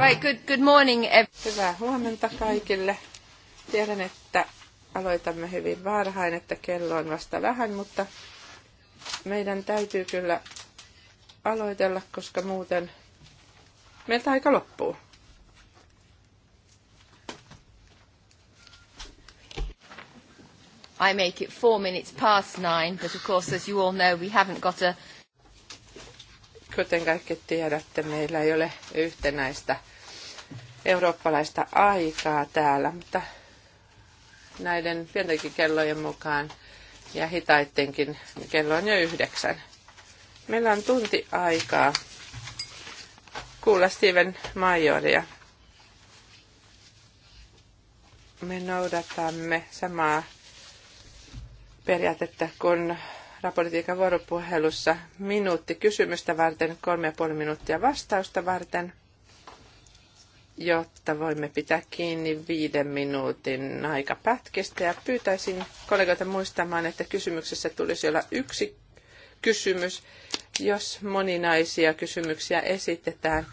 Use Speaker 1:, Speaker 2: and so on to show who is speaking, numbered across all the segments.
Speaker 1: Right, good, good morning. Hyvää huomenta kaikille. Tiedän, että aloitamme hyvin varhain, että kello on vasta vähän, mutta meidän täytyy kyllä aloitella, koska muuten meiltä aika
Speaker 2: loppuu. I make it four minutes past nine, but of course, as you all know, we haven't got a
Speaker 1: Kuten kaikki tiedätte, meillä ei ole yhtenäistä eurooppalaista aikaa täällä, mutta näiden pientenkin kellojen mukaan ja hitaittenkin kello on jo yhdeksän. Meillä on tunti aikaa kuulla Steven Majoria. Me noudatamme samaa periaatetta kuin rapolitiikan vuoropuhelussa minuutti kysymystä varten, kolme ja puoli minuuttia vastausta varten, jotta voimme pitää kiinni viiden minuutin aikapätkistä. Ja pyytäisin kollegoita muistamaan, että kysymyksessä tulisi olla yksi kysymys. Jos moninaisia kysymyksiä esitetään,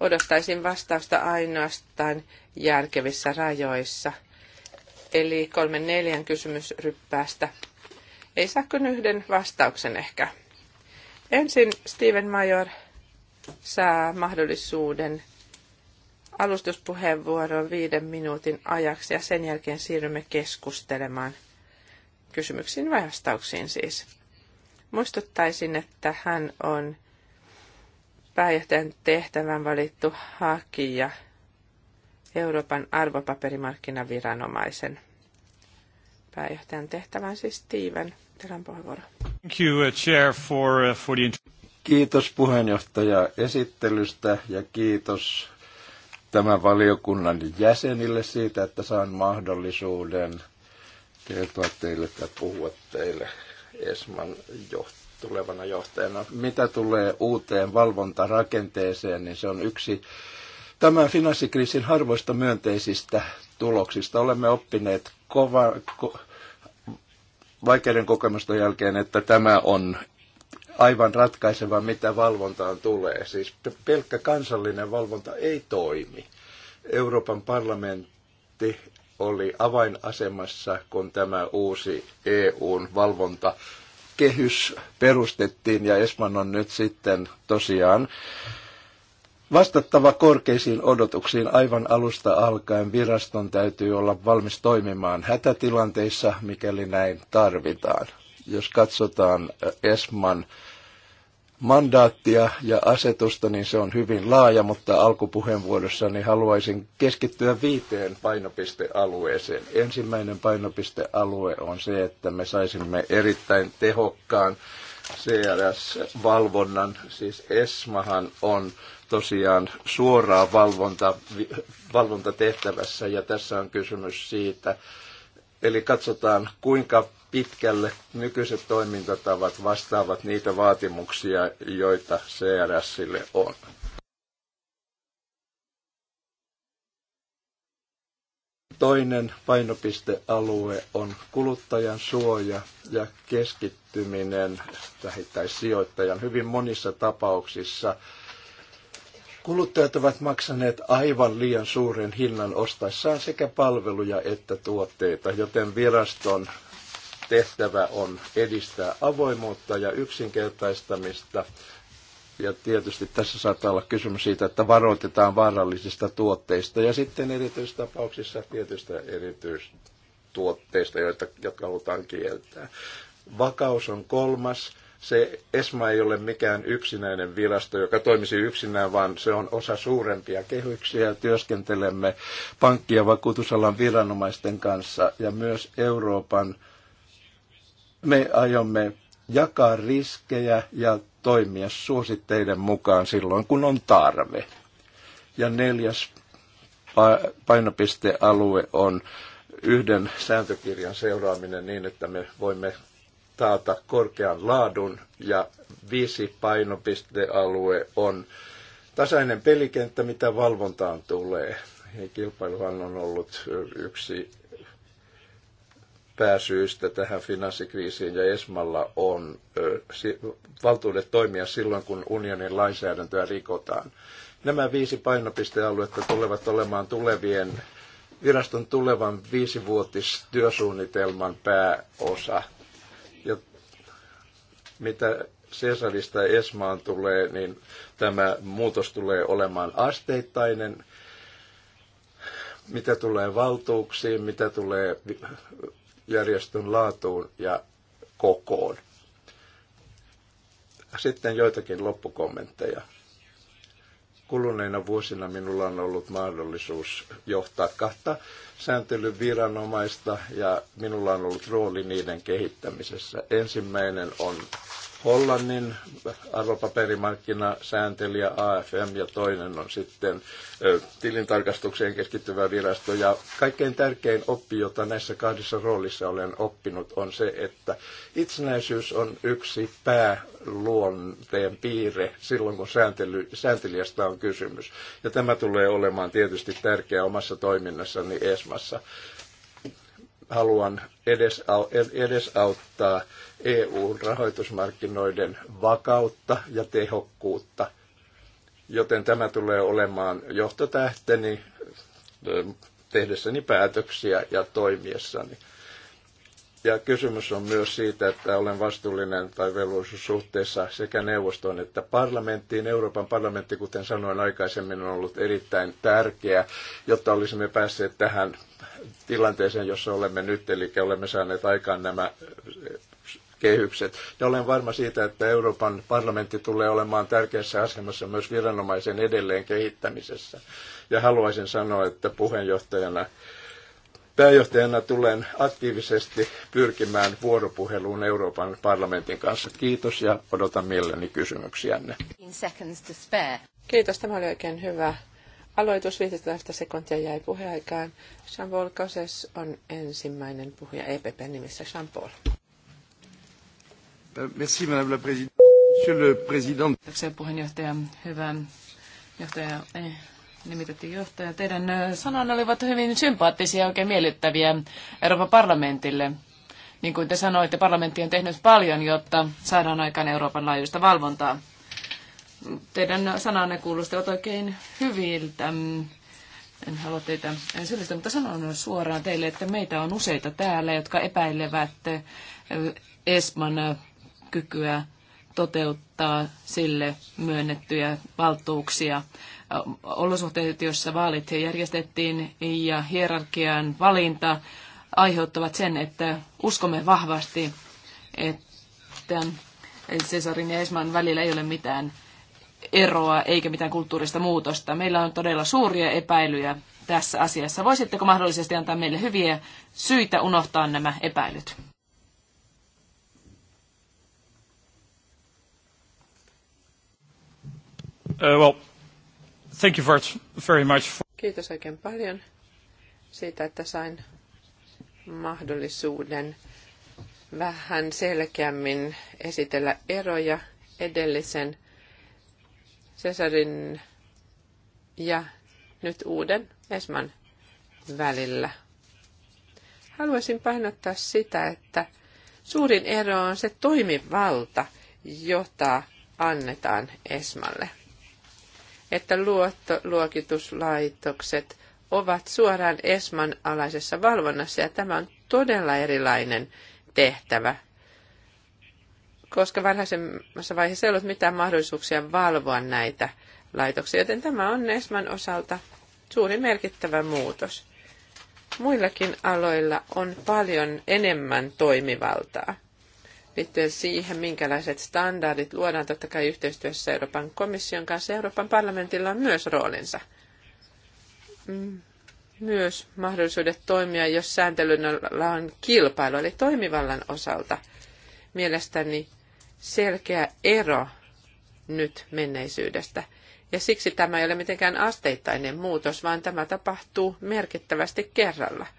Speaker 1: odottaisin vastausta ainoastaan järkevissä rajoissa. Eli kolmen neljän kysymysryppäästä ei saa yhden vastauksen ehkä. Ensin Steven Major saa mahdollisuuden alustuspuheenvuoroon viiden minuutin ajaksi ja sen jälkeen siirrymme keskustelemaan kysymyksiin vai vastauksiin siis. Muistuttaisin, että hän on pääjohtajan tehtävän valittu hakija Euroopan arvopaperimarkkinaviranomaisen pääjohtajan tehtävän siis Steven. Teillä on
Speaker 2: Thank you, uh, chair,
Speaker 3: for, uh, for the... Kiitos puheenjohtaja esittelystä ja kiitos tämän valiokunnan jäsenille siitä, että saan mahdollisuuden kertoa teille tai puhua teille Esman johtajalle tulevana johtajana. Mitä tulee uuteen valvontarakenteeseen, niin se on yksi tämän finanssikriisin harvoista myönteisistä tuloksista. Olemme oppineet kova, ko, vaikeiden kokemusten jälkeen, että tämä on aivan ratkaiseva, mitä valvontaan tulee. Siis pelkkä kansallinen valvonta ei toimi. Euroopan parlamentti oli avainasemassa, kun tämä uusi EUn valvonta kehys perustettiin ja Esman on nyt sitten tosiaan vastattava korkeisiin odotuksiin aivan alusta alkaen. Viraston täytyy olla valmis toimimaan hätätilanteissa, mikäli näin tarvitaan. Jos katsotaan äh, ESMAN mandaattia ja asetusta, niin se on hyvin laaja, mutta alkupuheenvuorossani haluaisin keskittyä viiteen painopistealueeseen. Ensimmäinen painopistealue on se, että me saisimme erittäin tehokkaan CRS-valvonnan, siis ESMAhan on tosiaan suoraa valvonta, valvontatehtävässä ja tässä on kysymys siitä. Eli katsotaan, kuinka pitkälle nykyiset toimintatavat vastaavat niitä vaatimuksia, joita CRSille on. Toinen painopistealue on kuluttajan suoja ja keskittyminen tai sijoittajan hyvin monissa tapauksissa – Kuluttajat ovat maksaneet aivan liian suuren hinnan ostaessaan sekä palveluja että tuotteita, joten viraston tehtävä on edistää avoimuutta ja yksinkertaistamista. Ja tietysti tässä saattaa olla kysymys siitä, että varoitetaan vaarallisista tuotteista ja sitten erityistapauksissa tietystä erityistuotteista, joita, jotka halutaan kieltää. Vakaus on kolmas se ESMA ei ole mikään yksinäinen virasto, joka toimisi yksinään, vaan se on osa suurempia kehyksiä. Työskentelemme pankki- ja vakuutusalan viranomaisten kanssa ja myös Euroopan. Me aiomme jakaa riskejä ja toimia suositteiden mukaan silloin, kun on tarve. Ja neljäs painopistealue on yhden sääntökirjan seuraaminen niin, että me voimme taata korkean laadun ja viisi painopistealue on tasainen pelikenttä, mitä valvontaan tulee. Kilpailuhan on ollut yksi pääsyistä tähän finanssikriisiin ja Esmalla on valtuudet toimia silloin, kun unionin lainsäädäntöä rikotaan. Nämä viisi painopistealuetta tulevat olemaan tulevien viraston tulevan viisivuotistyösuunnitelman pääosa. Mitä Cesarista ja Esmaan tulee, niin tämä muutos tulee olemaan asteittainen. Mitä tulee valtuuksiin, mitä tulee järjestön laatuun ja kokoon. Sitten joitakin loppukommentteja. Kuluneina vuosina minulla on ollut mahdollisuus johtaa kahta sääntelyviranomaista ja minulla on ollut rooli niiden kehittämisessä. Ensimmäinen on Hollannin arvopaperimarkkinasääntelijä AFM ja toinen on sitten tilintarkastukseen keskittyvä virasto. Ja kaikkein tärkein oppi, jota näissä kahdessa roolissa olen oppinut, on se, että itsenäisyys on yksi pääluonteen piirre silloin, kun sääntely, sääntelijästä on kysymys. Ja tämä tulee olemaan tietysti tärkeää omassa toiminnassani ees kasvassa. Haluan edesauttaa EU-rahoitusmarkkinoiden vakautta ja tehokkuutta, joten tämä tulee olemaan johtotähteni tehdessäni päätöksiä ja toimiessani. Ja kysymys on myös siitä, että olen vastuullinen tai velvollisuus suhteessa sekä neuvostoon että parlamenttiin. Euroopan parlamentti, kuten sanoin aikaisemmin, on ollut erittäin tärkeä, jotta olisimme päässeet tähän tilanteeseen, jossa olemme nyt, eli olemme saaneet aikaan nämä kehykset. Ja olen varma siitä, että Euroopan parlamentti tulee olemaan tärkeässä asemassa myös viranomaisen edelleen kehittämisessä. Ja haluaisin sanoa, että puheenjohtajana Pääjohtajana tulen aktiivisesti pyrkimään vuoropuheluun Euroopan parlamentin kanssa. Kiitos ja odotan mielelläni kysymyksiänne.
Speaker 1: Kiitos, tämä oli oikein hyvä aloitus. 15 sekuntia jäi puheaikaan. Jean-Paul Koses on ensimmäinen
Speaker 2: puhuja EPP nimissä. Jean-Paul.
Speaker 3: Euh, merci, madame la présidente.
Speaker 2: Monsieur le président. Kiitoksia puheenjohtaja. Hyvä johtaja eh, nimitettiin johtaja. Teidän sananne olivat hyvin sympaattisia ja oikein miellyttäviä Euroopan parlamentille. Niin kuin te sanoitte, parlamentti on tehnyt paljon, jotta saadaan aikaan Euroopan laajuista valvontaa. Teidän sananne kuulostavat oikein hyviltä. En halua teitä syyllistä, mutta sanon suoraan teille, että meitä on useita täällä, jotka epäilevät Esman kykyä toteuttaa sille myönnettyjä valtuuksia olosuhteet, joissa vaalit järjestettiin ja hierarkian valinta aiheuttavat sen, että uskomme vahvasti, että Cesarin ja Esman välillä ei ole mitään eroa eikä mitään kulttuurista muutosta. Meillä on todella suuria epäilyjä tässä asiassa. Voisitteko mahdollisesti antaa meille hyviä syitä unohtaa nämä epäilyt?
Speaker 3: Uh, well, Thank you
Speaker 2: very much. For...
Speaker 1: Kiitos oikein paljon siitä, että sain mahdollisuuden vähän selkeämmin esitellä eroja edellisen Cesarin ja nyt uuden Esman välillä. Haluaisin painottaa sitä, että suurin ero on se toimivalta, jota annetaan Esmalle että luottoluokituslaitokset ovat suoraan ESMAn alaisessa valvonnassa ja tämä on todella erilainen tehtävä, koska varhaisemmassa vaiheessa ei ollut mitään mahdollisuuksia valvoa näitä laitoksia, joten tämä on ESMAn osalta suuri merkittävä muutos. Muillakin aloilla on paljon enemmän toimivaltaa liittyen siihen, minkälaiset standardit luodaan totta kai yhteistyössä Euroopan komission kanssa. Euroopan parlamentilla on myös roolinsa. Mm. Myös mahdollisuudet toimia, jos sääntelyllä on kilpailu, eli toimivallan osalta. Mielestäni selkeä ero nyt menneisyydestä. Ja siksi tämä ei ole mitenkään asteittainen muutos, vaan tämä tapahtuu merkittävästi kerralla –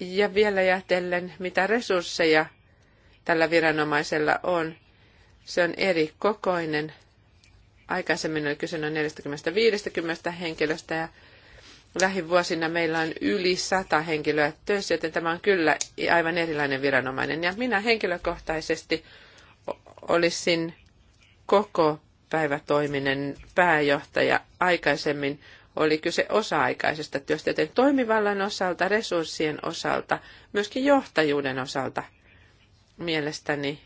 Speaker 1: ja vielä ajatellen, mitä resursseja tällä viranomaisella on. Se on eri kokoinen. Aikaisemmin oli kyse noin 40-50 henkilöstä ja lähivuosina meillä on yli 100 henkilöä töissä, joten tämä on kyllä aivan erilainen viranomainen. Ja minä henkilökohtaisesti olisin koko päivätoiminen pääjohtaja. Aikaisemmin oli kyse osa-aikaisesta työstä, joten toimivallan osalta, resurssien osalta, myöskin johtajuuden osalta mielestäni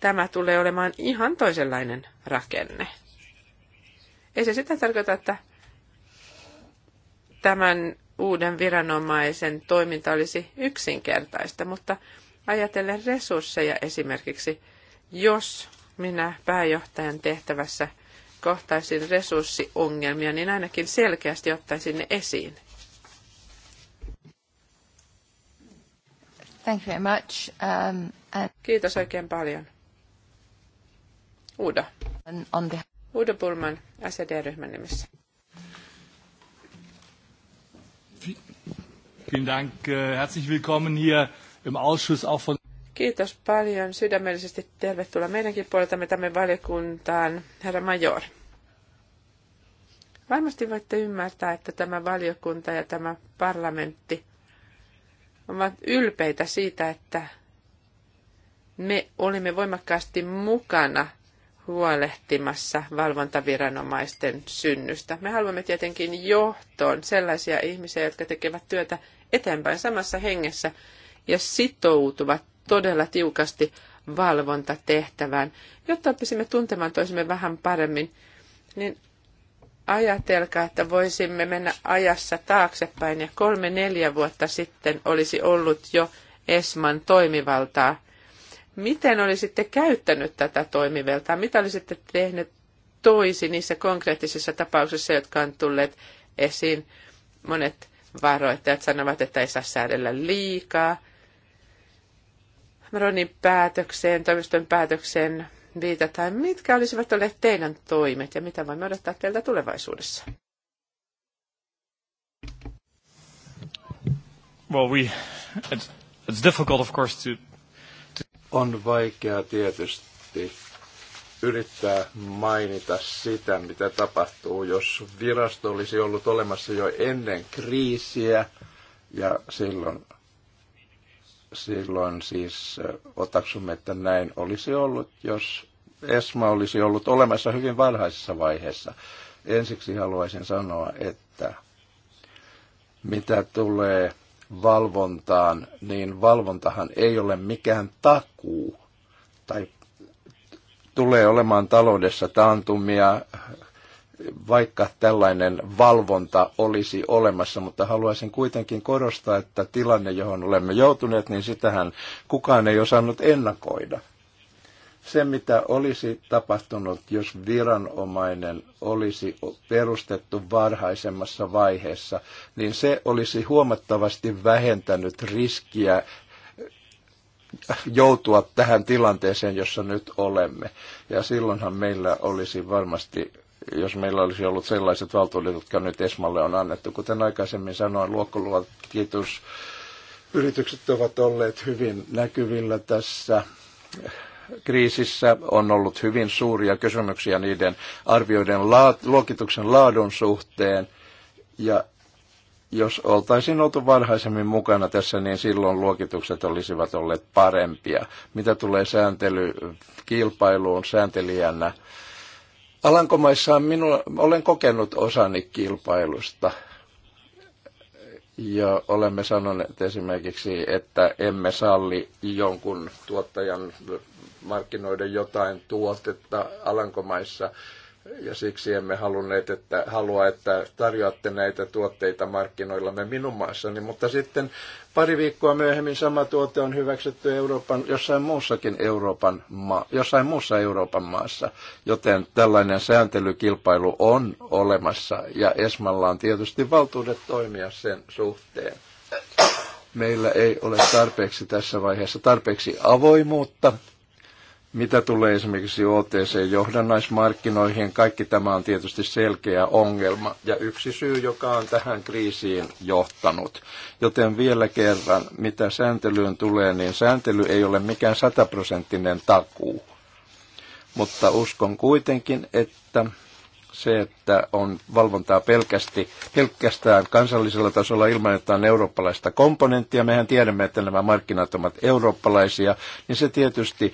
Speaker 1: tämä tulee olemaan ihan toisenlainen rakenne. Ei se sitä tarkoita, että tämän uuden viranomaisen toiminta olisi yksinkertaista, mutta ajatellen resursseja esimerkiksi, jos minä pääjohtajan tehtävässä – yksityiskohtaisiin resurssiongelmia, niin ainakin selkeästi ottaisin ne esiin.
Speaker 2: Thank you very much. Um, and... Kiitos oikein
Speaker 1: paljon. Uda. On Uda Pulman, SED-ryhmän nimissä. Vielen Dank. Äh, herzlich willkommen hier im Ausschuss auch von Kiitos paljon. Sydämellisesti tervetuloa meidänkin puoleltamme tämän valiokuntaan, herra Major. Varmasti voitte ymmärtää, että tämä valiokunta ja tämä parlamentti ovat ylpeitä siitä, että me olimme voimakkaasti mukana huolehtimassa valvontaviranomaisten synnystä. Me haluamme tietenkin johtoon sellaisia ihmisiä, jotka tekevät työtä eteenpäin samassa hengessä ja sitoutuvat todella tiukasti valvontatehtävään, jotta oppisimme tuntemaan toisemme vähän paremmin, niin ajatelkaa, että voisimme mennä ajassa taaksepäin ja kolme neljä vuotta sitten olisi ollut jo Esman toimivaltaa. Miten olisitte käyttänyt tätä toimivaltaa? Mitä olisitte tehneet toisi niissä konkreettisissa tapauksissa, jotka on tulleet esiin? Monet varoittajat sanovat, että ei saa säädellä liikaa, Ronin päätökseen, toimiston päätökseen viitataan. Mitkä olisivat olleet teidän toimet ja mitä voimme odottaa teiltä tulevaisuudessa?
Speaker 2: Well, we, it's, it's difficult of course to,
Speaker 3: to... On vaikea tietysti yrittää mainita sitä, mitä tapahtuu, jos virasto olisi ollut olemassa jo ennen kriisiä ja silloin silloin siis otaksumme, että näin olisi ollut, jos ESMA olisi ollut olemassa hyvin varhaisessa vaiheessa. Ensiksi haluaisin sanoa, että mitä tulee valvontaan, niin valvontahan ei ole mikään takuu tai tulee olemaan taloudessa taantumia, vaikka tällainen valvonta olisi olemassa, mutta haluaisin kuitenkin korostaa, että tilanne, johon olemme joutuneet, niin sitähän kukaan ei osannut ennakoida. Se, mitä olisi tapahtunut, jos viranomainen olisi perustettu varhaisemmassa vaiheessa, niin se olisi huomattavasti vähentänyt riskiä joutua tähän tilanteeseen, jossa nyt olemme. Ja silloinhan meillä olisi varmasti jos meillä olisi ollut sellaiset valtuudet, jotka nyt Esmalle on annettu. Kuten aikaisemmin sanoin, luokkoluokitus yritykset ovat olleet hyvin näkyvillä tässä kriisissä. On ollut hyvin suuria kysymyksiä niiden arvioiden laat, luokituksen laadun suhteen. Ja jos oltaisiin oltu varhaisemmin mukana tässä, niin silloin luokitukset olisivat olleet parempia. Mitä tulee sääntelykilpailuun sääntelijänä, Alankomaissa minulla, olen kokenut osani kilpailusta. Ja olemme sanoneet esimerkiksi, että emme salli jonkun tuottajan markkinoiden jotain tuotetta Alankomaissa ja siksi emme halunneet, että, halua, että tarjoatte näitä tuotteita markkinoillamme minun maassani, mutta sitten pari viikkoa myöhemmin sama tuote on hyväksytty Euroopan, jossain muussakin Euroopan maa, jossain muussa Euroopan maassa, joten tällainen sääntelykilpailu on olemassa ja Esmalla on tietysti valtuudet toimia sen suhteen. Meillä ei ole tarpeeksi tässä vaiheessa tarpeeksi avoimuutta mitä tulee esimerkiksi OTC-johdannaismarkkinoihin, kaikki tämä on tietysti selkeä ongelma ja yksi syy, joka on tähän kriisiin johtanut. Joten vielä kerran, mitä sääntelyyn tulee, niin sääntely ei ole mikään sataprosenttinen takuu. Mutta uskon kuitenkin, että se, että on valvontaa pelkästi, pelkästään kansallisella tasolla ilman että on eurooppalaista komponenttia, mehän tiedämme, että nämä markkinat ovat eurooppalaisia, niin se tietysti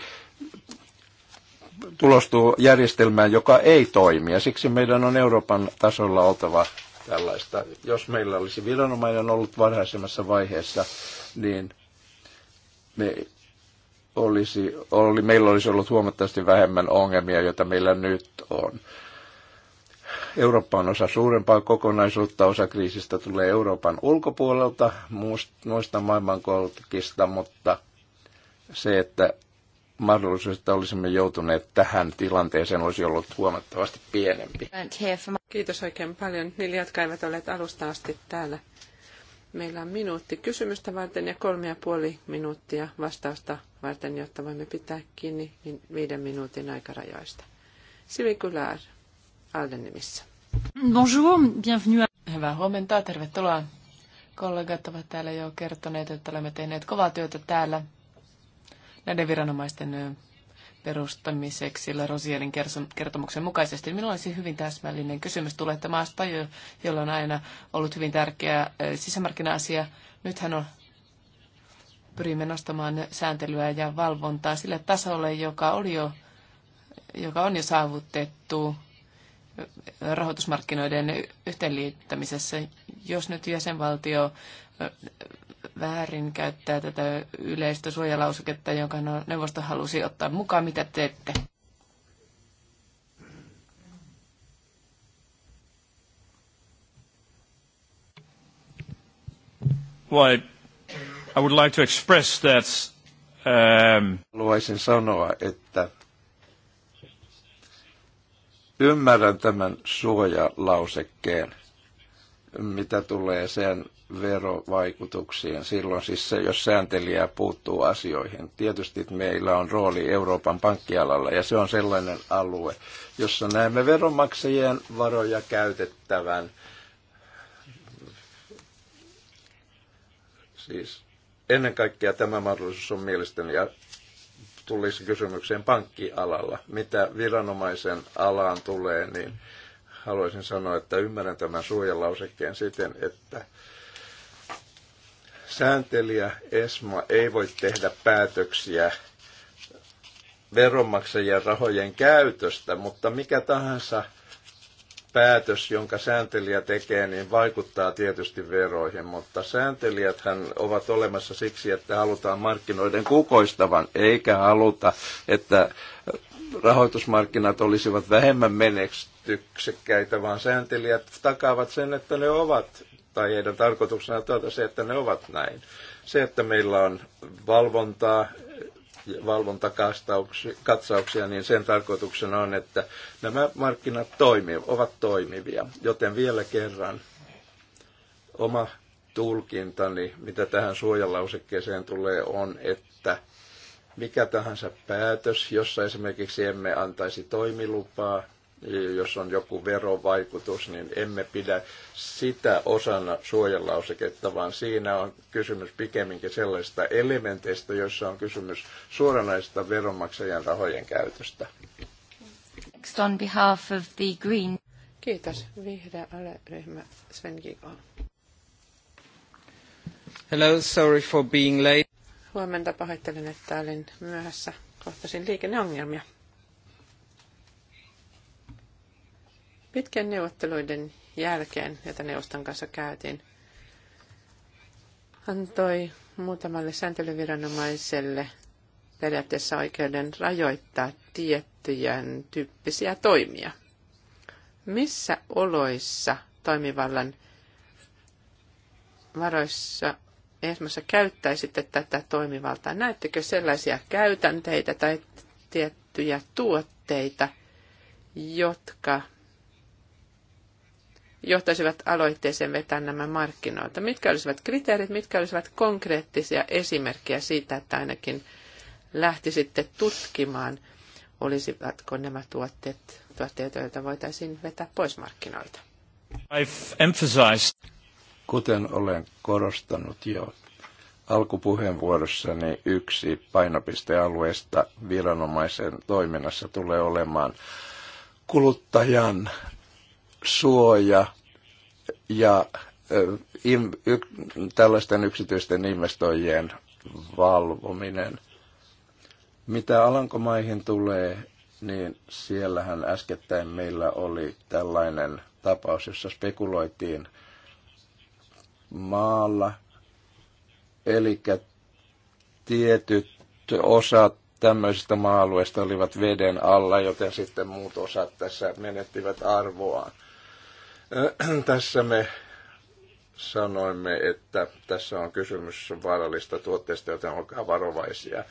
Speaker 3: tulostuu järjestelmään, joka ei toimi. Ja siksi meidän on Euroopan tasolla oltava tällaista. Jos meillä olisi viranomainen ollut varhaisemmassa vaiheessa, niin me olisi, oli, meillä olisi ollut huomattavasti vähemmän ongelmia, joita meillä nyt on. Eurooppa on osa suurempaa kokonaisuutta, osa kriisistä tulee Euroopan ulkopuolelta, muista maailmankolkista, mutta se, että mahdollisuus, että olisimme joutuneet tähän tilanteeseen, olisi ollut huomattavasti pienempi.
Speaker 1: Kiitos oikein paljon niille, jotka eivät olleet alusta asti täällä. Meillä on minuutti kysymystä varten ja kolme ja puoli minuuttia vastausta varten, jotta voimme pitää kiinni niin viiden minuutin aikarajoista. Sivi Kulaar, Alden nimissä.
Speaker 2: Bonjour, bienvenue. Hyvää huomenta, tervetuloa. Kollegat ovat täällä jo kertoneet, että olemme tehneet kovaa työtä täällä näiden viranomaisten perustamiseksi La Rosierin kertomuksen mukaisesti. Minulla olisi hyvin täsmällinen kysymys tulee, että maasta, jolla on aina ollut hyvin tärkeä sisämarkkina-asia. Nythän on pyrimme nostamaan sääntelyä ja valvontaa sille tasolle, joka, oli jo, joka on jo saavutettu rahoitusmarkkinoiden yhteenliittämisessä. Jos nyt jäsenvaltio väärin käyttää tätä yleistä suojalausuketta, jonka neuvosto halusi ottaa mukaan. Mitä teette?
Speaker 3: Well, I would like to express that. Um... Haluaisin sanoa, että ymmärrän tämän suojalausekkeen, mitä tulee sen verovaikutuksiin. Silloin siis se, jos sääntelijä puuttuu asioihin. Tietysti meillä on rooli Euroopan pankkialalla ja se on sellainen alue, jossa näemme veronmaksajien varoja käytettävän. Siis ennen kaikkea tämä mahdollisuus on mielestäni ja tulisi kysymykseen pankkialalla. Mitä viranomaisen alaan tulee, niin haluaisin sanoa, että ymmärrän tämän suojalausekkeen siten, että Sääntelijä ESMA ei voi tehdä päätöksiä veronmaksajien rahojen käytöstä, mutta mikä tahansa päätös, jonka sääntelijä tekee, niin vaikuttaa tietysti veroihin, mutta sääntelijäthän ovat olemassa siksi, että halutaan markkinoiden kukoistavan, eikä haluta, että rahoitusmarkkinat olisivat vähemmän menestyksekkäitä, vaan sääntelijät takaavat sen, että ne ovat tai heidän tarkoituksena tuota se, että ne ovat näin. Se, että meillä on valvontaa, valvontakatsauksia, niin sen tarkoituksena on, että nämä markkinat toimivat, ovat toimivia. Joten vielä kerran oma tulkintani, mitä tähän suojalausekkeeseen tulee, on, että mikä tahansa päätös, jossa esimerkiksi emme antaisi toimilupaa, jos on joku verovaikutus, niin emme pidä sitä osana suojalauseketta, vaan siinä on kysymys pikemminkin sellaisista elementeistä, joissa on kysymys suoranaisesta veronmaksajan rahojen käytöstä.
Speaker 2: Next on behalf of the Green.
Speaker 1: Kiitos. Vihreä ryhmä Sven Gigo.
Speaker 3: Hello, sorry for being late.
Speaker 1: Huomenta pahoittelen, että olin myöhässä. Kohtasin liikenneongelmia. Pitkän neuvotteluiden jälkeen, jota neuvoston kanssa käytiin, antoi muutamalle sääntelyviranomaiselle periaatteessa oikeuden rajoittaa tiettyjen tyyppisiä toimia. Missä oloissa toimivallan varoissa esimerkiksi käyttäisitte tätä toimivaltaa? Näettekö sellaisia käytänteitä tai tiettyjä tuotteita, jotka johtaisivat aloitteeseen vetää nämä markkinoilta? Mitkä olisivat kriteerit, mitkä olisivat konkreettisia esimerkkejä siitä, että ainakin lähtisitte tutkimaan, olisivatko nämä tuotteet, tuotteet, joita voitaisiin vetää pois markkinoilta?
Speaker 3: I've emphasized. Kuten olen korostanut jo alkupuheenvuorossani, yksi painopistealueesta viranomaisen toiminnassa tulee olemaan kuluttajan suoja ja tällaisten yksityisten investoijien valvominen. Mitä Alankomaihin tulee, niin siellähän äskettäin meillä oli tällainen tapaus, jossa spekuloitiin maalla, eli tietyt osat tämmöisistä maa-alueista olivat veden alla, joten sitten muut osat tässä menettivät arvoaan. Äh, tässä me sanoimme, että tässä on kysymys vaarallista tuotteista, joten olkaa varovaisia.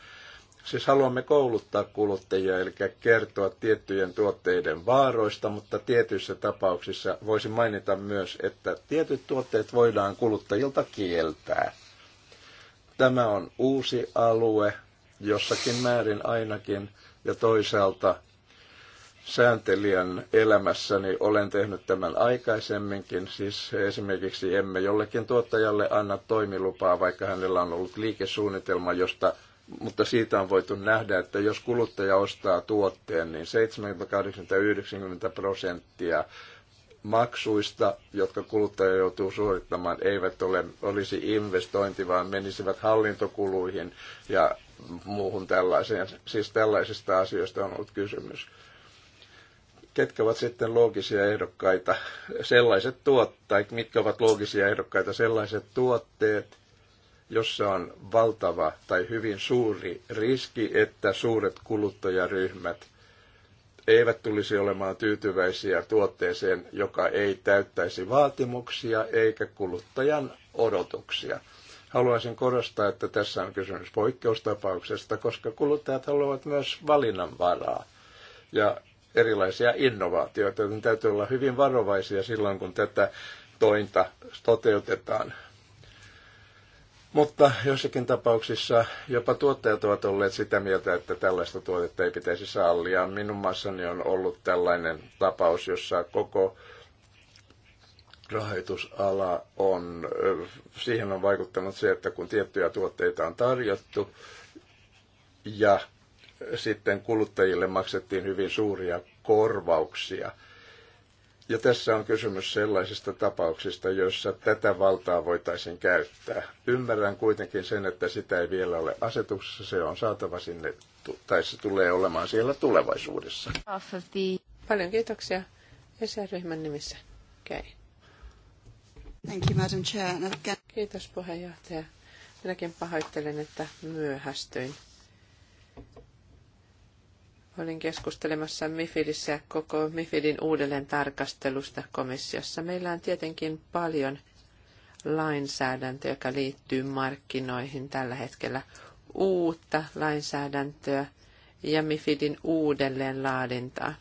Speaker 3: Siis haluamme kouluttaa kuluttajia, eli kertoa tiettyjen tuotteiden vaaroista, mutta tietyissä tapauksissa voisi mainita myös, että tietyt tuotteet voidaan kuluttajilta kieltää. Tämä on uusi alue, jossakin määrin ainakin, ja toisaalta sääntelijän elämässäni niin olen tehnyt tämän aikaisemminkin. Siis esimerkiksi emme jollekin tuottajalle anna toimilupaa, vaikka hänellä on ollut liikesuunnitelma, josta mutta siitä on voitu nähdä, että jos kuluttaja ostaa tuotteen, niin 70-80-90 prosenttia maksuista, jotka kuluttaja joutuu suorittamaan, eivät ole, olisi investointi, vaan menisivät hallintokuluihin ja muuhun tällaiseen. Siis tällaisista asioista on ollut kysymys ketkä ovat sitten loogisia ehdokkaita, sellaiset tuotteet, mitkä ovat loogisia ehdokkaita, sellaiset tuotteet, jossa on valtava tai hyvin suuri riski, että suuret kuluttajaryhmät eivät tulisi olemaan tyytyväisiä tuotteeseen, joka ei täyttäisi vaatimuksia eikä kuluttajan odotuksia. Haluaisin korostaa, että tässä on kysymys poikkeustapauksesta, koska kuluttajat haluavat myös valinnanvaraa. Ja erilaisia innovaatioita, joten täytyy olla hyvin varovaisia silloin, kun tätä tointa toteutetaan. Mutta joissakin tapauksissa jopa tuottajat ovat olleet sitä mieltä, että tällaista tuotetta ei pitäisi sallia. Minun maassani on ollut tällainen tapaus, jossa koko rahoitusala on, siihen on vaikuttanut se, että kun tiettyjä tuotteita on tarjottu ja sitten kuluttajille maksettiin hyvin suuria korvauksia. Ja tässä on kysymys sellaisista tapauksista, joissa tätä valtaa voitaisiin käyttää. Ymmärrän kuitenkin sen, että sitä ei vielä ole asetuksessa, se on saatava sinne, tai se tulee olemaan siellä tulevaisuudessa.
Speaker 1: Paljon kiitoksia. SR-ryhmän nimissä. Okay. Thank you, Madam Chair. Kiitos puheenjohtaja. Minäkin pahoittelen, että myöhästyin. Olin keskustelemassa Mifidissä koko Mifidin uudelleen tarkastelusta komissiossa. Meillä on tietenkin paljon lainsäädäntöä, joka liittyy markkinoihin tällä hetkellä. Uutta lainsäädäntöä ja Mifidin uudelleen laadintaa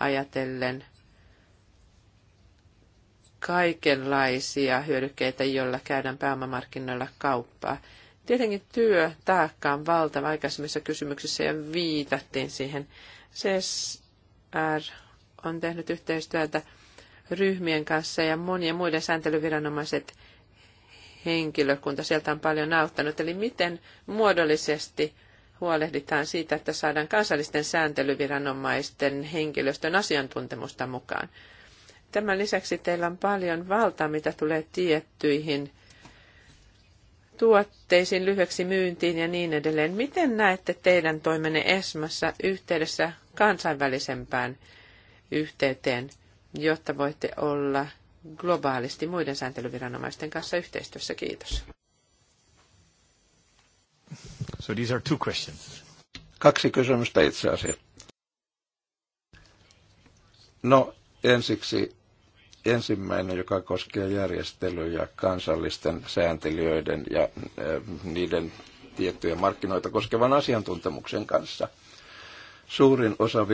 Speaker 1: ajatellen kaikenlaisia hyödykkeitä, joilla käydään pääomamarkkinoilla kauppaa. Tietenkin taakka on valtava. Aikaisemmissa kysymyksissä ja viitattiin siihen. CSR on tehnyt yhteistyötä ryhmien kanssa ja monien muiden sääntelyviranomaiset henkilökunta sieltä on paljon auttanut. Eli miten muodollisesti huolehditaan siitä, että saadaan kansallisten sääntelyviranomaisten henkilöstön asiantuntemusta mukaan. Tämän lisäksi teillä on paljon valtaa, mitä tulee tiettyihin tuotteisiin, lyhyeksi myyntiin ja niin edelleen. Miten näette teidän toimenne ESMassa yhteydessä kansainvälisempään yhteyteen, jotta voitte olla globaalisti muiden sääntelyviranomaisten kanssa yhteistyössä? Kiitos.
Speaker 3: So these are two questions. Kaksi kysymystä itse asiassa. No, ensiksi Ensimmäinen, joka koskee järjestelyjä kansallisten sääntelijöiden ja eh, niiden tiettyjä markkinoita koskevan asiantuntemuksen kanssa. Suurin osa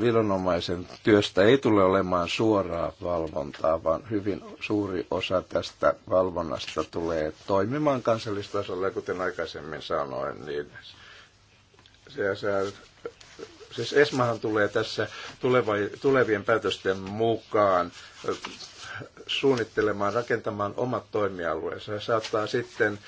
Speaker 3: viranomaisen työstä ei tule olemaan suoraa valvontaa, vaan hyvin suuri osa tästä valvonnasta tulee toimimaan kansallistasolla, kuten aikaisemmin sanoin, niin CSR siis ESMAhan tulee tässä tulevien päätösten mukaan äh, suunnittelemaan, rakentamaan omat toimialueensa ja saattaa sitten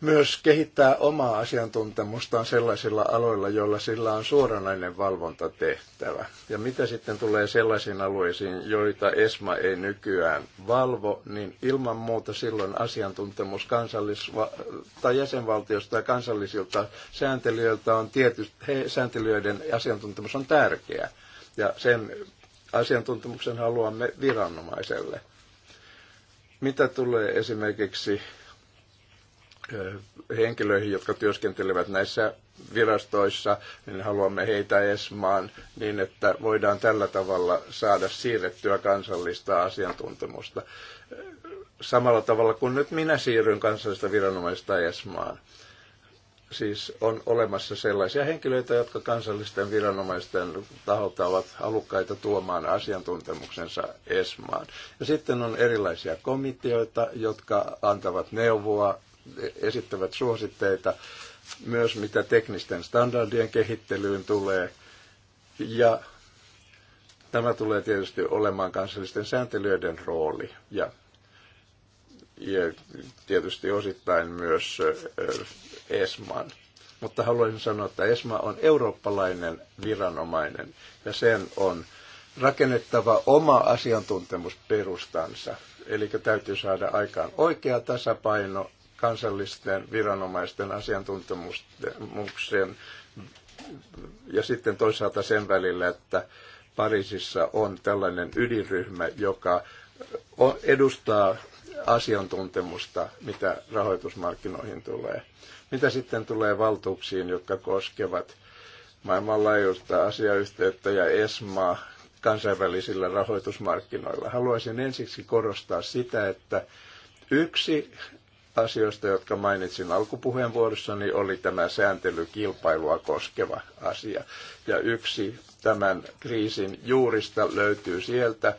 Speaker 3: myös kehittää omaa asiantuntemustaan sellaisilla aloilla, joilla sillä on suoranainen valvontatehtävä. Ja mitä sitten tulee sellaisiin alueisiin, joita ESMA ei nykyään valvo, niin ilman muuta silloin asiantuntemus kansallis- tai jäsenvaltiosta ja kansallisilta sääntelijöiltä on tietysti, he, sääntelijöiden asiantuntemus on tärkeä. Ja sen asiantuntemuksen haluamme viranomaiselle. Mitä tulee esimerkiksi henkilöihin, jotka työskentelevät näissä virastoissa, niin haluamme heitä ESMAan niin, että voidaan tällä tavalla saada siirrettyä kansallista asiantuntemusta. Samalla tavalla kuin nyt minä siirryn kansallista viranomaista ESMAan. Siis on olemassa sellaisia henkilöitä, jotka kansallisten viranomaisten taholta ovat halukkaita tuomaan asiantuntemuksensa ESMAan. Ja sitten on erilaisia komiteoita, jotka antavat neuvoa esittävät suositteita myös mitä teknisten standardien kehittelyyn tulee. Ja tämä tulee tietysti olemaan kansallisten sääntelyiden rooli ja, ja tietysti osittain myös ESMAn. Mutta haluaisin sanoa, että ESMA on eurooppalainen viranomainen ja sen on rakennettava oma asiantuntemusperustansa. Eli täytyy saada aikaan oikea tasapaino kansallisten viranomaisten asiantuntemuksen ja sitten toisaalta sen välillä, että Pariisissa on tällainen ydinryhmä, joka edustaa asiantuntemusta, mitä rahoitusmarkkinoihin tulee. Mitä sitten tulee valtuuksiin, jotka koskevat maailmanlaajuista asiayhteyttä ja ESMAa kansainvälisillä rahoitusmarkkinoilla? Haluaisin ensiksi korostaa sitä, että yksi asioista, jotka mainitsin alkupuheenvuorossani, oli tämä sääntelykilpailua koskeva asia. Ja yksi tämän kriisin juurista löytyy sieltä.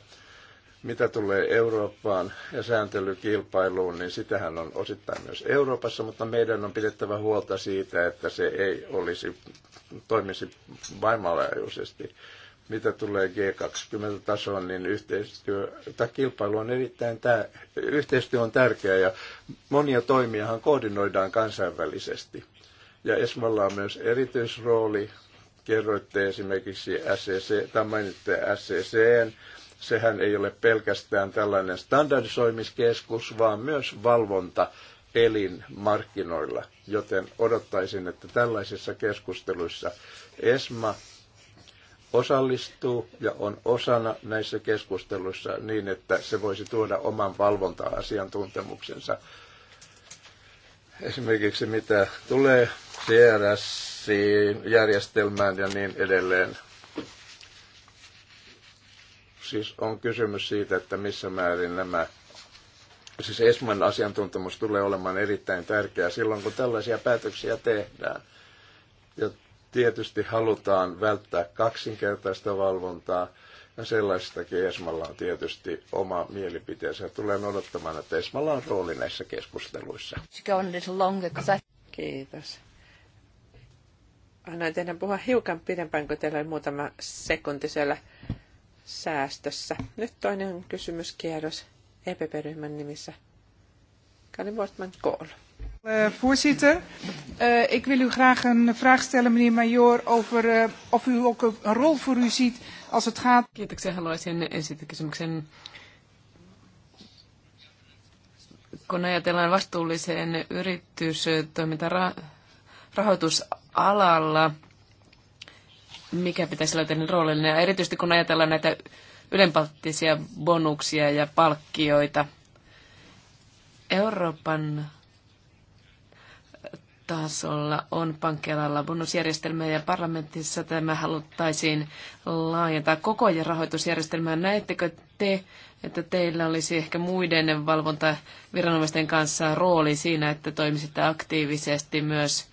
Speaker 3: Mitä tulee Eurooppaan ja sääntelykilpailuun, niin sitähän on osittain myös Euroopassa, mutta meidän on pidettävä huolta siitä, että se ei olisi, toimisi maailmanlaajuisesti mitä tulee G20-tasoon, niin yhteistyö tai kilpailu on erittäin tää, yhteistyö on tärkeää ja monia toimiahan koordinoidaan kansainvälisesti. Ja Esmalla on myös erityisrooli. Kerroitte esimerkiksi SEC, tai mainitte SECn. Sehän ei ole pelkästään tällainen standardisoimiskeskus, vaan myös valvonta elin markkinoilla, joten odottaisin, että tällaisissa keskusteluissa ESMA osallistuu ja on osana näissä keskusteluissa niin, että se voisi tuoda oman valvonta-asiantuntemuksensa. Esimerkiksi mitä tulee CRS-järjestelmään ja niin edelleen. Siis on kysymys siitä, että missä määrin nämä siis ESMAn asiantuntemus tulee olemaan erittäin tärkeä silloin, kun tällaisia päätöksiä tehdään. Ja Tietysti halutaan välttää kaksinkertaista valvontaa, ja sellaistakin Esmalla on tietysti oma mielipiteensä. Tulen odottamaan, että Esmalla on rooli näissä keskusteluissa.
Speaker 2: Kiitos.
Speaker 1: Annoin teidän puhua hiukan pidempään, kun teillä oli muutama sekunti siellä säästössä. Nyt toinen kysymyskierros EPP-ryhmän nimissä. Kalli Wortman Kool. Eh, voorzitter, eh, ik wil u graag een vraag stellen, meneer
Speaker 2: Major, over eh, of u ook een rol voor u ziet als het gaat... Kiitoksia. Haluaisin esittää kysymyksen. Kun ajatellaan vastuulliseen yritystoimintaan rahoitusalalla, mikä pitäisi olla teidän roolille? Ja erityisesti kun ajatellaan näitä ylenpalttisia bonuksia ja palkkioita, Euroopan tasolla on pankkialalla bonusjärjestelmä ja parlamentissa tämä haluttaisiin laajentaa koko ajan rahoitusjärjestelmään. Näettekö te, että teillä olisi ehkä muiden valvontaviranomaisten kanssa rooli siinä, että toimisitte aktiivisesti myös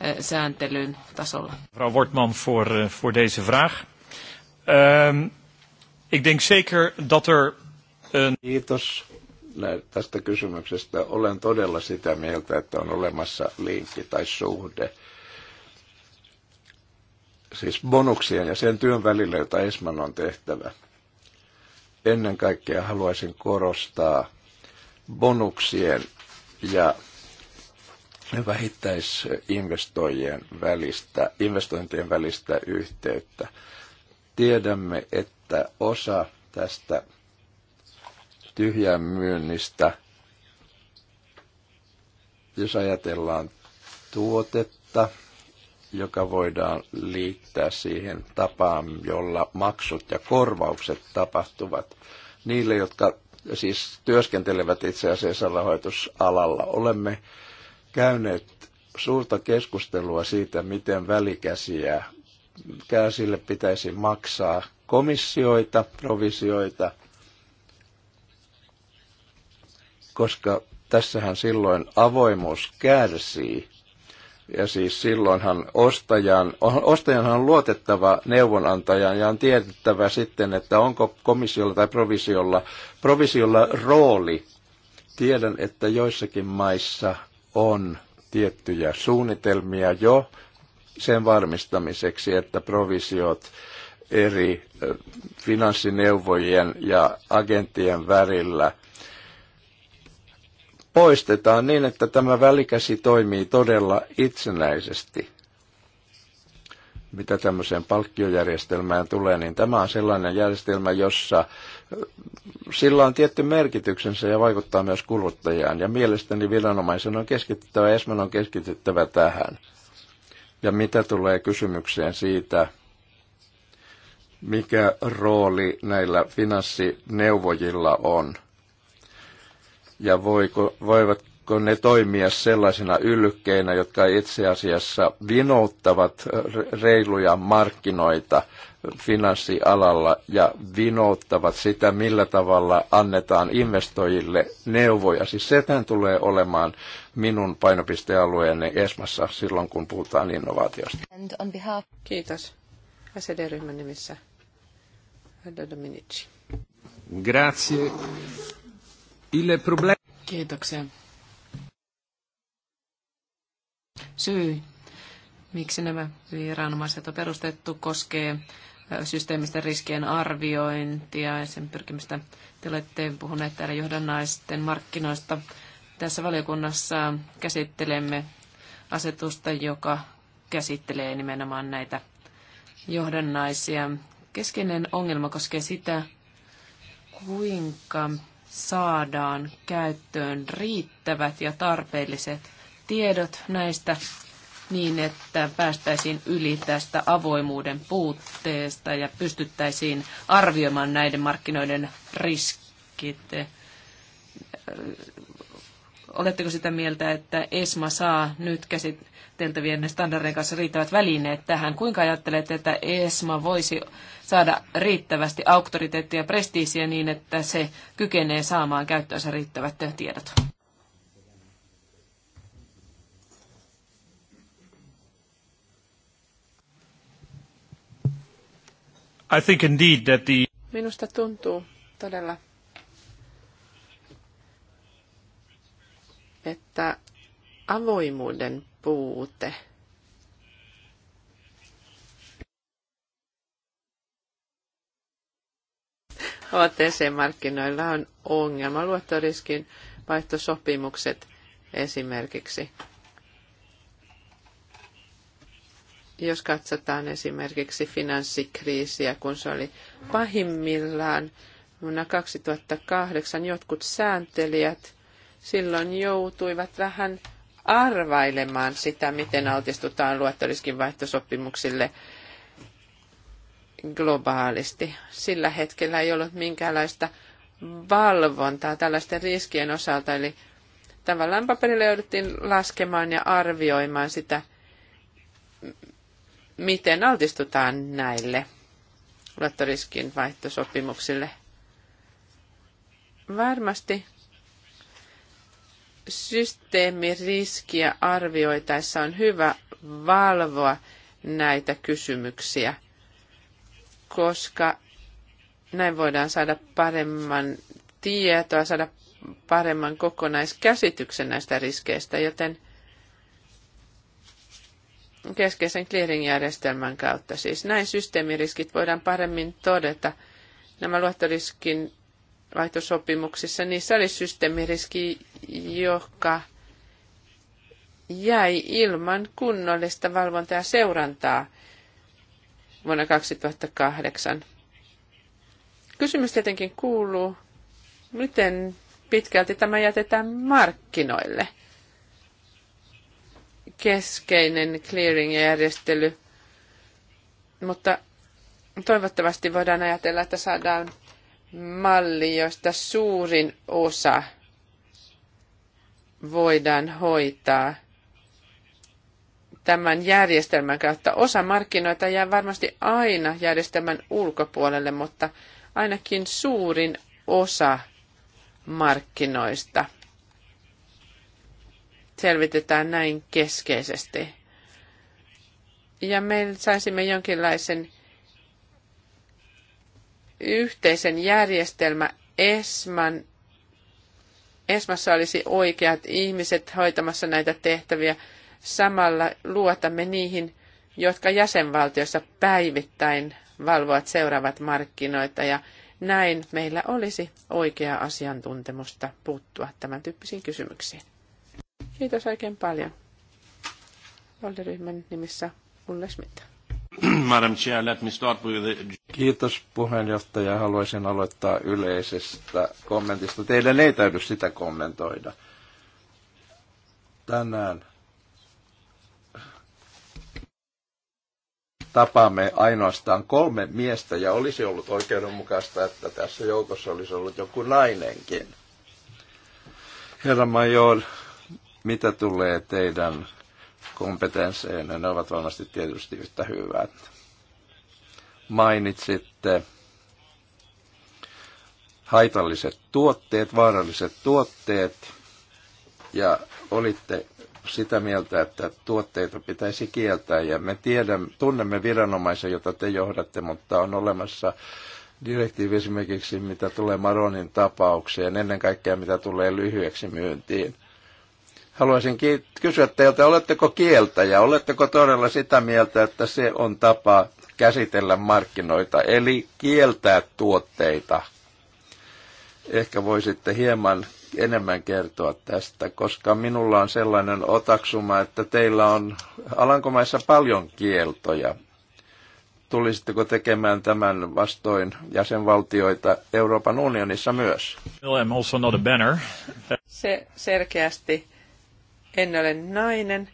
Speaker 2: eh, sääntelyn tasolla?
Speaker 3: Frau Wortman voor, eh, voor deze vraag. Um, ik denk zeker dat er... Een... Kiitos tästä kysymyksestä. Olen todella sitä mieltä, että on olemassa linkki tai suhde siis bonuksien ja sen työn välillä, jota Esman on tehtävä. Ennen kaikkea haluaisin korostaa bonuksien ja vähittäisinvestoijien välistä, investointien välistä yhteyttä. Tiedämme, että osa tästä tyhjän myynnistä, jos ajatellaan tuotetta, joka voidaan liittää siihen tapaan, jolla maksut ja korvaukset tapahtuvat niille, jotka siis työskentelevät itse asiassa rahoitusalalla. Olemme käyneet suurta keskustelua siitä, miten välikäsiä käsille pitäisi maksaa komissioita, provisioita – koska tässähän silloin avoimuus kärsii. Ja siis silloinhan ostajan, ostajanhan on luotettava neuvonantajan ja on tiedettävä sitten, että onko komissiolla tai provisiolla, provisiolla rooli. Tiedän, että joissakin maissa on tiettyjä suunnitelmia jo sen varmistamiseksi, että provisiot eri finanssineuvojien ja agenttien välillä poistetaan niin, että tämä välikäsi toimii todella itsenäisesti. Mitä tämmöiseen palkkiojärjestelmään tulee, niin tämä on sellainen järjestelmä, jossa eh, sillä on tietty merkityksensä ja vaikuttaa myös kuluttajaan. Ja mielestäni viranomaisen on keskityttävä, Esman on keskityttävä tähän. Ja mitä tulee kysymykseen siitä, mikä rooli näillä finanssineuvojilla on – ja voiko, voivatko ne toimia sellaisina yllykkeinä, jotka itse asiassa vinouttavat reiluja markkinoita finanssialalla ja vinouttavat sitä, millä tavalla annetaan investoijille neuvoja. Siis sehän tulee olemaan minun painopistealueeni ESMassa silloin, kun puhutaan innovaatiosta.
Speaker 1: Kiitos. SED-ryhmän nimissä. Dominici.
Speaker 2: Grazie. Kiitoksia. Syy, miksi nämä viranomaiset on perustettu, koskee systeemisten riskien arviointia ja sen pyrkimistä. Te olette puhuneet täällä johdannaisten markkinoista. Tässä valiokunnassa käsittelemme asetusta, joka käsittelee nimenomaan näitä johdannaisia. Keskeinen ongelma koskee sitä, kuinka saadaan käyttöön riittävät ja tarpeelliset tiedot näistä niin, että päästäisiin yli tästä avoimuuden puutteesta ja pystyttäisiin arvioimaan näiden markkinoiden riskit. Oletteko sitä mieltä, että ESMA saa nyt käsit- teiltävien standardien kanssa riittävät välineet tähän. Kuinka ajattelet, että ESMA voisi saada riittävästi auktoriteettia ja prestiisiä niin, että se kykenee saamaan käyttöönsä riittävät tiedot?
Speaker 3: I think indeed that the...
Speaker 1: Minusta tuntuu todella, että avoimuuden puute. OTC-markkinoilla on ongelma. Luottoriskin vaihtosopimukset esimerkiksi. Jos katsotaan esimerkiksi finanssikriisiä, kun se oli pahimmillaan vuonna 2008, jotkut sääntelijät silloin joutuivat vähän arvailemaan sitä, miten altistutaan luottoriskin vaihtosopimuksille globaalisti. Sillä hetkellä ei ollut minkäänlaista valvontaa tällaisten riskien osalta, eli tavallaan paperille jouduttiin laskemaan ja arvioimaan sitä, miten altistutaan näille luottoriskin vaihtosopimuksille. Varmasti systeemiriskiä arvioitaessa on hyvä valvoa näitä kysymyksiä, koska näin voidaan saada paremman tietoa, saada paremman kokonaiskäsityksen näistä riskeistä, joten keskeisen clearing-järjestelmän kautta. Siis näin systeemiriskit voidaan paremmin todeta. Nämä luottoriskin vaihtosopimuksissa niissä oli systeemiriski, joka jäi ilman kunnollista valvontaa ja seurantaa vuonna 2008. Kysymys tietenkin kuuluu, miten pitkälti tämä jätetään markkinoille. Keskeinen clearing-järjestely, mutta toivottavasti voidaan ajatella, että saadaan malli, josta suurin osa voidaan hoitaa tämän järjestelmän kautta. Osa markkinoita jää varmasti aina järjestelmän ulkopuolelle, mutta ainakin suurin osa markkinoista selvitetään näin keskeisesti. Ja me saisimme jonkinlaisen yhteisen järjestelmä ESMAN, ESMassa olisi oikeat ihmiset hoitamassa näitä tehtäviä. Samalla luotamme niihin, jotka jäsenvaltiossa päivittäin valvovat seuraavat markkinoita ja näin meillä olisi oikeaa asiantuntemusta puuttua tämän tyyppisiin kysymyksiin. Kiitos oikein paljon. Valderyhmän nimissä Ulle Smith.
Speaker 3: Madam Chair, let me start with the... Kiitos puheenjohtaja. Haluaisin aloittaa yleisestä kommentista. Teidän ei täydy sitä kommentoida. Tänään tapaamme ainoastaan kolme miestä ja olisi ollut oikeudenmukaista, että tässä joukossa olisi ollut joku nainenkin. Herra Major, mitä tulee teidän kompetensseihin, ne ovat varmasti tietysti yhtä hyvät. Mainitsitte haitalliset tuotteet, vaaralliset tuotteet, ja olitte sitä mieltä, että tuotteita pitäisi kieltää, ja me tiedämme, tunnemme viranomaisen, jota te johdatte, mutta on olemassa direktiivi esimerkiksi, mitä tulee Maronin tapaukseen, ennen kaikkea mitä tulee lyhyeksi myyntiin – Haluaisin kysyä teiltä, oletteko kieltäjä, oletteko todella sitä mieltä, että se on tapa käsitellä markkinoita, eli kieltää tuotteita? Ehkä voisitte hieman enemmän kertoa tästä, koska minulla on sellainen otaksuma, että teillä on Alankomaissa paljon kieltoja. Tulisitteko tekemään tämän vastoin jäsenvaltioita Euroopan unionissa myös?
Speaker 1: Se selkeästi en ole nainen,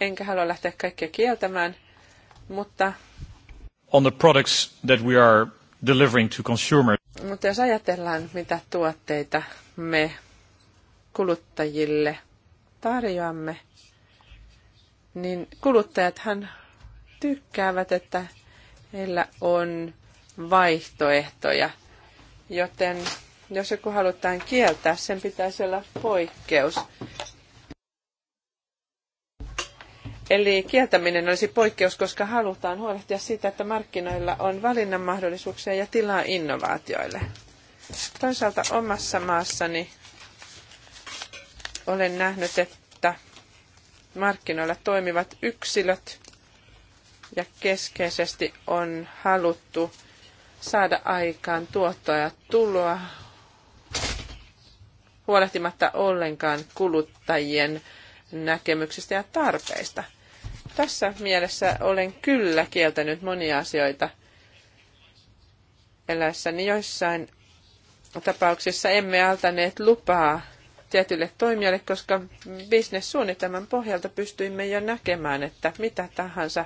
Speaker 1: enkä halua lähteä kaikkea kieltämään, mutta...
Speaker 3: On the products that we are delivering to consumers.
Speaker 1: Mutta jos ajatellaan, mitä tuotteita me kuluttajille tarjoamme, niin kuluttajathan tykkäävät, että heillä on vaihtoehtoja. Joten jos joku halutaan kieltää, sen pitäisi olla poikkeus. Eli kieltäminen olisi poikkeus, koska halutaan huolehtia siitä, että markkinoilla on valinnan mahdollisuuksia ja tilaa innovaatioille. Toisaalta omassa maassani olen nähnyt, että markkinoilla toimivat yksilöt ja keskeisesti on haluttu saada aikaan tuottoa ja tuloa huolehtimatta ollenkaan kuluttajien näkemyksistä ja tarpeista – tässä mielessä olen kyllä kieltänyt monia asioita eläessäni Joissain tapauksissa emme altaneet lupaa tietylle toimijalle, koska bisnessuunnitelman pohjalta pystyimme jo näkemään, että mitä tahansa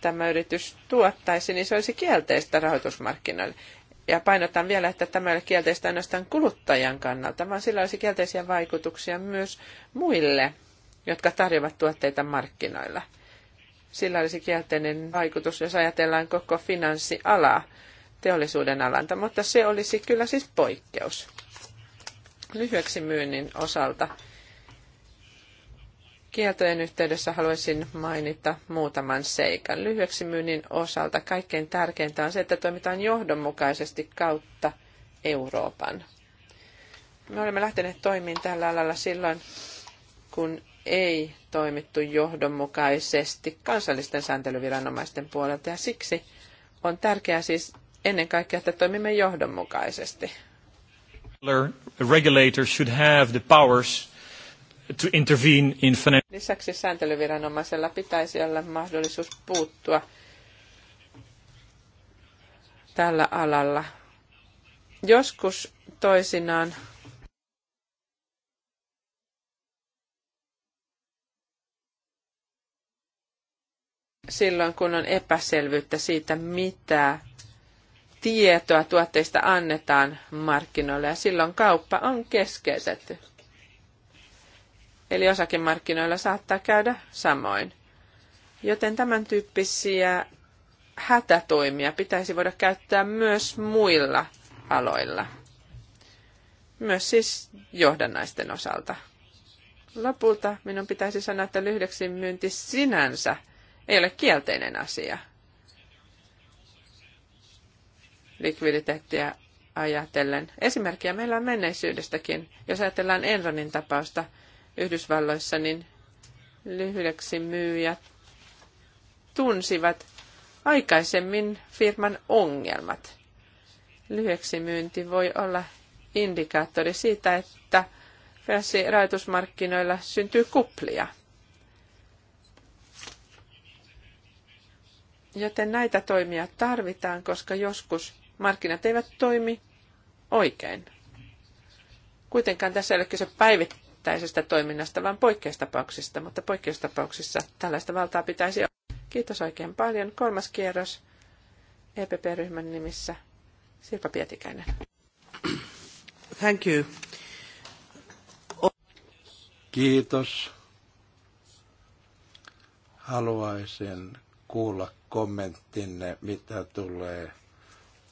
Speaker 1: tämä yritys tuottaisi, niin se olisi kielteistä rahoitusmarkkinoille. Ja painotan vielä, että tämä ei ole kielteistä ainoastaan kuluttajan kannalta, vaan sillä olisi kielteisiä vaikutuksia myös muille, jotka tarjoavat tuotteita markkinoilla sillä olisi kielteinen vaikutus, jos ajatellaan koko finanssialaa, teollisuuden alanta, mutta se olisi kyllä siis poikkeus. Lyhyeksi myynnin osalta kieltojen yhteydessä haluaisin mainita muutaman seikan. Lyhyeksi myynnin osalta kaikkein tärkeintä on se, että toimitaan johdonmukaisesti kautta Euroopan. Me olemme lähteneet toimiin tällä alalla silloin, kun ei toimittu johdonmukaisesti kansallisten sääntelyviranomaisten puolelta ja siksi on tärkeää siis ennen kaikkea, että toimimme johdonmukaisesti.
Speaker 2: should have the powers to intervene in financial...
Speaker 1: Lisäksi sääntelyviranomaisella pitäisi olla mahdollisuus puuttua tällä alalla. Joskus toisinaan silloin, kun on epäselvyyttä siitä, mitä tietoa tuotteista annetaan markkinoille ja silloin kauppa on keskeytetty. Eli osakemarkkinoilla saattaa käydä samoin. Joten tämän tyyppisiä hätätoimia pitäisi voida käyttää myös muilla aloilla. Myös siis johdannaisten osalta. Lopulta minun pitäisi sanoa, että lyhdeksi myynti sinänsä – ei ole kielteinen asia. Likviditeettiä ajatellen. Esimerkkiä meillä on menneisyydestäkin. Jos ajatellaan Enronin tapausta Yhdysvalloissa, niin lyhyeksi myyjät tunsivat aikaisemmin firman ongelmat. Lyhyeksi myynti voi olla indikaattori siitä, että finanssirahoitusmarkkinoilla syntyy kuplia – Joten näitä toimia tarvitaan, koska joskus markkinat eivät toimi oikein. Kuitenkaan tässä ei ole kyse päivittäisestä toiminnasta, vaan poikkeustapauksista, mutta poikkeustapauksissa tällaista valtaa pitäisi olla. Kiitos oikein paljon. Kolmas kierros EPP-ryhmän nimissä. Sirpa Pietikäinen.
Speaker 3: Thank you. Kiitos. Haluaisin kuulla kommenttinne, mitä tulee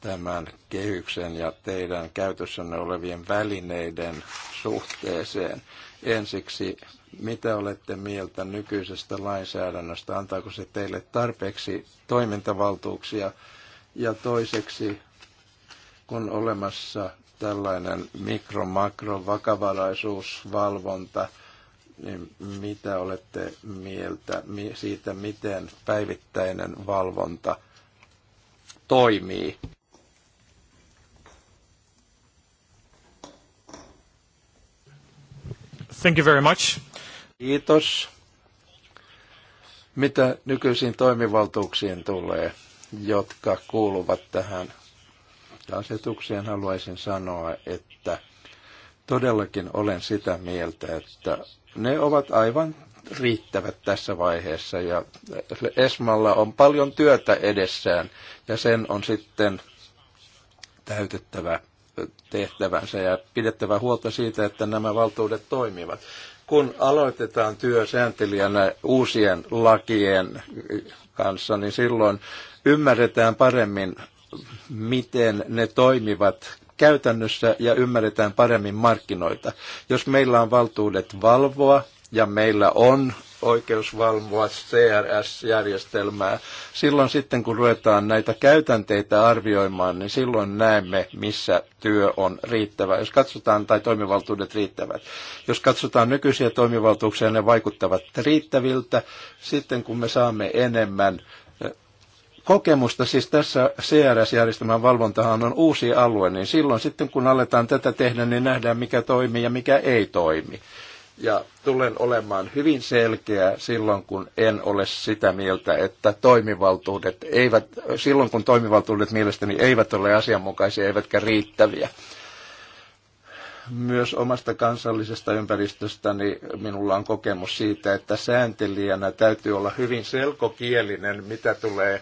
Speaker 3: tämän kehyksen ja teidän käytössänne olevien välineiden suhteeseen. Ensiksi, mitä olette mieltä nykyisestä lainsäädännöstä? Antaako se teille tarpeeksi toimintavaltuuksia? Ja toiseksi, kun olemassa tällainen mikro-makro vakavaraisuusvalvonta – niin mitä olette mieltä siitä, miten päivittäinen valvonta toimii?
Speaker 2: Thank you very much.
Speaker 3: Kiitos. Mitä nykyisiin toimivaltuuksiin tulee, jotka kuuluvat tähän asetukseen, haluaisin sanoa, että todellakin olen sitä mieltä, että ne ovat aivan riittävät tässä vaiheessa ja Esmalla on paljon työtä edessään ja sen on sitten täytettävä tehtävänsä ja pidettävä huolta siitä, että nämä valtuudet toimivat. Kun aloitetaan työ sääntelijänä uusien lakien kanssa, niin silloin ymmärretään paremmin, miten ne toimivat käytännössä ja ymmärretään paremmin markkinoita. Jos meillä on valtuudet valvoa ja meillä on oikeus valvoa CRS-järjestelmää. Silloin sitten, kun ruvetaan näitä käytänteitä arvioimaan, niin silloin näemme, missä työ on riittävä, jos katsotaan, tai toimivaltuudet riittävät. Jos katsotaan nykyisiä toimivaltuuksia, ne vaikuttavat riittäviltä. Sitten, kun me saamme enemmän kokemusta siis tässä CRS-järjestelmän valvontahan on uusi alue, niin silloin sitten kun aletaan tätä tehdä, niin nähdään mikä toimii ja mikä ei toimi. Ja tulen olemaan hyvin selkeä silloin, kun en ole sitä mieltä, että toimivaltuudet eivät, silloin kun toimivaltuudet mielestäni eivät ole asianmukaisia eivätkä riittäviä. Myös omasta kansallisesta ympäristöstäni minulla on kokemus siitä, että sääntelijänä täytyy olla hyvin selkokielinen, mitä tulee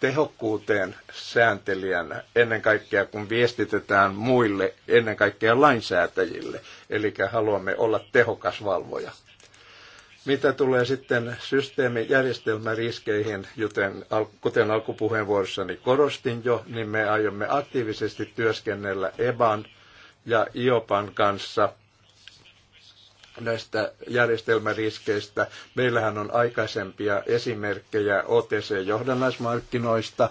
Speaker 3: tehokkuuteen sääntelijänä ennen kaikkea, kun viestitetään muille, ennen kaikkea lainsäätäjille. Eli haluamme olla tehokas valvoja. Mitä tulee sitten systeemijärjestelmäriskeihin, joten kuten alkupuheenvuorossani korostin jo, niin me aiomme aktiivisesti työskennellä EBAN ja IOPAN kanssa – näistä järjestelmäriskeistä. Meillähän on aikaisempia esimerkkejä OTC-johdannaismarkkinoista,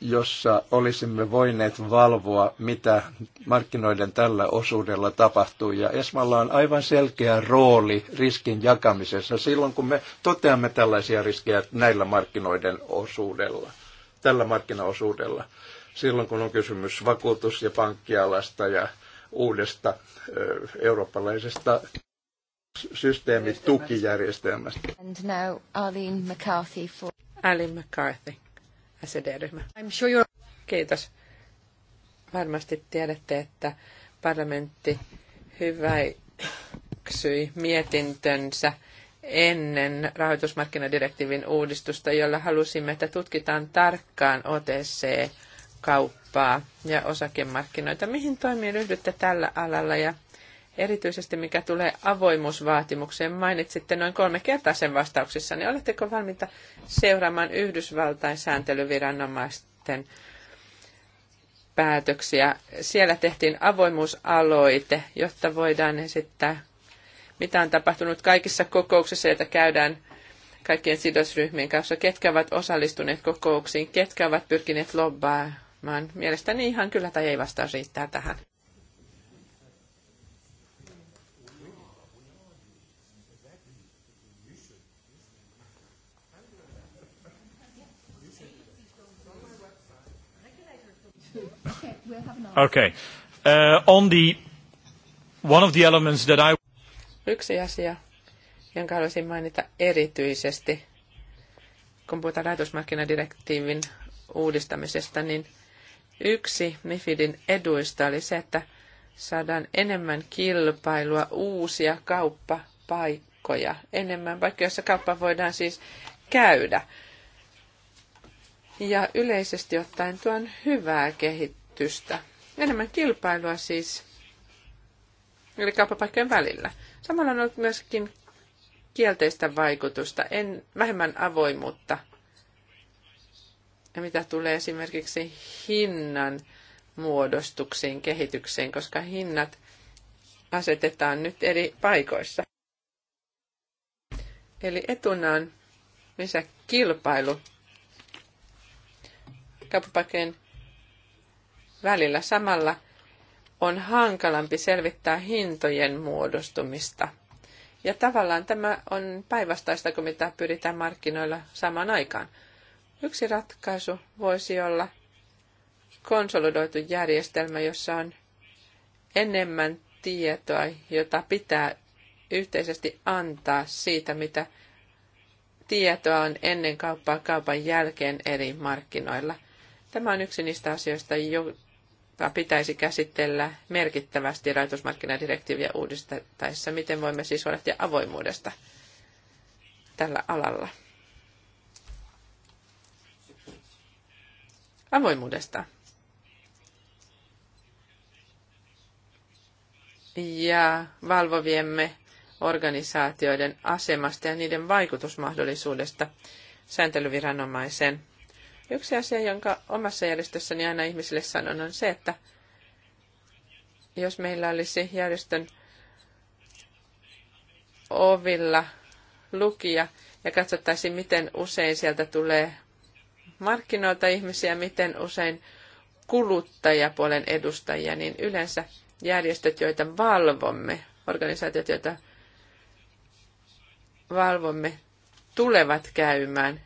Speaker 3: jossa olisimme voineet valvoa, mitä markkinoiden tällä osuudella tapahtuu. Ja Esmalla on aivan selkeä rooli riskin jakamisessa silloin, kun me toteamme tällaisia riskejä näillä markkinoiden osuudella, tällä markkinaosuudella. Silloin, kun on kysymys vakuutus- ja pankkialasta ja uudesta eurooppalaisesta systeemitukijärjestelmästä.
Speaker 2: And now Arlene McCarthy for... Arlene
Speaker 1: McCarthy, SED-ryhmä. I'm sure you're... Kiitos. Varmasti tiedätte, että parlamentti hyväksyi mietintönsä ennen rahoitusmarkkinadirektiivin uudistusta, jolla halusimme, että tutkitaan tarkkaan OTC-kauppaa kauppaa ja osakemarkkinoita. Mihin toimiin ryhdytte tällä alalla ja erityisesti mikä tulee avoimuusvaatimukseen? Mainitsitte noin kolme kertaa sen vastauksissa, niin oletteko valmiita seuraamaan Yhdysvaltain sääntelyviranomaisten päätöksiä? Siellä tehtiin avoimuusaloite, jotta voidaan esittää, mitä on tapahtunut kaikissa kokouksissa, joita käydään – kaikkien sidosryhmien kanssa, ketkä ovat osallistuneet kokouksiin, ketkä ovat pyrkineet lobbaa, en mielestäni ihan kyllä tai ei vastaa riittää tähän. Okay.
Speaker 3: Uh, on the one of the elements that I
Speaker 1: Yksi asia, jonka haluaisin mainita erityisesti, kun puhutaan rahoitusmarkkinadirektiivin uudistamisesta, niin – Yksi MIFIDin eduista oli se, että saadaan enemmän kilpailua, uusia kauppapaikkoja, enemmän vaikka joissa kauppa voidaan siis käydä. Ja yleisesti ottaen tuon hyvää kehitystä. Enemmän kilpailua siis eli kauppapaikkojen välillä. Samalla on ollut myöskin kielteistä vaikutusta, en, vähemmän avoimuutta – mitä tulee esimerkiksi hinnan muodostuksiin, kehitykseen, koska hinnat asetetaan nyt eri paikoissa. Eli etuna on lisäkilpailu kauppapaikkojen välillä. Samalla on hankalampi selvittää hintojen muodostumista. Ja tavallaan tämä on päinvastaista kuin mitä pyritään markkinoilla samaan aikaan. Yksi ratkaisu voisi olla konsolidoitu järjestelmä, jossa on enemmän tietoa, jota pitää yhteisesti antaa siitä, mitä tietoa on ennen kauppaa kaupan jälkeen eri markkinoilla. Tämä on yksi niistä asioista, joita pitäisi käsitellä merkittävästi rajoitusmarkkinadirektiiviä uudistettaessa. Miten voimme siis huolehtia avoimuudesta tällä alalla? avoimuudesta. Ja valvoviemme organisaatioiden asemasta ja niiden vaikutusmahdollisuudesta sääntelyviranomaiseen. Yksi asia, jonka omassa järjestössäni aina ihmisille sanon, on se, että jos meillä olisi järjestön ovilla lukija ja katsottaisiin, miten usein sieltä tulee markkinoilta ihmisiä, miten usein kuluttajapuolen edustajia, niin yleensä järjestöt, joita valvomme, organisaatiot, joita valvomme, tulevat käymään.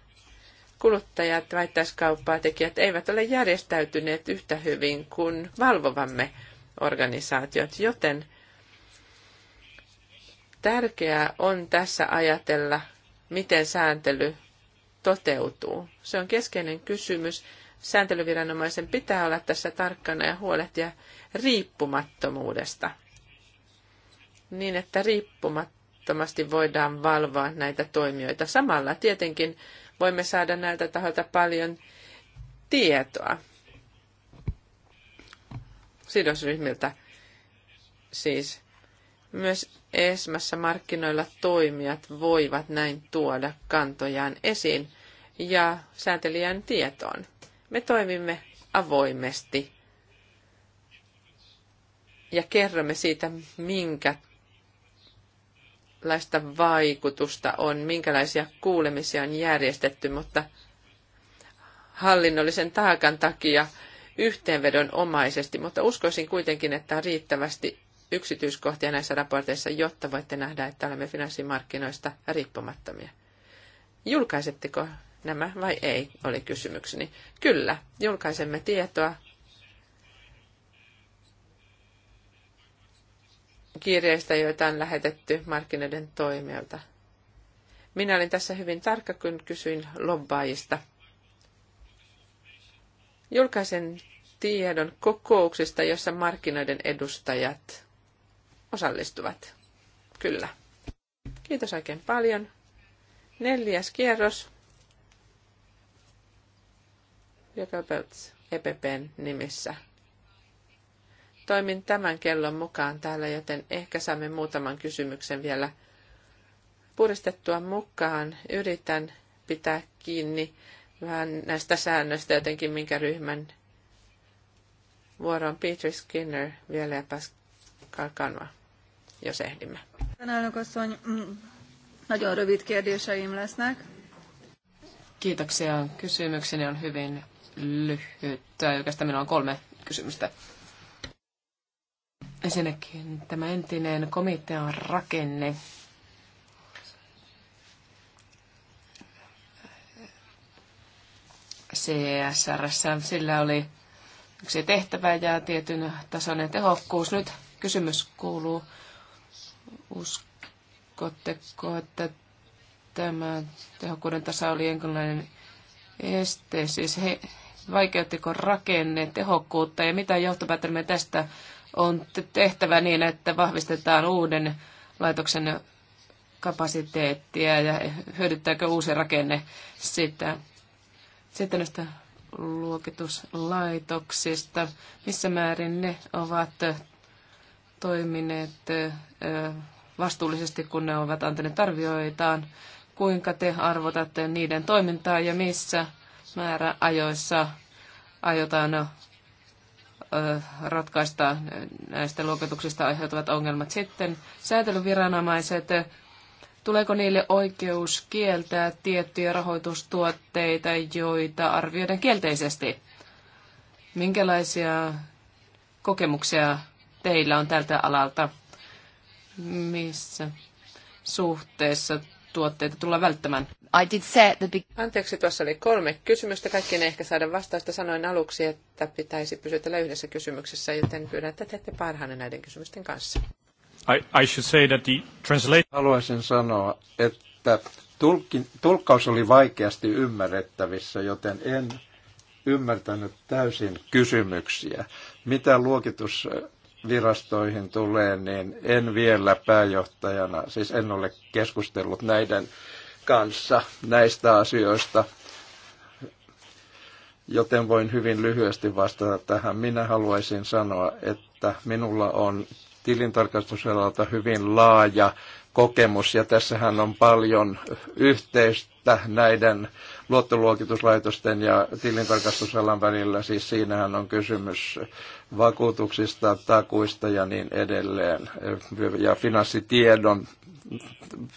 Speaker 1: Kuluttajat, väittäiskauppaa tekijät eivät ole järjestäytyneet yhtä hyvin kuin valvovamme organisaatiot, joten tärkeää on tässä ajatella, miten sääntely toteutuu. Se on keskeinen kysymys. Sääntelyviranomaisen pitää olla tässä tarkkana ja huolehtia riippumattomuudesta niin, että riippumattomasti voidaan valvoa näitä toimijoita. Samalla tietenkin voimme saada näiltä taholta paljon tietoa sidosryhmiltä siis myös ESMassa markkinoilla toimijat voivat näin tuoda kantojaan esiin ja säätelijän tietoon. Me toimimme avoimesti ja kerromme siitä, minkä minkälaista vaikutusta on, minkälaisia kuulemisia on järjestetty, mutta hallinnollisen taakan takia yhteenvedon omaisesti, mutta uskoisin kuitenkin, että riittävästi yksityiskohtia näissä raporteissa, jotta voitte nähdä, että olemme finanssimarkkinoista riippumattomia. Julkaisetteko nämä vai ei, oli kysymykseni. Kyllä, julkaisemme tietoa kirjeistä, joita on lähetetty markkinoiden toimijoilta. Minä olin tässä hyvin tarkka, kun kysyin lobbaajista. Julkaisen tiedon kokouksista, jossa markkinoiden edustajat osallistuvat. Kyllä. Kiitos oikein paljon. Neljäs kierros. Joka EPPn e nimissä. Toimin tämän kellon mukaan täällä, joten ehkä saamme muutaman kysymyksen vielä puristettua mukaan. Yritän pitää kiinni vähän näistä säännöistä jotenkin, minkä ryhmän vuoro on Peter Skinner vielä ja Pascal Kanva jos ehdimme. asszony, mm, nagyon rövid kérdéseim lesznek.
Speaker 2: Kiitoksia. Kysymykseni on hyvin lyhyt. Oikeastaan minulla on kolme kysymystä. Ensinnäkin tämä entinen komitean rakenne. CSRS, sillä oli yksi tehtävä ja tietyn tasoinen tehokkuus. Nyt kysymys kuuluu, Uskotteko, että tämä tehokkuuden tasa oli jonkinlainen este? Siis he, vaikeuttiko rakenne tehokkuutta ja mitä johtopäätelmiä tästä on tehtävä niin, että vahvistetaan uuden laitoksen kapasiteettia ja hyödyttääkö uusi rakenne sitä. Sitten näistä luokituslaitoksista, missä määrin ne ovat toimineet vastuullisesti, kun ne ovat antaneet arvioitaan, kuinka te arvotatte niiden toimintaa ja missä määräajoissa aiotaan ratkaista näistä luokituksista aiheutuvat ongelmat. Sitten säätelyviranomaiset, tuleeko niille oikeus kieltää tiettyjä rahoitustuotteita, joita arvioidaan kielteisesti? Minkälaisia kokemuksia teillä on tältä alalta? Missä suhteessa tuotteita tullaan välttämään? I did say the big... Anteeksi, tuossa oli kolme kysymystä.
Speaker 1: Kaikki ne ehkä saada vastausta. Sanoin aluksi, että pitäisi pysytellä yhdessä kysymyksessä, joten pyydän, että teette parhaanne näiden kysymysten kanssa.
Speaker 3: I, I should say that the translation... Haluaisin sanoa, että tulkin, tulkkaus oli vaikeasti ymmärrettävissä, joten en ymmärtänyt täysin kysymyksiä. Mitä luokitus virastoihin tulee, niin en vielä pääjohtajana, siis en ole keskustellut näiden kanssa näistä asioista, joten voin hyvin lyhyesti vastata tähän. Minä haluaisin sanoa, että minulla on tilintarkastusalalta hyvin laaja kokemus, ja tässähän on paljon yhteistä näiden luottoluokituslaitosten ja tilintarkastusalan välillä, siis siinähän on kysymys vakuutuksista, takuista ja niin edelleen. Ja finanssitiedon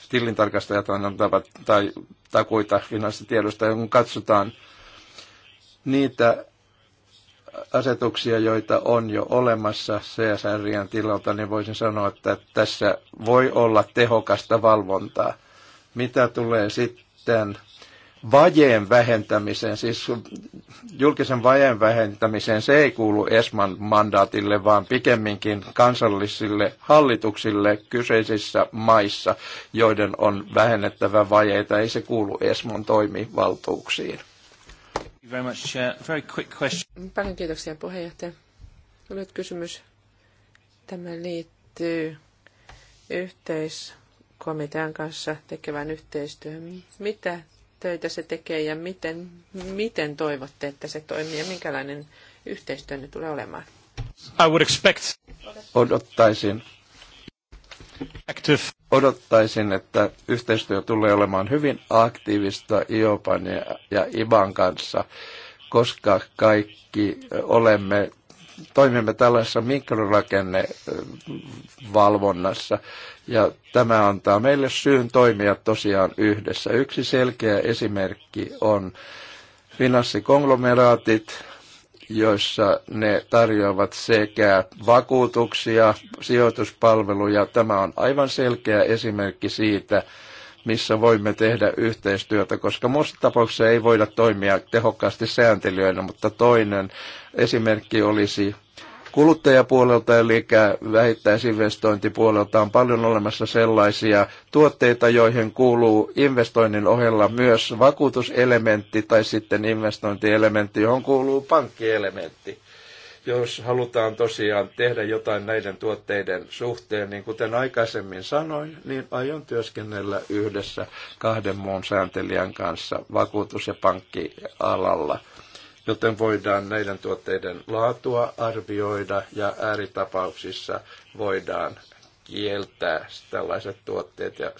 Speaker 3: tilintarkastajat antavat tai takuita finanssitiedosta, ja kun katsotaan niitä asetuksia, joita on jo olemassa CSRien tilalta, niin voisin sanoa, että tässä voi olla tehokasta valvontaa. Mitä tulee sitten vajeen vähentämiseen, siis julkisen vajeen vähentämiseen, se ei kuulu ESMAn mandaatille, vaan pikemminkin kansallisille hallituksille kyseisissä maissa, joiden on vähennettävä vajeita, ei se kuulu ESMAn toimivaltuuksiin.
Speaker 2: Very much, uh, very quick question.
Speaker 1: Paljon kiitoksia puheenjohtaja. Nyt kysymys. Tämä liittyy yhteiskomitean kanssa tekevään yhteistyöhön. Mitä töitä se tekee ja miten, miten toivotte, että se toimii ja minkälainen yhteistyö ne tulee olemaan?
Speaker 2: I would expect.
Speaker 3: Odottaisin, Odottaisin, että yhteistyö tulee olemaan hyvin aktiivista IOPAN ja IBAN kanssa, koska kaikki olemme toimimme tällaisessa mikrorakennevalvonnassa ja tämä antaa meille syyn toimia tosiaan yhdessä. Yksi selkeä esimerkki on finanssikonglomeraatit, joissa ne tarjoavat sekä vakuutuksia, sijoituspalveluja. Tämä on aivan selkeä esimerkki siitä, missä voimme tehdä yhteistyötä, koska muussa tapauksessa ei voida toimia tehokkaasti sääntelijöinä, mutta toinen esimerkki olisi Kuluttajapuolelta eli vähittäisinvestointipuolelta on paljon olemassa sellaisia tuotteita, joihin kuuluu investoinnin ohella myös vakuutuselementti tai sitten investointielementti, johon kuuluu pankkielementti jos halutaan tosiaan tehdä jotain näiden tuotteiden suhteen, niin kuten aikaisemmin sanoin, niin aion työskennellä yhdessä kahden muun sääntelijän kanssa vakuutus- ja pankkialalla joten voidaan näiden tuotteiden laatua arvioida ja ääritapauksissa voidaan kieltää tällaiset tuotteet. Ja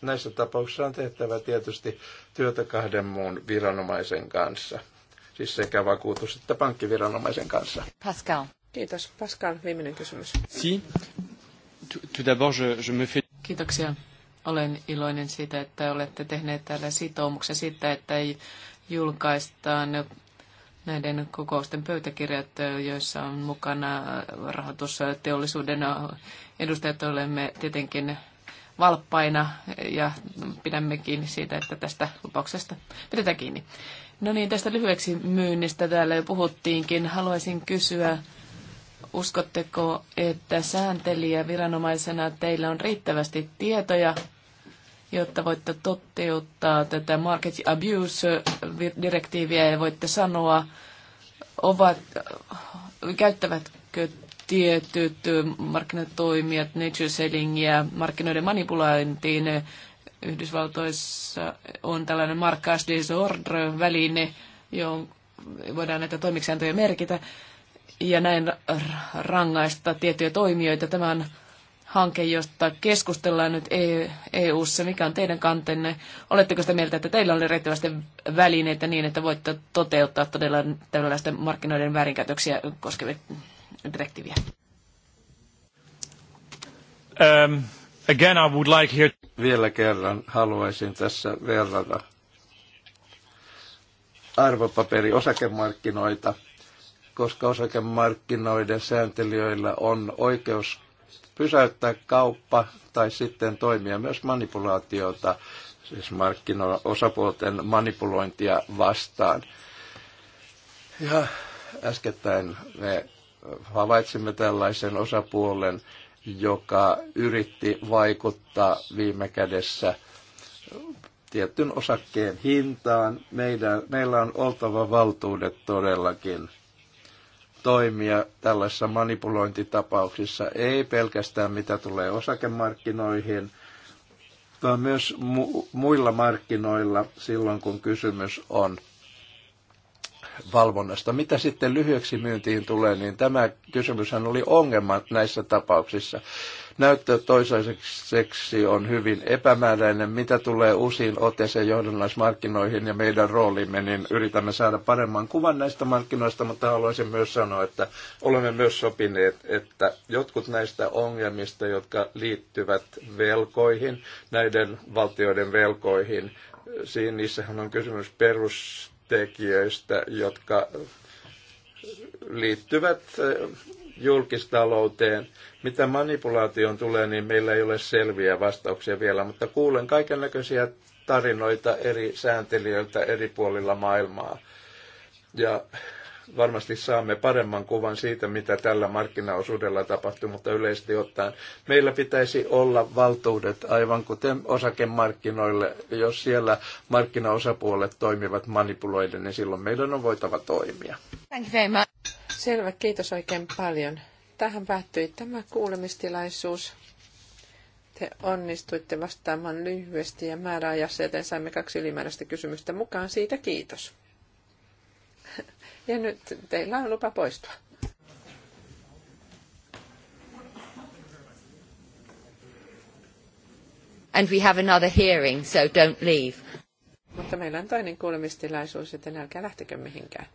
Speaker 3: näissä tapauksissa on tehtävä tietysti työtä kahden muun viranomaisen kanssa, siis sekä vakuutus- että pankkiviranomaisen kanssa.
Speaker 1: Pascal. Kiitos. Pascal, viimeinen
Speaker 2: kysymys. Si. Tout d'abord, je, je me fais... Kiitoksia. Olen iloinen siitä, että olette tehneet täällä sitoumuksen siitä, että ei julkaistaan näiden kokousten pöytäkirjat, joissa on mukana rahoitusteollisuuden edustajat, olemme tietenkin valppaina ja pidämme kiinni siitä, että tästä lupauksesta pidetään kiinni. No niin, tästä lyhyeksi myynnistä täällä jo puhuttiinkin. Haluaisin kysyä, uskotteko, että sääntelijä viranomaisena teillä on riittävästi tietoja jotta voitte toteuttaa tätä market abuse-direktiiviä ja voitte sanoa, ovat, käyttävätkö tietyt markkinatoimijat nature ja markkinoiden manipulointiin. Yhdysvaltoissa on tällainen markkas disorder-väline, johon voidaan näitä toimiksiantoja merkitä ja näin rangaista tiettyjä toimijoita. Tämä on hanke, josta keskustellaan nyt EU-ssa. E Mikä on teidän kantenne? Oletteko sitä mieltä, että teillä on riittävästi välineitä niin, että voitte toteuttaa todella tällaisten markkinoiden väärinkäytöksiä koskevia direktiiviä?
Speaker 3: Um, again, I would like here... Vielä kerran haluaisin tässä verrata arvopaperi osakemarkkinoita, koska osakemarkkinoiden sääntelijöillä on oikeus pysäyttää kauppa tai sitten toimia myös manipulaatiota, siis markkinoosapuolten osapuolten manipulointia vastaan. Ja äskettäin me havaitsimme tällaisen osapuolen, joka yritti vaikuttaa viime kädessä tietyn osakkeen hintaan. Meidän, meillä on oltava valtuudet todellakin toimia tällaisissa manipulointitapauksissa, ei pelkästään mitä tulee osakemarkkinoihin, vaan myös mu- muilla markkinoilla silloin, kun kysymys on valvonnasta. Mitä sitten lyhyeksi myyntiin tulee, niin tämä kysymyshän oli ongelma näissä tapauksissa. Näyttö toisaiseksi on hyvin epämääräinen, mitä tulee uusiin otteeseen johdonnaismarkkinoihin ja meidän roolimme, niin yritämme saada paremman kuvan näistä markkinoista, mutta haluaisin myös sanoa, että olemme myös sopineet, että jotkut näistä ongelmista, jotka liittyvät velkoihin, näiden valtioiden velkoihin, siinä niissähän on kysymys perustekijöistä, jotka liittyvät eh, julkistalouteen, mitä manipulaatioon tulee, niin meillä ei ole selviä vastauksia vielä, mutta kuulen kaiken näköisiä tarinoita eri sääntelijöiltä eri puolilla maailmaa. Ja varmasti saamme paremman kuvan siitä, mitä tällä markkinaosuudella tapahtuu, mutta yleisesti ottaen meillä pitäisi olla valtuudet, aivan kuten osakemarkkinoille. Jos siellä markkinaosapuolet toimivat manipuloiden, niin silloin meidän on voitava toimia.
Speaker 1: Selvä, kiitos oikein paljon. Tähän päättyi tämä kuulemistilaisuus. Te onnistuitte vastaamaan lyhyesti ja määräajassa, joten saimme kaksi ylimääräistä kysymystä mukaan. Siitä kiitos. Ja nyt teillä on lupa poistua. and we have another hearing, so don't leave. Mutta meillä on toinen kuulemistilaisuus, joten älkää lähtekö mihinkään.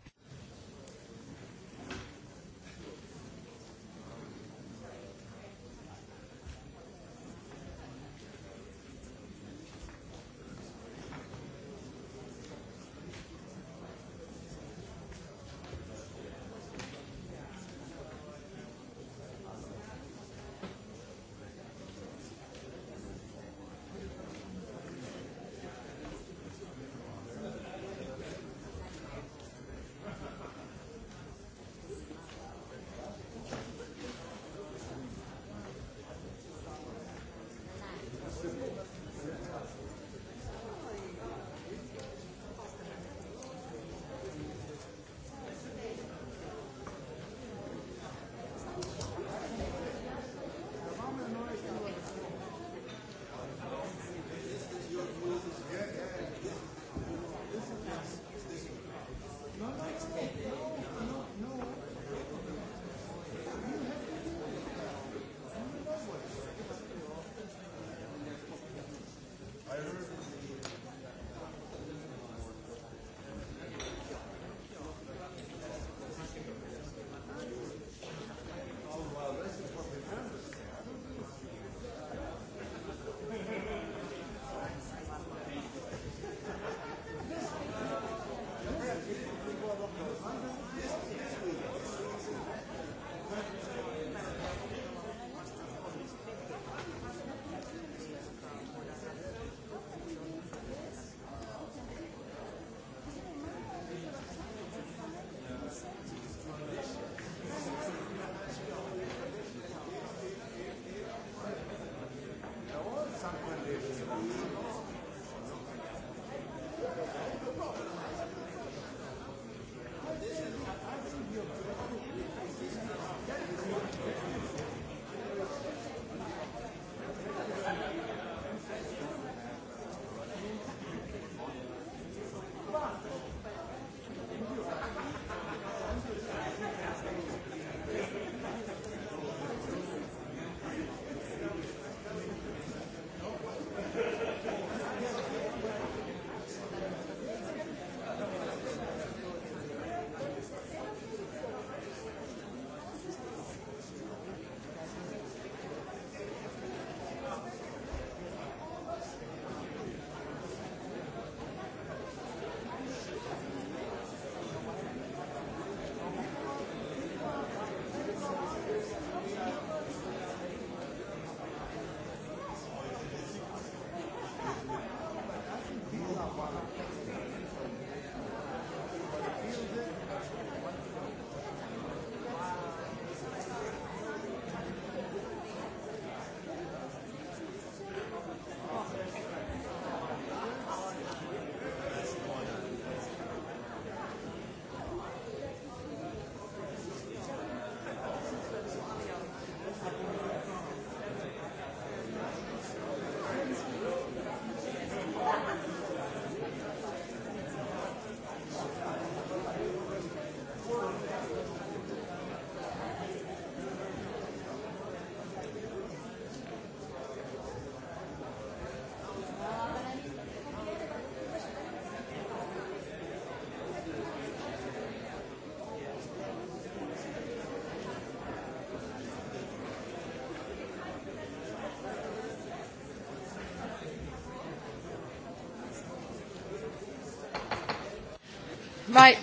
Speaker 1: Right,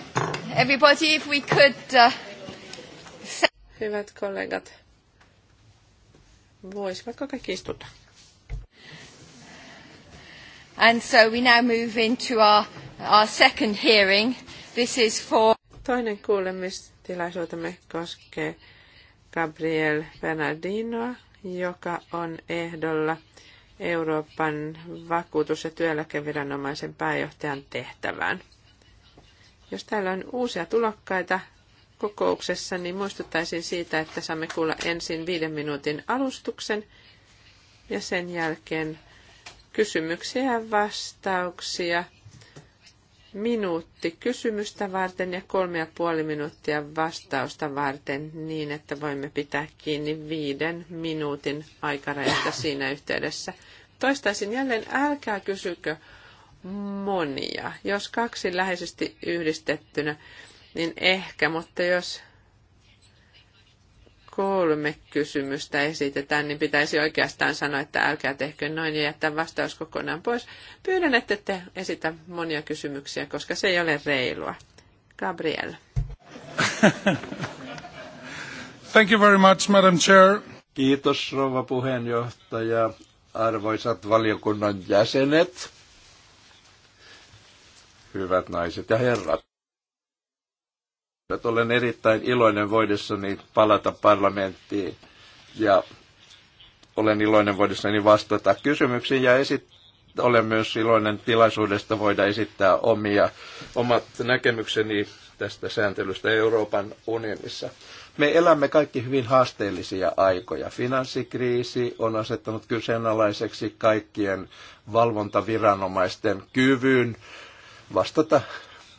Speaker 1: everybody, if we could... Uh... Hyvät kollegat, voisivatko kaikki istuta? And so we now move into our, our second hearing. This is for... Toinen kuulemistilaisuutemme koskee Gabriel Bernardinoa, joka on ehdolla Euroopan vakuutus- ja työeläkeviranomaisen pääjohtajan tehtävään. Jos täällä on uusia tulokkaita kokouksessa, niin muistuttaisin siitä, että saamme kuulla ensin viiden minuutin alustuksen ja sen jälkeen kysymyksiä ja vastauksia. Minuutti kysymystä varten ja kolme ja puoli minuuttia vastausta varten niin, että voimme pitää kiinni viiden minuutin aikarajasta siinä yhteydessä. Toistaisin jälleen, älkää kysykö monia. Jos kaksi läheisesti yhdistettynä, niin ehkä, mutta jos kolme kysymystä esitetään, niin pitäisi oikeastaan sanoa, että älkää tehkö noin ja jättää vastaus kokonaan pois. Pyydän, että te esitä monia kysymyksiä, koska se ei ole reilua. Gabriel.
Speaker 2: Thank you very much, Madam Chair.
Speaker 3: Kiitos, rouva puheenjohtaja. Arvoisat valiokunnan jäsenet hyvät naiset ja herrat. Olen erittäin iloinen voidessani palata parlamenttiin ja olen iloinen voidessani vastata kysymyksiin ja esit olen myös iloinen tilaisuudesta voida esittää omia, omat näkemykseni tästä sääntelystä Euroopan unionissa. Me elämme kaikki hyvin haasteellisia aikoja. Finanssikriisi on asettanut kyseenalaiseksi kaikkien valvontaviranomaisten kyvyn vastata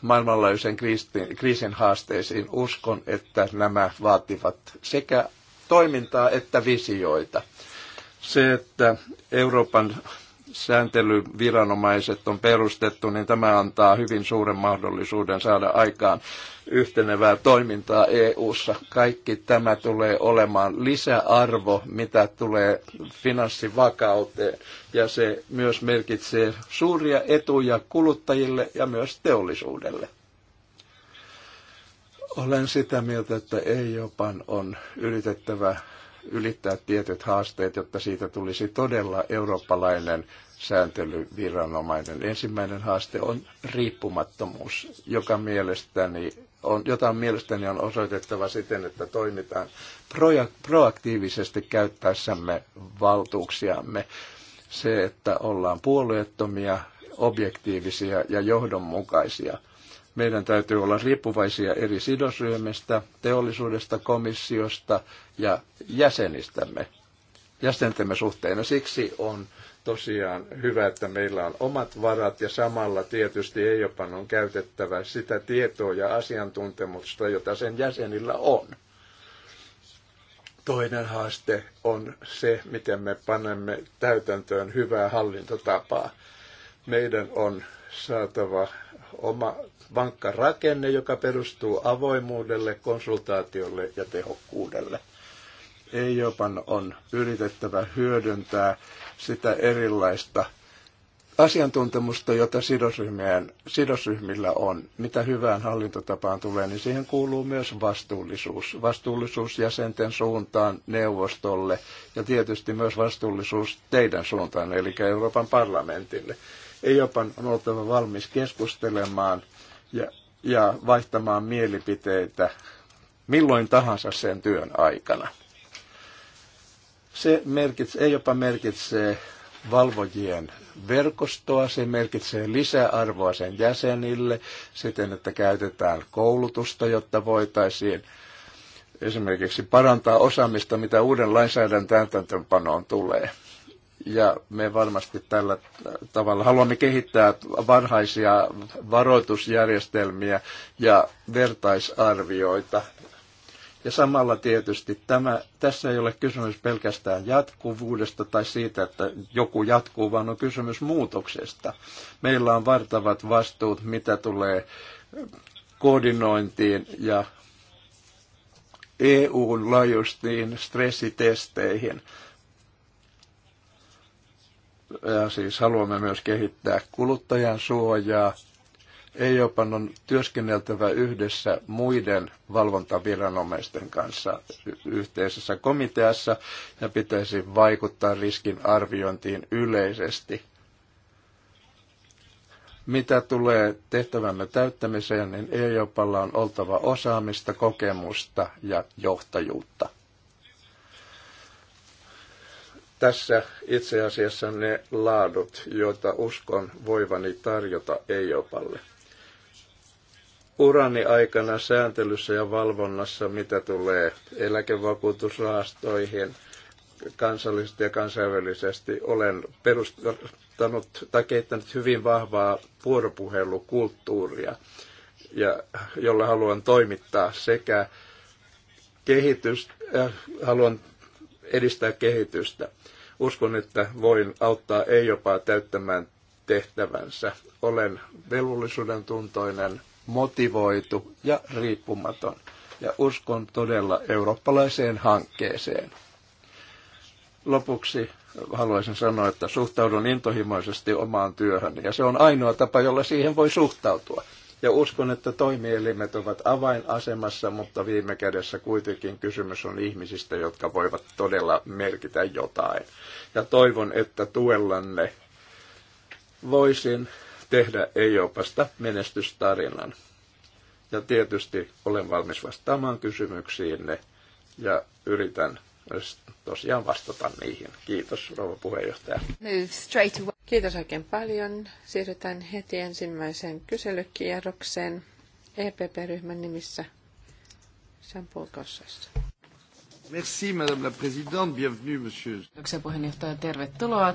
Speaker 3: maailmanlaajuisen kriisin haasteisiin. Uskon, että nämä vaativat sekä toimintaa että visioita. Se, että Euroopan sääntelyviranomaiset on perustettu, niin tämä antaa hyvin suuren mahdollisuuden saada aikaan yhtenevää toimintaa EU-ssa. Kaikki tämä tulee olemaan lisäarvo, mitä tulee finanssivakauteen, ja se myös merkitsee suuria etuja kuluttajille ja myös teollisuudelle. Olen sitä mieltä, että jopa on yritettävä ylittää tietyt haasteet, jotta siitä tulisi todella eurooppalainen sääntelyviranomainen. Ensimmäinen haaste on riippumattomuus, joka mielestäni on, jota mielestäni on osoitettava siten, että toimitaan proaktiivisesti käyttäessämme valtuuksiamme. Se, että ollaan puolueettomia, objektiivisia ja johdonmukaisia – meidän täytyy olla riippuvaisia eri sidosryhmistä, teollisuudesta, komissiosta ja jäsenistämme, jäsentemme Ja Siksi on tosiaan hyvä, että meillä on omat varat ja samalla tietysti ei jopa on käytettävä sitä tietoa ja asiantuntemusta, jota sen jäsenillä on. Toinen haaste on se, miten me panemme täytäntöön hyvää hallintotapaa. Meidän on saatava oma vankka rakenne, joka perustuu avoimuudelle, konsultaatiolle ja tehokkuudelle. Ei jopa on yritettävä hyödyntää sitä erilaista asiantuntemusta, jota sidosryhmillä on, mitä hyvään hallintotapaan tulee, niin siihen kuuluu myös vastuullisuus. Vastuullisuus jäsenten suuntaan neuvostolle ja tietysti myös vastuullisuus teidän suuntaan, eli Euroopan parlamentille. Ei jopa on oltava valmis keskustelemaan ja, ja vaihtamaan mielipiteitä milloin tahansa sen työn aikana. Se merkitsee, ei jopa merkitsee valvojien verkostoa, se merkitsee lisäarvoa sen jäsenille siten, että käytetään koulutusta, jotta voitaisiin esimerkiksi parantaa osaamista, mitä uuden lainsäädännön täytäntöönpanoon tulee. Ja me varmasti tällä tavalla haluamme kehittää varhaisia varoitusjärjestelmiä ja vertaisarvioita. Ja samalla tietysti tämä, tässä ei ole kysymys pelkästään jatkuvuudesta tai siitä, että joku jatkuu, vaan on kysymys muutoksesta. Meillä on vartavat vastuut, mitä tulee koordinointiin ja EUn laajuisiin stressitesteihin ja siis haluamme myös kehittää kuluttajan suojaa. EIOPan on työskenneltävä yhdessä muiden valvontaviranomaisten kanssa yhteisessä komiteassa ja pitäisi vaikuttaa riskin arviointiin yleisesti. Mitä tulee tehtävämme täyttämiseen, niin EIOPalla on oltava osaamista, kokemusta ja johtajuutta. Tässä itse asiassa ne laadut, joita uskon voivani tarjota EIOPalle. Urani aikana sääntelyssä ja valvonnassa, mitä tulee eläkevakuutusrahastoihin, kansallisesti ja kansainvälisesti, olen perustanut tai kehittänyt hyvin vahvaa vuoropuhelukulttuuria, ja, jolla haluan toimittaa sekä kehitys, äh, haluan edistää kehitystä. Uskon, että voin auttaa ei jopa täyttämään tehtävänsä. Olen velvollisuuden tuntoinen, motivoitu ja riippumaton. Ja uskon todella eurooppalaiseen hankkeeseen. Lopuksi haluaisin sanoa, että suhtaudun intohimoisesti omaan työhön. Ja se on ainoa tapa, jolla siihen voi suhtautua. Ja uskon, että toimielimet ovat avainasemassa, mutta viime kädessä kuitenkin kysymys on ihmisistä, jotka voivat todella merkitä jotain. Ja toivon, että tuellanne voisin tehdä EIOPasta menestystarinan. Ja tietysti olen valmis vastaamaan kysymyksiinne ja yritän myös tosiaan vastata niihin. Kiitos, rouva puheenjohtaja.
Speaker 1: straight away. Kiitos oikein paljon. Siirrytään heti ensimmäiseen kyselykierrokseen EPP-ryhmän
Speaker 2: nimissä jean
Speaker 3: Merci, Madame la Présidente.
Speaker 2: Bienvenue, Monsieur. Kiitoksia puheenjohtaja. Tervetuloa.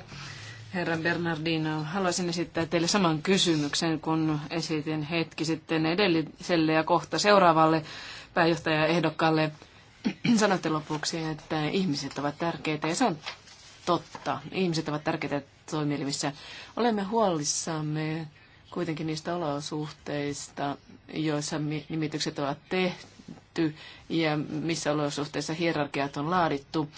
Speaker 2: Herra Bernardino, haluaisin esittää teille saman kysymyksen, kun esitin hetki sitten edelliselle ja kohta seuraavalle pääjohtajaehdokkaalle ehdokkaalle Sanoitte lopuksi, että ihmiset ovat tärkeitä ja se on totta. Ihmiset ovat tärkeitä toimielimissä. Olemme huolissamme kuitenkin niistä olosuhteista, joissa nimitykset ovat tehty ja missä olosuhteissa hierarkiat on laadittu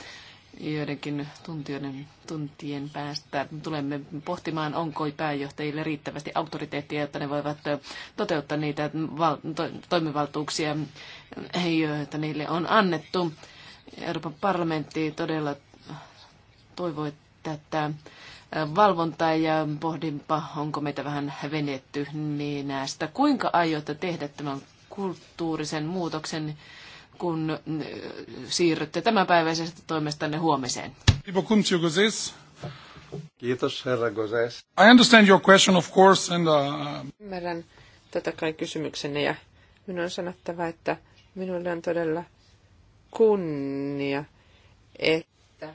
Speaker 2: joidenkin tuntien, tuntien päästä tulemme pohtimaan, onko pääjohtajille riittävästi auktoriteettia, jotta ne voivat toteuttaa niitä val- to- toimivaltuuksia, joita niille on annettu. Euroopan parlamentti todella toivoi tätä valvontaa ja pohdinpa, onko meitä vähän venetty niin näistä. Kuinka aiotte tehdä tämän kulttuurisen muutoksen, kun äh, siirrytte tämänpäiväisestä toimestanne huomiseen.
Speaker 3: Kiitos, herra Gozes.
Speaker 2: I understand your question, of course, and... Uh...
Speaker 1: Ymmärrän totta kai kysymyksenne ja minun on sanottava, että minulle on todella kunnia, että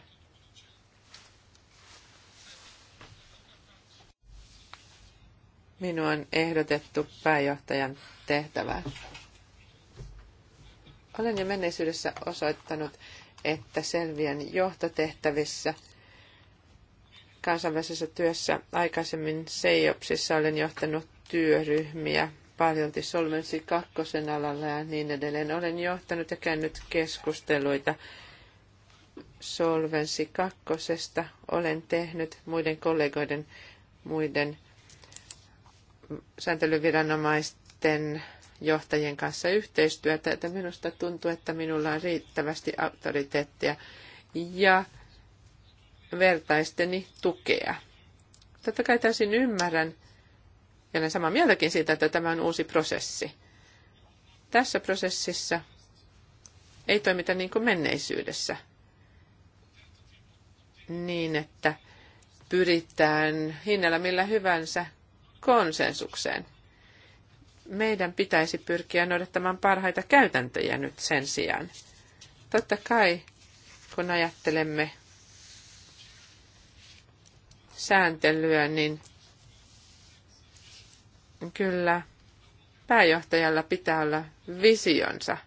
Speaker 1: minua on ehdotettu pääjohtajan tehtävään. Olen jo menneisyydessä osoittanut, että Selviän johtotehtävissä kansainvälisessä työssä aikaisemmin Seijopsissa olen johtanut työryhmiä paljolti Solvensi kakkosen alalla ja niin edelleen. Olen johtanut ja käynyt keskusteluita Solvensi kakkosesta. Olen tehnyt muiden kollegoiden, muiden sääntelyviranomaisten johtajien kanssa yhteistyötä, että minusta tuntuu, että minulla on riittävästi auktoriteettia ja vertaisteni tukea. Totta kai täysin ymmärrän, ja olen samaa mieltäkin siitä, että tämä on uusi prosessi. Tässä prosessissa ei toimita niin kuin menneisyydessä. Niin, että pyritään hinnalla millä hyvänsä konsensukseen meidän pitäisi pyrkiä noudattamaan parhaita käytäntöjä nyt sen sijaan. Totta kai, kun ajattelemme sääntelyä, niin kyllä pääjohtajalla pitää olla visionsa.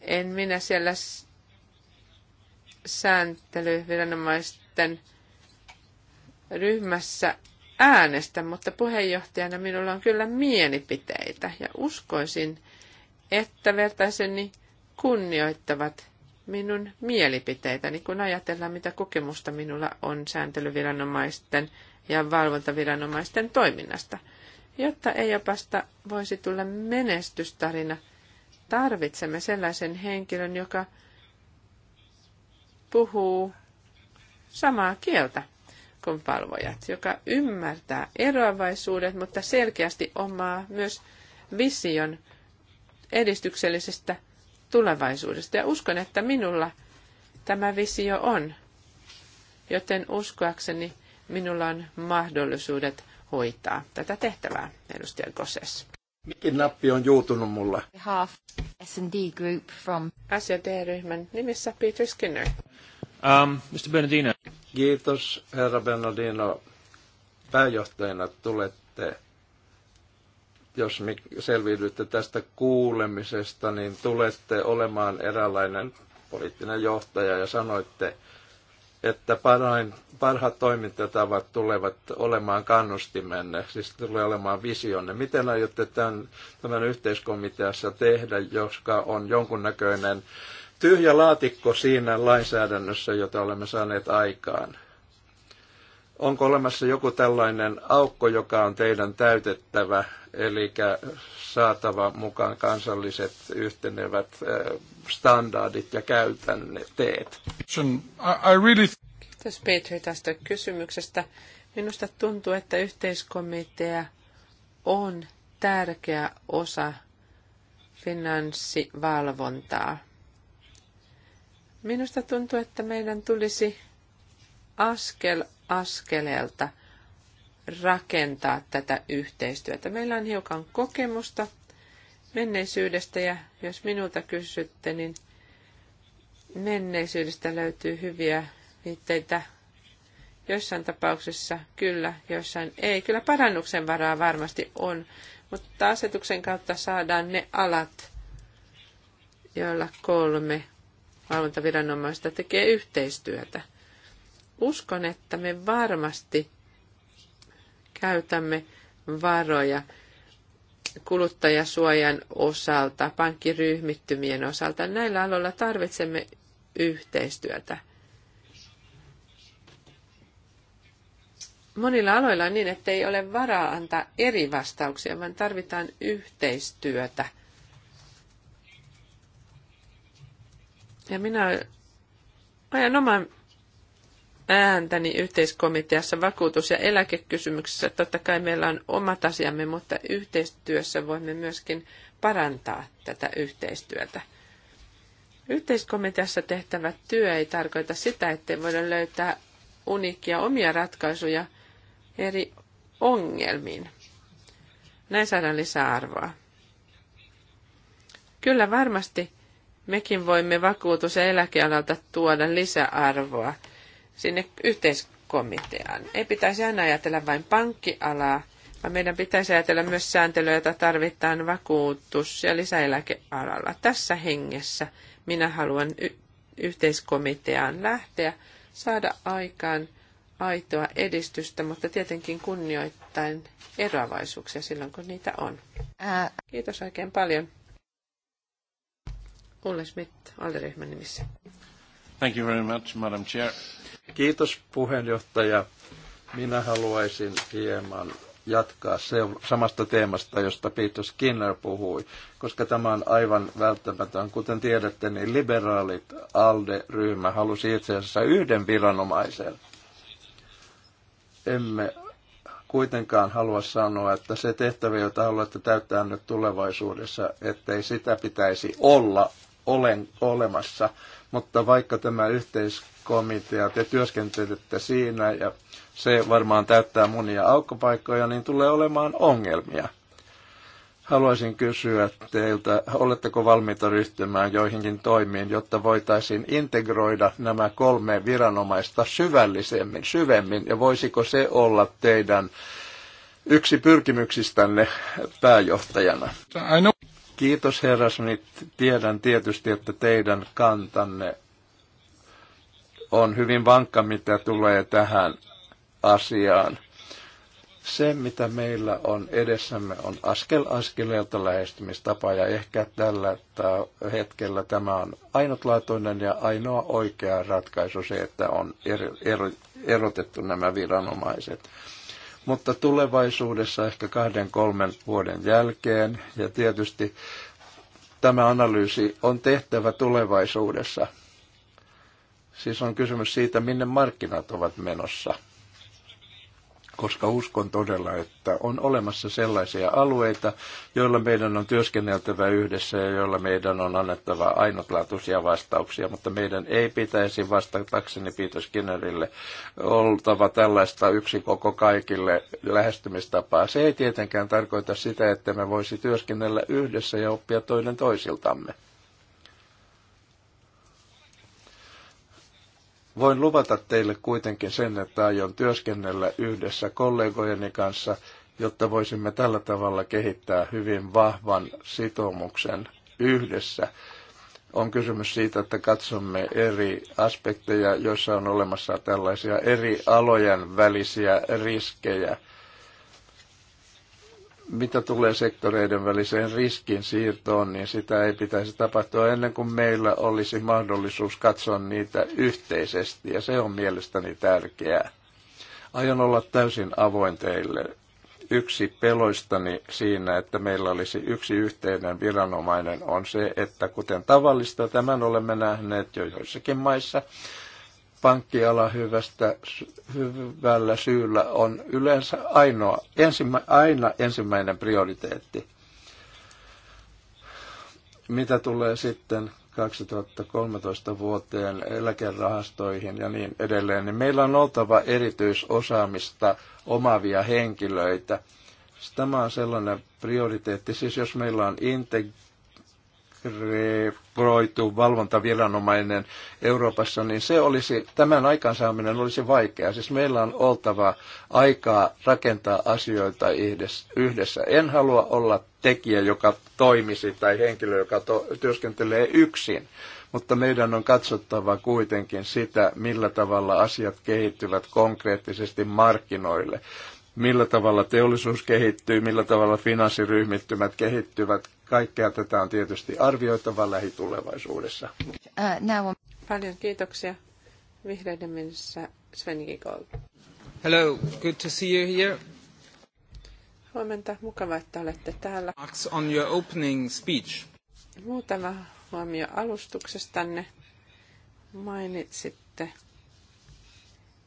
Speaker 1: En minä siellä sääntelyviranomaisten ryhmässä äänestä, mutta puheenjohtajana minulla on kyllä mielipiteitä ja uskoisin, että vertaiseni kunnioittavat minun mielipiteitäni, kun ajatellaan, mitä kokemusta minulla on sääntelyviranomaisten ja valvontaviranomaisten toiminnasta. Jotta ei opasta voisi tulla menestystarina, tarvitsemme sellaisen henkilön, joka puhuu samaa kieltä kuin valvojat, joka ymmärtää eroavaisuudet, mutta selkeästi omaa myös vision edistyksellisestä tulevaisuudesta. Ja uskon, että minulla tämä visio on, joten uskoakseni minulla on mahdollisuudet hoitaa tätä tehtävää, edustaja Goses. Mikin nappi on juutunut mulla? Half S&D Group from... SLD-ryhmän nimissä Peter Skinner.
Speaker 3: Um, Mr. Bernardino. Kiitos, herra Bernardino. Pääjohtajana tulette, jos selviydytte tästä kuulemisesta, niin tulette olemaan eräänlainen poliittinen johtaja ja sanoitte, että parhain, parhaat toimintatavat tulevat olemaan kannustimenne, siis tulee olemaan visionne. Miten aiotte tämän, tämän yhteiskomiteassa tehdä, joska on jonkunnäköinen näköinen tyhjä laatikko siinä lainsäädännössä, jota olemme saaneet aikaan. Onko olemassa joku tällainen aukko, joka on teidän täytettävä, eli saatava mukaan kansalliset yhtenevät standardit ja käytänteet?
Speaker 1: Kiitos Petri tästä kysymyksestä. Minusta tuntuu, että yhteiskomitea on tärkeä osa finanssivalvontaa Minusta tuntuu, että meidän tulisi askel askeleelta rakentaa tätä yhteistyötä. Meillä on hiukan kokemusta menneisyydestä ja jos minulta kysytte, niin menneisyydestä löytyy hyviä viitteitä. Joissain tapauksissa kyllä, joissain ei. Kyllä parannuksen varaa varmasti on, mutta asetuksen kautta saadaan ne alat, joilla kolme valvontaviranomaista tekee yhteistyötä. Uskon, että me varmasti käytämme varoja kuluttajasuojan osalta, pankkiryhmittymien osalta. Näillä aloilla tarvitsemme yhteistyötä. Monilla aloilla on niin, että ei ole varaa antaa eri vastauksia, vaan tarvitaan yhteistyötä – Ja minä ajan oman ääntäni yhteiskomiteassa vakuutus- ja eläkekysymyksessä. Totta kai meillä on omat asiamme, mutta yhteistyössä voimme myöskin parantaa tätä yhteistyötä. Yhteiskomiteassa tehtävä työ ei tarkoita sitä, ettei voida löytää uniikkia omia ratkaisuja eri ongelmiin. Näin saadaan lisää arvoa. Kyllä varmasti mekin voimme vakuutus- ja eläkealalta tuoda lisäarvoa sinne yhteiskomiteaan. Ei pitäisi aina ajatella vain pankkialaa, vaan meidän pitäisi ajatella myös sääntelyä, jota tarvitaan vakuutus- ja lisäeläkealalla. Tässä hengessä minä haluan y- yhteiskomiteaan lähteä, saada aikaan aitoa edistystä, mutta tietenkin kunnioittain eroavaisuuksia silloin, kun niitä on. Kiitos oikein paljon. Ulle Schmidt, alderyhmän nimissä.
Speaker 3: Thank you very much, Madam Chair. Kiitos puheenjohtaja. Minä haluaisin hieman jatkaa samasta teemasta, josta Peter Skinner puhui, koska tämä on aivan välttämätön. Kuten tiedätte, niin liberaalit ALDE-ryhmä halusi itse asiassa yhden viranomaisen. Emme kuitenkaan halua sanoa, että se tehtävä, jota haluatte täyttää nyt tulevaisuudessa, ettei sitä pitäisi olla olen olemassa. Mutta vaikka tämä yhteiskomitea, te työskentelette siinä ja se varmaan täyttää monia aukkopaikkoja, niin tulee olemaan ongelmia. Haluaisin kysyä teiltä, oletteko valmiita ryhtymään joihinkin toimiin, jotta voitaisiin integroida nämä kolme viranomaista syvällisemmin, syvemmin, ja voisiko se olla teidän yksi pyrkimyksistänne pääjohtajana? Kiitos herrasmit. Tiedän tietysti, että teidän kantanne on hyvin vankka, mitä tulee tähän asiaan. Se, mitä meillä on edessämme, on askel askeleelta lähestymistapa ja ehkä tällä hetkellä tämä on ainutlaatuinen ja ainoa oikea ratkaisu se, että on erotettu nämä viranomaiset mutta tulevaisuudessa ehkä kahden kolmen vuoden jälkeen ja tietysti tämä analyysi on tehtävä tulevaisuudessa. Siis on kysymys siitä, minne markkinat ovat menossa – koska uskon todella, että on olemassa sellaisia alueita, joilla meidän on työskenneltävä yhdessä ja joilla meidän on annettava ainutlaatuisia vastauksia, mutta meidän ei pitäisi vastatakseni Peter Skinnerille oltava tällaista yksi koko kaikille lähestymistapaa. Se ei tietenkään tarkoita sitä, että me voisi työskennellä yhdessä ja oppia toinen toisiltamme. Voin luvata teille kuitenkin sen, että aion työskennellä yhdessä kollegojeni kanssa, jotta voisimme tällä tavalla kehittää hyvin vahvan sitoumuksen yhdessä. On kysymys siitä, että katsomme eri aspekteja, joissa on olemassa tällaisia eri alojen välisiä riskejä – mitä tulee sektoreiden väliseen riskin siirtoon, niin sitä ei pitäisi tapahtua ennen kuin meillä olisi mahdollisuus katsoa niitä yhteisesti, ja se on mielestäni tärkeää. Aion olla täysin avoin teille. Yksi peloistani siinä, että meillä olisi yksi yhteinen viranomainen, on se, että kuten tavallista, tämän olemme nähneet jo joissakin maissa, pankkiala hyvästä, hyvällä syyllä on yleensä ainoa, ensimmä, aina ensimmäinen prioriteetti. Mitä tulee sitten 2013 vuoteen eläkerahastoihin ja niin edelleen, niin meillä on oltava erityisosaamista omavia henkilöitä. Tämä on sellainen prioriteetti, siis jos meillä on integ- integroitu valvontaviranomainen Euroopassa, niin se olisi, tämän aikansaaminen olisi vaikeaa. Siis meillä on oltava aikaa rakentaa asioita yhdessä. En halua olla tekijä, joka toimisi tai henkilö, joka to, työskentelee yksin, mutta meidän on katsottava kuitenkin sitä, millä tavalla asiat kehittyvät konkreettisesti markkinoille millä tavalla teollisuus kehittyy, millä tavalla finanssiryhmittymät kehittyvät, Kaikkea tätä on tietysti arvioitava lähitulevaisuudessa.
Speaker 1: Äh, Paljon kiitoksia. Vihreiden mennessä Sven Giegold. Hello, good to see you here. Huomenta, mukava, että olette täällä.
Speaker 3: On your opening
Speaker 1: speech. Muutama huomio alustuksestanne. Mainitsitte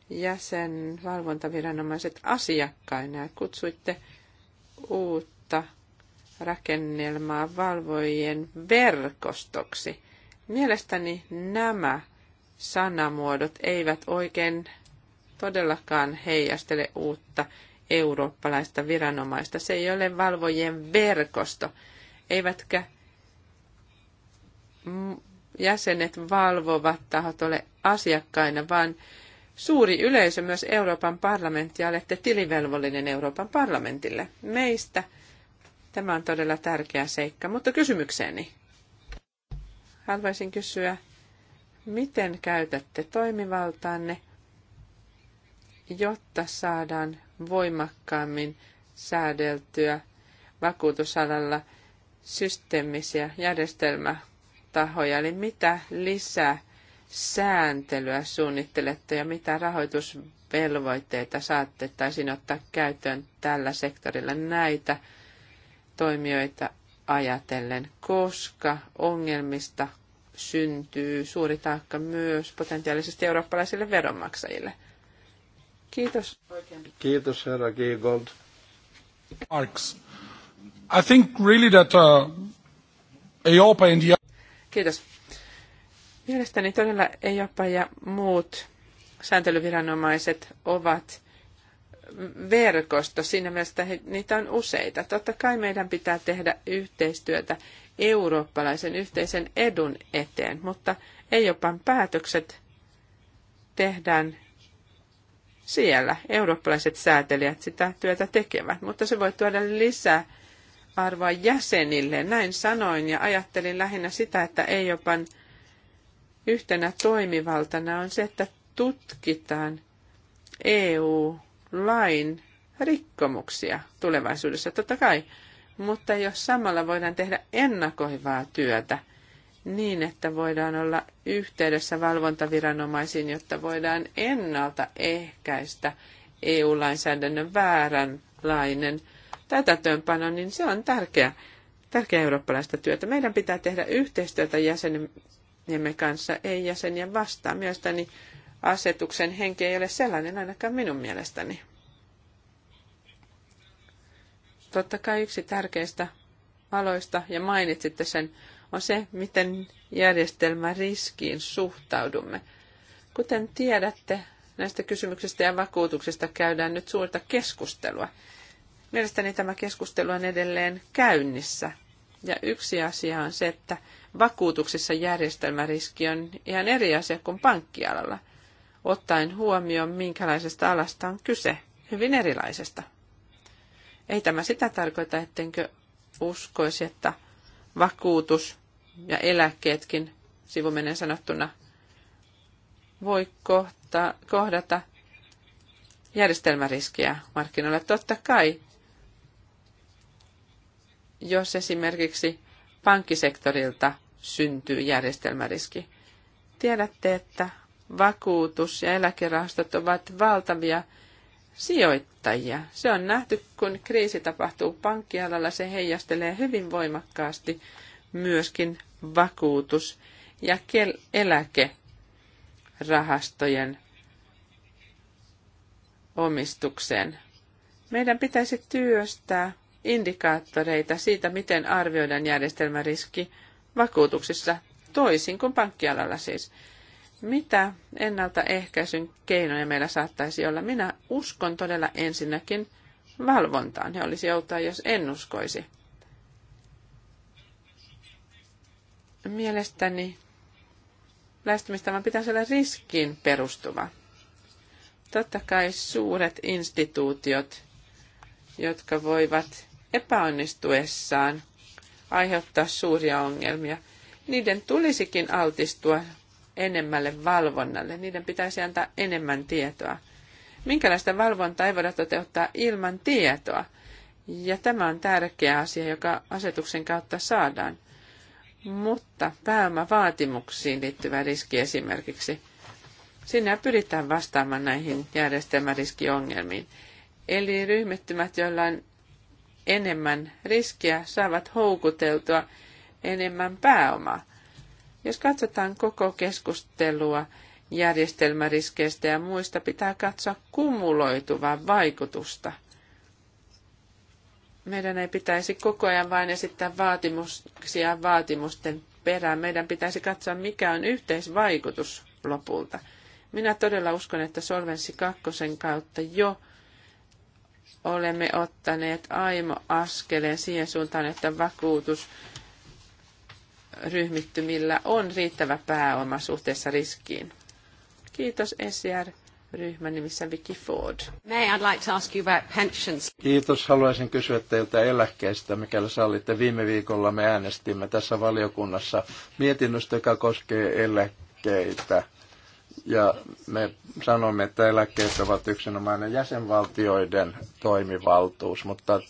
Speaker 1: jäsenvalvontaviranomaiset asiakkaina ja kutsuitte uutta rakennelmaa valvojien verkostoksi. Mielestäni nämä sanamuodot eivät oikein todellakaan heijastele uutta eurooppalaista viranomaista. Se ei ole valvojien verkosto, eivätkä jäsenet valvovat tahot ole asiakkaina, vaan suuri yleisö, myös Euroopan parlamentti, ja olette tilivelvollinen Euroopan parlamentille. Meistä – Tämä on todella tärkeä seikka, mutta kysymykseeni. Haluaisin kysyä, miten käytätte toimivaltaanne, jotta saadaan voimakkaammin säädeltyä vakuutusalalla systeemisiä järjestelmätahoja, eli mitä lisää sääntelyä suunnittelette ja mitä rahoitusvelvoitteita saatte tai ottaa käyttöön tällä sektorilla. Näitä toimijoita ajatellen, koska ongelmista syntyy suuri taakka myös potentiaalisesti eurooppalaisille veronmaksajille. Kiitos.
Speaker 3: Oikein. Kiitos herra Giegold. Marks. I think really that uh,
Speaker 1: Europa and the... Kiitos. Mielestäni todella Europa ja muut sääntelyviranomaiset ovat verkosto siinä mielessä, että niitä on useita. Totta kai meidän pitää tehdä yhteistyötä eurooppalaisen yhteisen edun eteen, mutta ei jopa päätökset tehdään siellä. Eurooppalaiset säätelijät sitä työtä tekevät, mutta se voi tuoda lisää arvoa jäsenille. Näin sanoin ja ajattelin lähinnä sitä, että ei jopa yhtenä toimivaltana on se, että tutkitaan EU lain rikkomuksia tulevaisuudessa, totta kai. Mutta jos samalla voidaan tehdä ennakoivaa työtä niin, että voidaan olla yhteydessä valvontaviranomaisiin, jotta voidaan ennaltaehkäistä EU-lainsäädännön vääränlainen täytäntöönpano, niin se on tärkeä, tärkeä eurooppalaista työtä. Meidän pitää tehdä yhteistyötä jäsenemme kanssa, ei jäseniä vastaan. Mielestäni asetuksen henki ei ole sellainen ainakaan minun mielestäni. Totta kai yksi tärkeistä aloista, ja mainitsitte sen, on se, miten järjestelmän riskiin suhtaudumme. Kuten tiedätte, näistä kysymyksistä ja vakuutuksista käydään nyt suurta keskustelua. Mielestäni tämä keskustelu on edelleen käynnissä. Ja yksi asia on se, että vakuutuksissa järjestelmäriski on ihan eri asia kuin pankkialalla – ottaen huomioon, minkälaisesta alasta on kyse, hyvin erilaisesta. Ei tämä sitä tarkoita, ettenkö uskoisi, että vakuutus ja eläkkeetkin, sivumenen sanottuna, voi kohta, kohdata järjestelmäriskiä markkinoilla. Totta kai, jos esimerkiksi pankkisektorilta syntyy järjestelmäriski. Tiedätte, että vakuutus- ja eläkerahastot ovat valtavia sijoittajia. Se on nähty, kun kriisi tapahtuu pankkialalla, se heijastelee hyvin voimakkaasti myöskin vakuutus- ja eläkerahastojen omistukseen. Meidän pitäisi työstää indikaattoreita siitä, miten arvioidaan järjestelmäriski vakuutuksissa, toisin kuin pankkialalla siis. Mitä ennaltaehkäisyn keinoja meillä saattaisi olla? Minä uskon todella ensinnäkin valvontaan. Ja olisi outoa, jos en uskoisi. Mielestäni lähestymistavan pitäisi olla riskiin perustuva. Totta kai suuret instituutiot, jotka voivat epäonnistuessaan aiheuttaa suuria ongelmia, niiden tulisikin altistua enemmälle valvonnalle. Niiden pitäisi antaa enemmän tietoa. Minkälaista valvontaa ei voida toteuttaa ilman tietoa? Ja tämä on tärkeä asia, joka asetuksen kautta saadaan. Mutta pääomavaatimuksiin liittyvä riski esimerkiksi. sinne pyritään vastaamaan näihin järjestelmäriskiongelmiin. Eli ryhmittymät, joilla on enemmän riskiä, saavat houkuteltua enemmän pääomaa. Jos katsotaan koko keskustelua järjestelmäriskeistä ja muista, pitää katsoa kumuloituvaa vaikutusta. Meidän ei pitäisi koko ajan vain esittää vaatimuksia vaatimusten perään. Meidän pitäisi katsoa, mikä on yhteisvaikutus lopulta. Minä todella uskon, että Solvenssi kakkosen kautta jo olemme ottaneet aimo askeleen siihen suuntaan, että vakuutus ryhmittymillä on riittävä pääoma suhteessa riskiin. Kiitos SR ryhmän nimissä Vicky Ford. May I'd like to ask you about pensions.
Speaker 3: Kiitos. Haluaisin kysyä teiltä eläkkeistä, mikäli sallitte. Viime viikolla me äänestimme tässä valiokunnassa mietinnöstä, joka koskee eläkkeitä. Ja me sanomme, että eläkkeet ovat yksinomainen jäsenvaltioiden toimivaltuus, mutta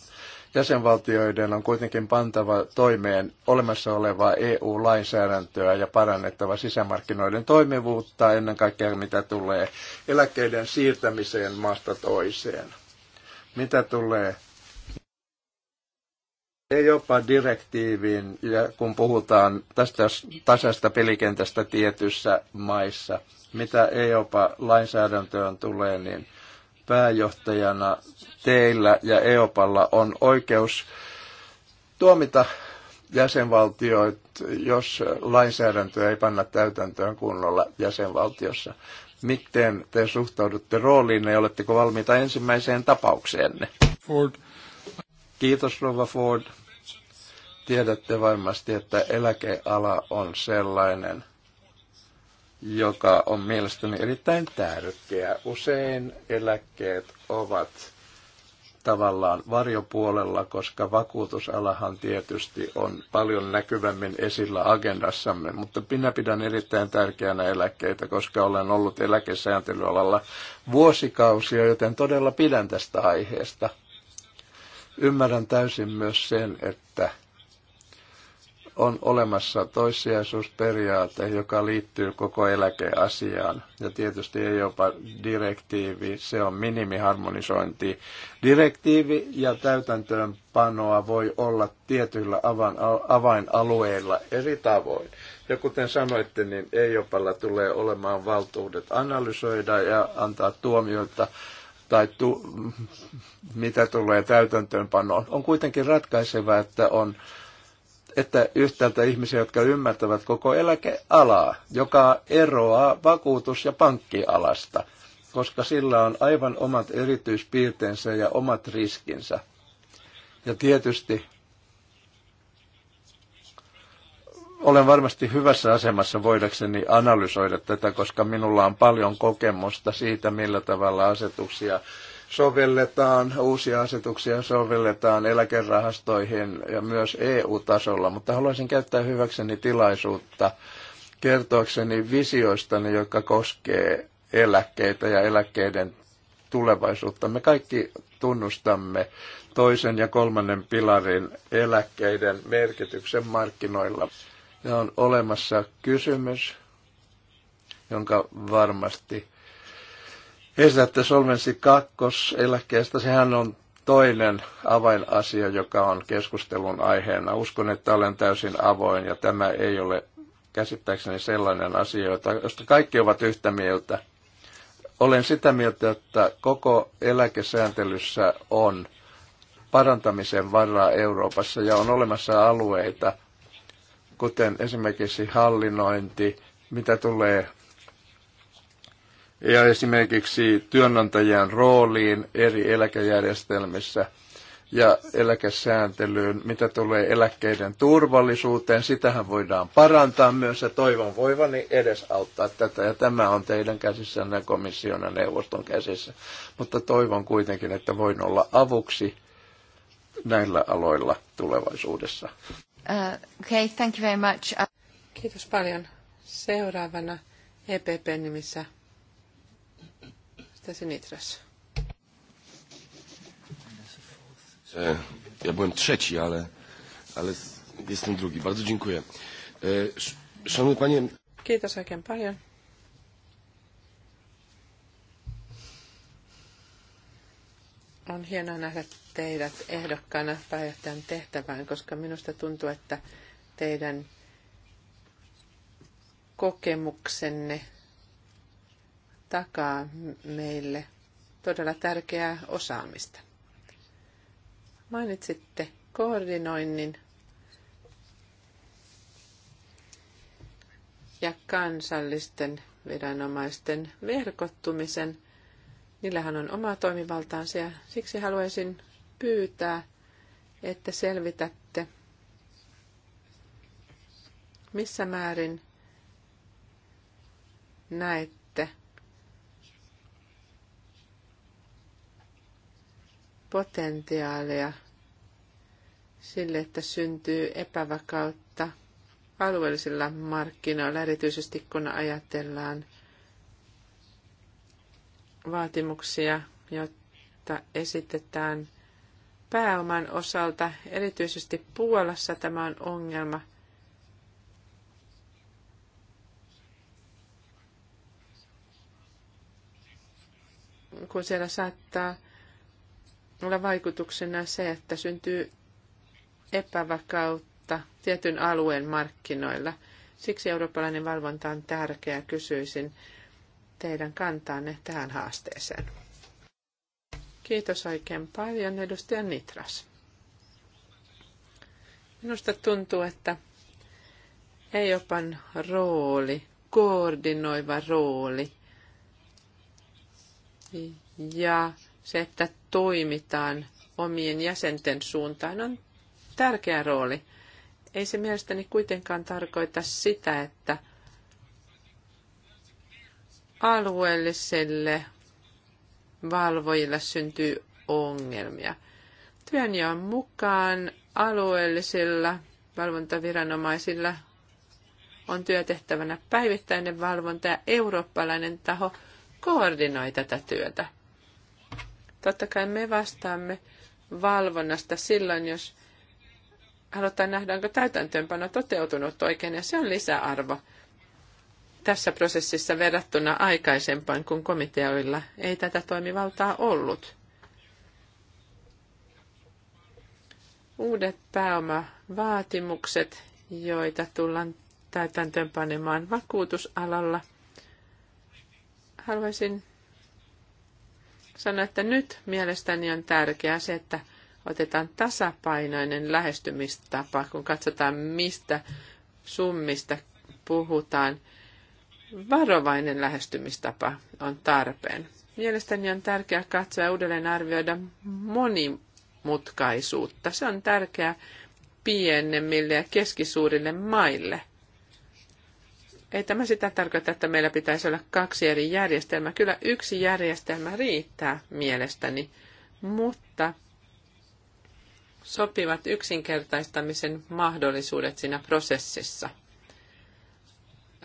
Speaker 3: Jäsenvaltioiden on kuitenkin pantava toimeen olemassa olevaa EU-lainsäädäntöä ja parannettava sisämarkkinoiden toimivuutta ennen kaikkea mitä tulee eläkkeiden siirtämiseen maasta toiseen. Mitä tulee ei jopa direktiiviin, ja kun puhutaan tästä tasasta pelikentästä tietyssä maissa, mitä ei jopa lainsäädäntöön tulee, niin pääjohtajana teillä ja EOPalla on oikeus tuomita jäsenvaltioit, jos lainsäädäntöä ei panna täytäntöön kunnolla jäsenvaltiossa. Miten te suhtaudutte rooliin ja oletteko valmiita ensimmäiseen tapaukseenne? Ford. Kiitos Rova Ford. Tiedätte varmasti, että eläkeala on sellainen – joka on mielestäni erittäin tärkeä. Usein eläkkeet ovat tavallaan varjopuolella, koska vakuutusalahan tietysti on paljon näkyvämmin esillä agendassamme, mutta minä pidän erittäin tärkeänä eläkkeitä, koska olen ollut eläkesääntelyalalla vuosikausia, joten todella pidän tästä aiheesta. Ymmärrän täysin myös sen, että on olemassa toissijaisuusperiaate, joka liittyy koko eläkeasiaan. Ja tietysti ei jopa direktiivi, se on minimiharmonisointi. Direktiivi ja täytäntöönpanoa voi olla tietyillä avainalueilla eri tavoin. Ja kuten sanoitte, niin ei EIOPalla tulee olemaan valtuudet analysoida ja antaa tuomioita tai tu, mitä tulee täytäntöönpanoon. On kuitenkin ratkaisevaa, että on että yhtäältä ihmisiä, jotka ymmärtävät koko eläkealaa, joka eroaa vakuutus- ja pankkialasta, koska sillä on aivan omat erityispiirteensä ja omat riskinsä. Ja tietysti olen varmasti hyvässä asemassa voidakseni analysoida tätä, koska minulla on paljon kokemusta siitä, millä tavalla asetuksia sovelletaan, uusia asetuksia sovelletaan eläkerahastoihin ja myös EU-tasolla, mutta haluaisin käyttää hyväkseni tilaisuutta kertoakseni visioistani, joka koskee eläkkeitä ja eläkkeiden tulevaisuutta. Me kaikki tunnustamme toisen ja kolmannen pilarin eläkkeiden merkityksen markkinoilla. Ja on olemassa kysymys, jonka varmasti Esitätte Solvensi 2 eläkkeestä, sehän on toinen avainasia, joka on keskustelun aiheena. Uskon, että olen täysin avoin ja tämä ei ole käsittääkseni sellainen asia, josta kaikki ovat yhtä mieltä. Olen sitä mieltä, että koko eläkesääntelyssä on parantamisen varaa Euroopassa ja on olemassa alueita, kuten esimerkiksi hallinnointi, mitä tulee ja esimerkiksi työnantajien rooliin eri eläkejärjestelmissä ja eläkesääntelyyn, mitä tulee eläkkeiden turvallisuuteen, sitähän voidaan parantaa myös ja toivon voivani edesauttaa tätä ja tämä on teidän käsissänne komission ja neuvoston käsissä, mutta toivon kuitenkin, että voin olla avuksi näillä aloilla tulevaisuudessa.
Speaker 2: Uh, okay,
Speaker 1: thank you very much. Kiitos paljon. Seuraavana EPP nimissä tässä Nitras.
Speaker 3: E, ja byłem trzeci, ale, ale jestem drugi. Bardzo dziękuję. E, szanowny panie...
Speaker 1: Kiitos oikein paljon. On hienoa nähdä teidät ehdokkaana pääjohtajan tehtävään, koska minusta tuntuu, että teidän kokemuksenne takaa meille todella tärkeää osaamista. Mainitsitte koordinoinnin ja kansallisten viranomaisten verkottumisen. Niillähän on oma toimivaltaansa ja siksi haluaisin pyytää, että selvitätte, missä määrin näette, potentiaalia sille, että syntyy epävakautta alueellisilla markkinoilla, erityisesti kun ajatellaan vaatimuksia, jotta esitetään pääoman osalta, erityisesti Puolassa tämä on ongelma. Kun siellä saattaa olla vaikutuksena se, että syntyy epävakautta tietyn alueen markkinoilla. Siksi eurooppalainen valvonta on tärkeää. Kysyisin teidän kantaanne tähän haasteeseen. Kiitos oikein paljon, edustaja Nitras. Minusta tuntuu, että EIOPan rooli, koordinoiva rooli ja se, että toimitaan omien jäsenten suuntaan, on tärkeä rooli. Ei se mielestäni kuitenkaan tarkoita sitä, että alueelliselle valvojille syntyy ongelmia. Työnjaon mukaan alueellisilla valvontaviranomaisilla on työtehtävänä päivittäinen valvonta ja eurooppalainen taho koordinoi tätä työtä. Totta kai me vastaamme valvonnasta silloin, jos halutaan nähdä, onko täytäntöönpano toteutunut oikein, ja se on lisäarvo tässä prosessissa verrattuna aikaisempaan, kun komiteoilla ei tätä toimivaltaa ollut. Uudet pääomavaatimukset, joita tullaan täytäntöönpanemaan vakuutusalalla. Haluaisin Sano, että nyt mielestäni on tärkeää se, että otetaan tasapainoinen lähestymistapa, kun katsotaan mistä summista puhutaan. Varovainen lähestymistapa on tarpeen. Mielestäni on tärkeää katsoa ja uudelleen arvioida monimutkaisuutta. Se on tärkeää pienemmille ja keskisuurille maille – ei tämä sitä tarkoita, että meillä pitäisi olla kaksi eri järjestelmää. Kyllä yksi järjestelmä riittää mielestäni, mutta sopivat yksinkertaistamisen mahdollisuudet siinä prosessissa.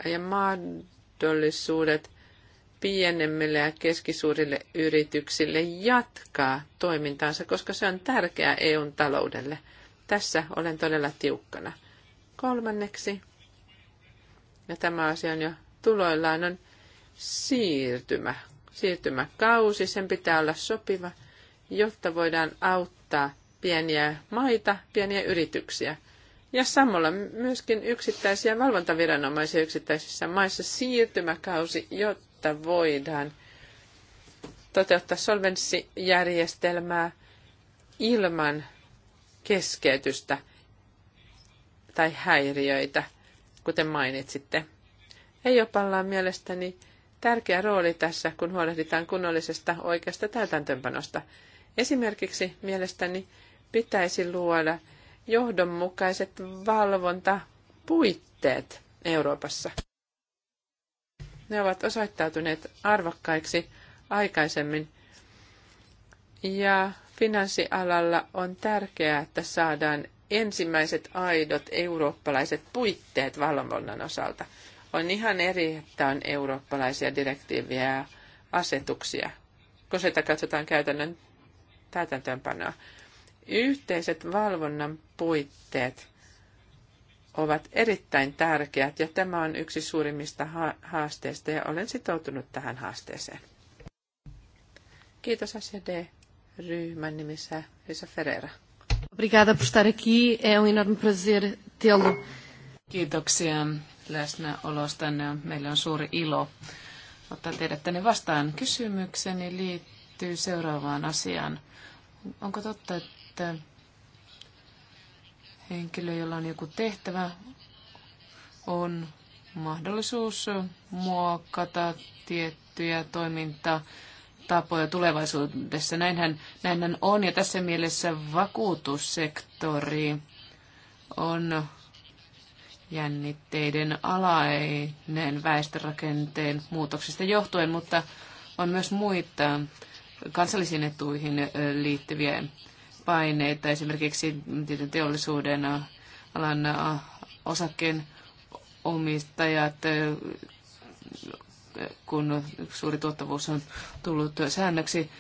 Speaker 1: Ja mahdollisuudet pienemmille ja keskisuurille yrityksille jatkaa toimintaansa, koska se on tärkeää EUn taloudelle. Tässä olen todella tiukkana. Kolmanneksi, ja tämä asia on jo tuloillaan, on siirtymä. Siirtymäkausi, sen pitää olla sopiva, jotta voidaan auttaa pieniä maita, pieniä yrityksiä. Ja samalla myöskin yksittäisiä valvontaviranomaisia yksittäisissä maissa siirtymäkausi, jotta voidaan toteuttaa solvenssijärjestelmää ilman keskeytystä tai häiriöitä – kuten mainitsitte. opalla on mielestäni tärkeä rooli tässä, kun huolehditaan kunnollisesta oikeasta täytäntöönpanosta. Esimerkiksi mielestäni pitäisi luoda johdonmukaiset valvontapuitteet Euroopassa. Ne ovat osoittautuneet arvokkaiksi aikaisemmin. Ja finanssialalla on tärkeää, että saadaan ensimmäiset aidot eurooppalaiset puitteet valvonnan osalta. On ihan eri, että on eurooppalaisia direktiivejä ja asetuksia, kun sitä katsotaan käytännön täytäntöönpanoa. Yhteiset valvonnan puitteet ovat erittäin tärkeät ja tämä on yksi suurimmista haasteista ja olen sitoutunut tähän haasteeseen. Kiitos D. ryhmän nimissä
Speaker 2: Lisa Ferreira. Obrigada por estar aqui. É um enorme prazer tê-lo. Kiitoksia läsnäolostanne. Meillä on suuri ilo ottaa teidät tänne vastaan. Kysymykseni liittyy seuraavaan asiaan. Onko totta, että henkilö, jolla on joku tehtävä, on mahdollisuus muokata tiettyjä toimintaa tapoja tulevaisuudessa. Näinhän, näinhän on ja tässä mielessä vakuutussektori on jännitteiden alainen väestörakenteen muutoksista johtuen, mutta on myös muita kansallisiin etuihin liittyviä paineita, esimerkiksi teollisuuden alan osakkeen omistajat kun suuri tuottavuus on tullut säännöksi.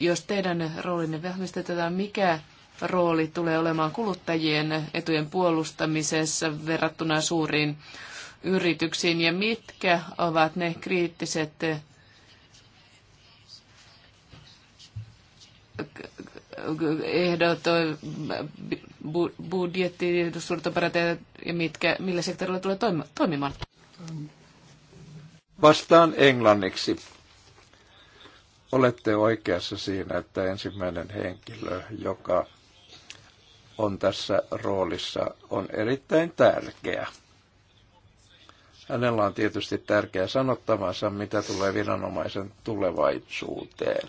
Speaker 2: Jos teidän roolinne vahvistetaan, mikä rooli tulee olemaan kuluttajien etujen puolustamisessa verrattuna suuriin yrityksiin ja mitkä ovat ne kriittiset ehdot, budjetti, suurta ja mitkä, millä sektorilla tulee toimimaan?
Speaker 3: Vastaan englanniksi. Olette oikeassa siinä, että ensimmäinen henkilö, joka on tässä roolissa, on erittäin tärkeä. Hänellä on tietysti tärkeä sanottavansa, mitä tulee viranomaisen tulevaisuuteen.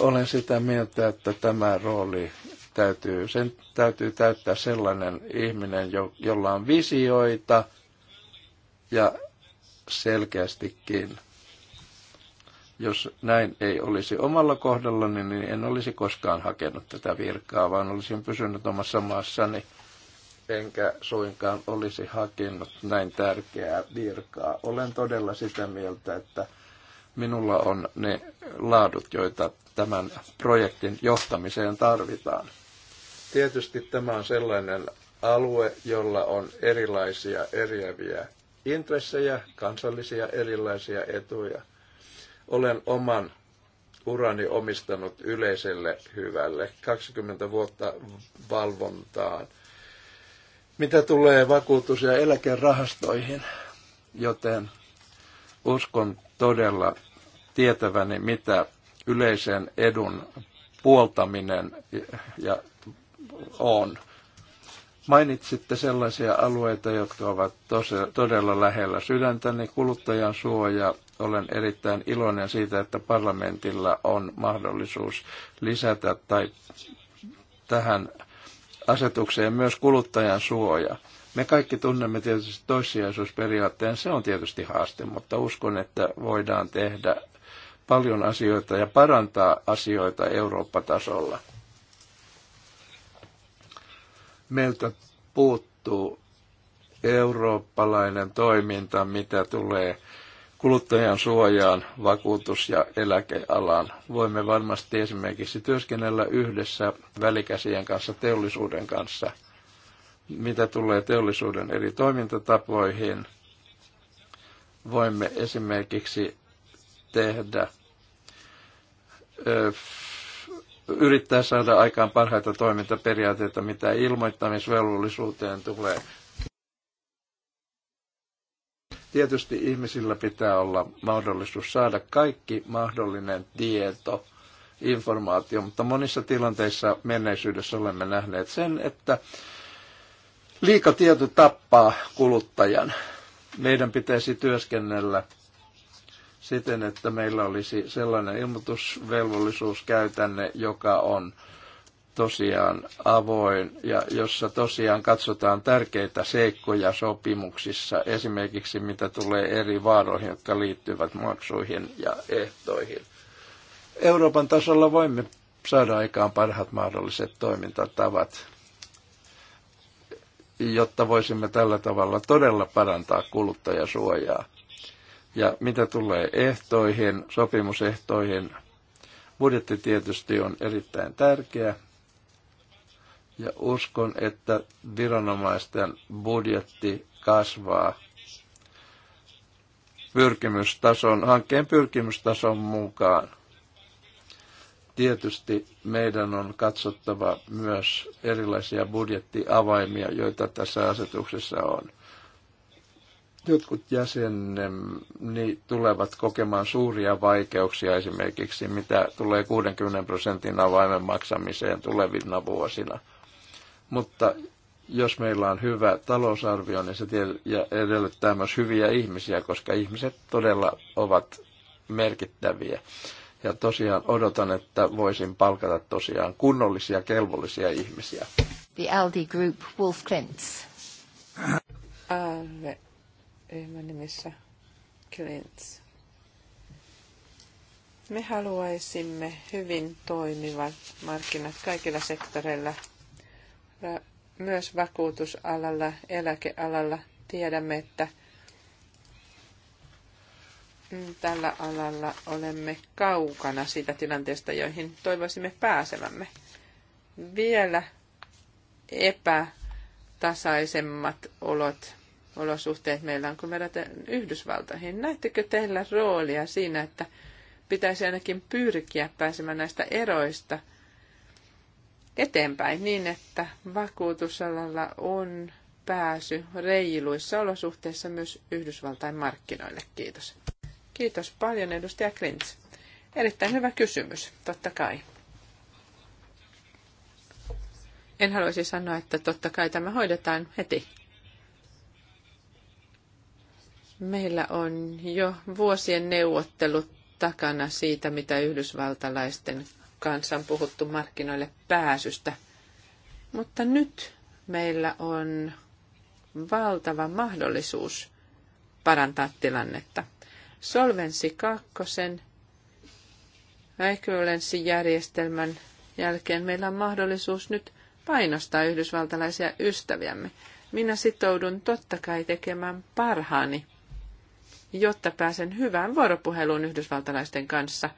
Speaker 3: Olen sitä mieltä, että tämä rooli täytyy, sen täytyy täyttää sellainen ihminen, jo, jolla on visioita ja selkeästikin. Jos näin ei olisi omalla kohdallani, niin, niin en olisi koskaan hakenut tätä virkaa, vaan olisin pysynyt omassa maassani, enkä suinkaan olisi hakenut näin tärkeää virkaa. Olen todella sitä mieltä, että minulla on ne laadut, joita tämän projektin johtamiseen tarvitaan. Tietysti tämä on sellainen alue, jolla on erilaisia eriäviä intressejä, kansallisia erilaisia etuja. Olen oman urani omistanut yleiselle hyvälle, 20 vuotta valvontaan. Mitä tulee vakuutus- ja eläkerahastoihin, joten uskon todella tietäväni, mitä yleisen edun puoltaminen ja on. Mainitsitte sellaisia alueita, jotka ovat tose, todella lähellä sydäntäni. Kuluttajan suoja. Olen erittäin iloinen siitä, että parlamentilla on mahdollisuus lisätä tai tähän asetukseen myös kuluttajan suoja. Me kaikki tunnemme tietysti toissijaisuusperiaatteen, se on tietysti haaste, mutta uskon, että voidaan tehdä paljon asioita ja parantaa asioita Eurooppa-tasolla meiltä puuttuu eurooppalainen toiminta, mitä tulee kuluttajan suojaan vakuutus- ja eläkealan. Voimme varmasti esimerkiksi työskennellä yhdessä välikäsien kanssa teollisuuden kanssa, mitä tulee teollisuuden eri toimintatapoihin. Voimme esimerkiksi tehdä yrittää saada aikaan parhaita toimintaperiaatteita, mitä ilmoittamisvelvollisuuteen tulee. Tietysti ihmisillä pitää olla mahdollisuus saada kaikki mahdollinen tieto, informaatio, mutta monissa tilanteissa menneisyydessä olemme nähneet sen, että liikatieto tappaa kuluttajan. Meidän pitäisi työskennellä siten, että meillä olisi sellainen ilmoitusvelvollisuuskäytänne, joka on tosiaan avoin ja jossa tosiaan katsotaan tärkeitä seikkoja sopimuksissa, esimerkiksi mitä tulee eri vaaroihin, jotka liittyvät maksuihin ja ehtoihin. Euroopan tasolla voimme saada aikaan parhaat mahdolliset toimintatavat, jotta voisimme tällä tavalla todella parantaa kuluttajasuojaa. Ja mitä tulee ehtoihin, sopimusehtoihin, budjetti tietysti on erittäin tärkeä. Ja uskon, että viranomaisten budjetti kasvaa pyrkimystason, hankkeen pyrkimystason mukaan. Tietysti meidän on katsottava myös erilaisia budjettiavaimia, joita tässä asetuksessa on. Jotkut jäsenemme tulevat kokemaan suuria vaikeuksia esimerkiksi, mitä tulee 60 prosentin avaimen maksamiseen tulevina vuosina. Mutta jos meillä on hyvä talousarvio, niin se edellyttää myös hyviä ihmisiä, koska ihmiset todella ovat merkittäviä. Ja tosiaan odotan, että voisin palkata tosiaan kunnollisia, kelvollisia ihmisiä.
Speaker 2: The Aldi Group, Wolf Klintz. Äh,
Speaker 1: ryhmän nimissä Clintz. Me haluaisimme hyvin toimivat markkinat kaikilla sektoreilla, myös vakuutusalalla, eläkealalla. Tiedämme, että tällä alalla olemme kaukana siitä tilanteesta, joihin toivoisimme pääsevämme. Vielä epätasaisemmat olot olosuhteet meillä on, kun verrataan Yhdysvaltoihin. Näettekö teillä roolia siinä, että pitäisi ainakin pyrkiä pääsemään näistä eroista eteenpäin niin, että vakuutusalalla on pääsy reiluissa olosuhteissa myös Yhdysvaltain markkinoille. Kiitos. Kiitos paljon, edustaja Klintz. Erittäin hyvä kysymys, totta kai. En haluaisi sanoa, että totta kai tämä hoidetaan heti Meillä on jo vuosien neuvottelut takana siitä, mitä yhdysvaltalaisten kanssa on puhuttu markkinoille pääsystä. Mutta nyt meillä on valtava mahdollisuus parantaa tilannetta. Solvensi kakkosen äikyolenssijärjestelmän jälkeen meillä on mahdollisuus nyt painostaa yhdysvaltalaisia ystäviämme. Minä sitoudun totta kai tekemään parhaani – jotta pääsen hyvään vuoropuheluun yhdysvaltalaisten kanssa.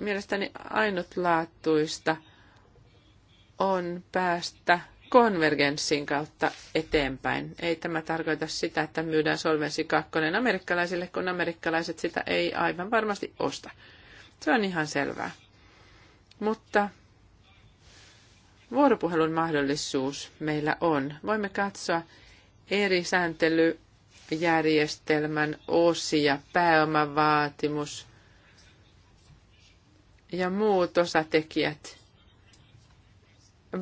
Speaker 1: Mielestäni ainutlaatuista on päästä konvergenssin kautta eteenpäin. Ei tämä tarkoita sitä, että myydään Solvensi 2 amerikkalaisille, kun amerikkalaiset sitä ei aivan varmasti osta. Se on ihan selvää. Mutta vuoropuhelun mahdollisuus meillä on. Voimme katsoa eri sääntelyä järjestelmän osia, pääomavaatimus ja muut osatekijät.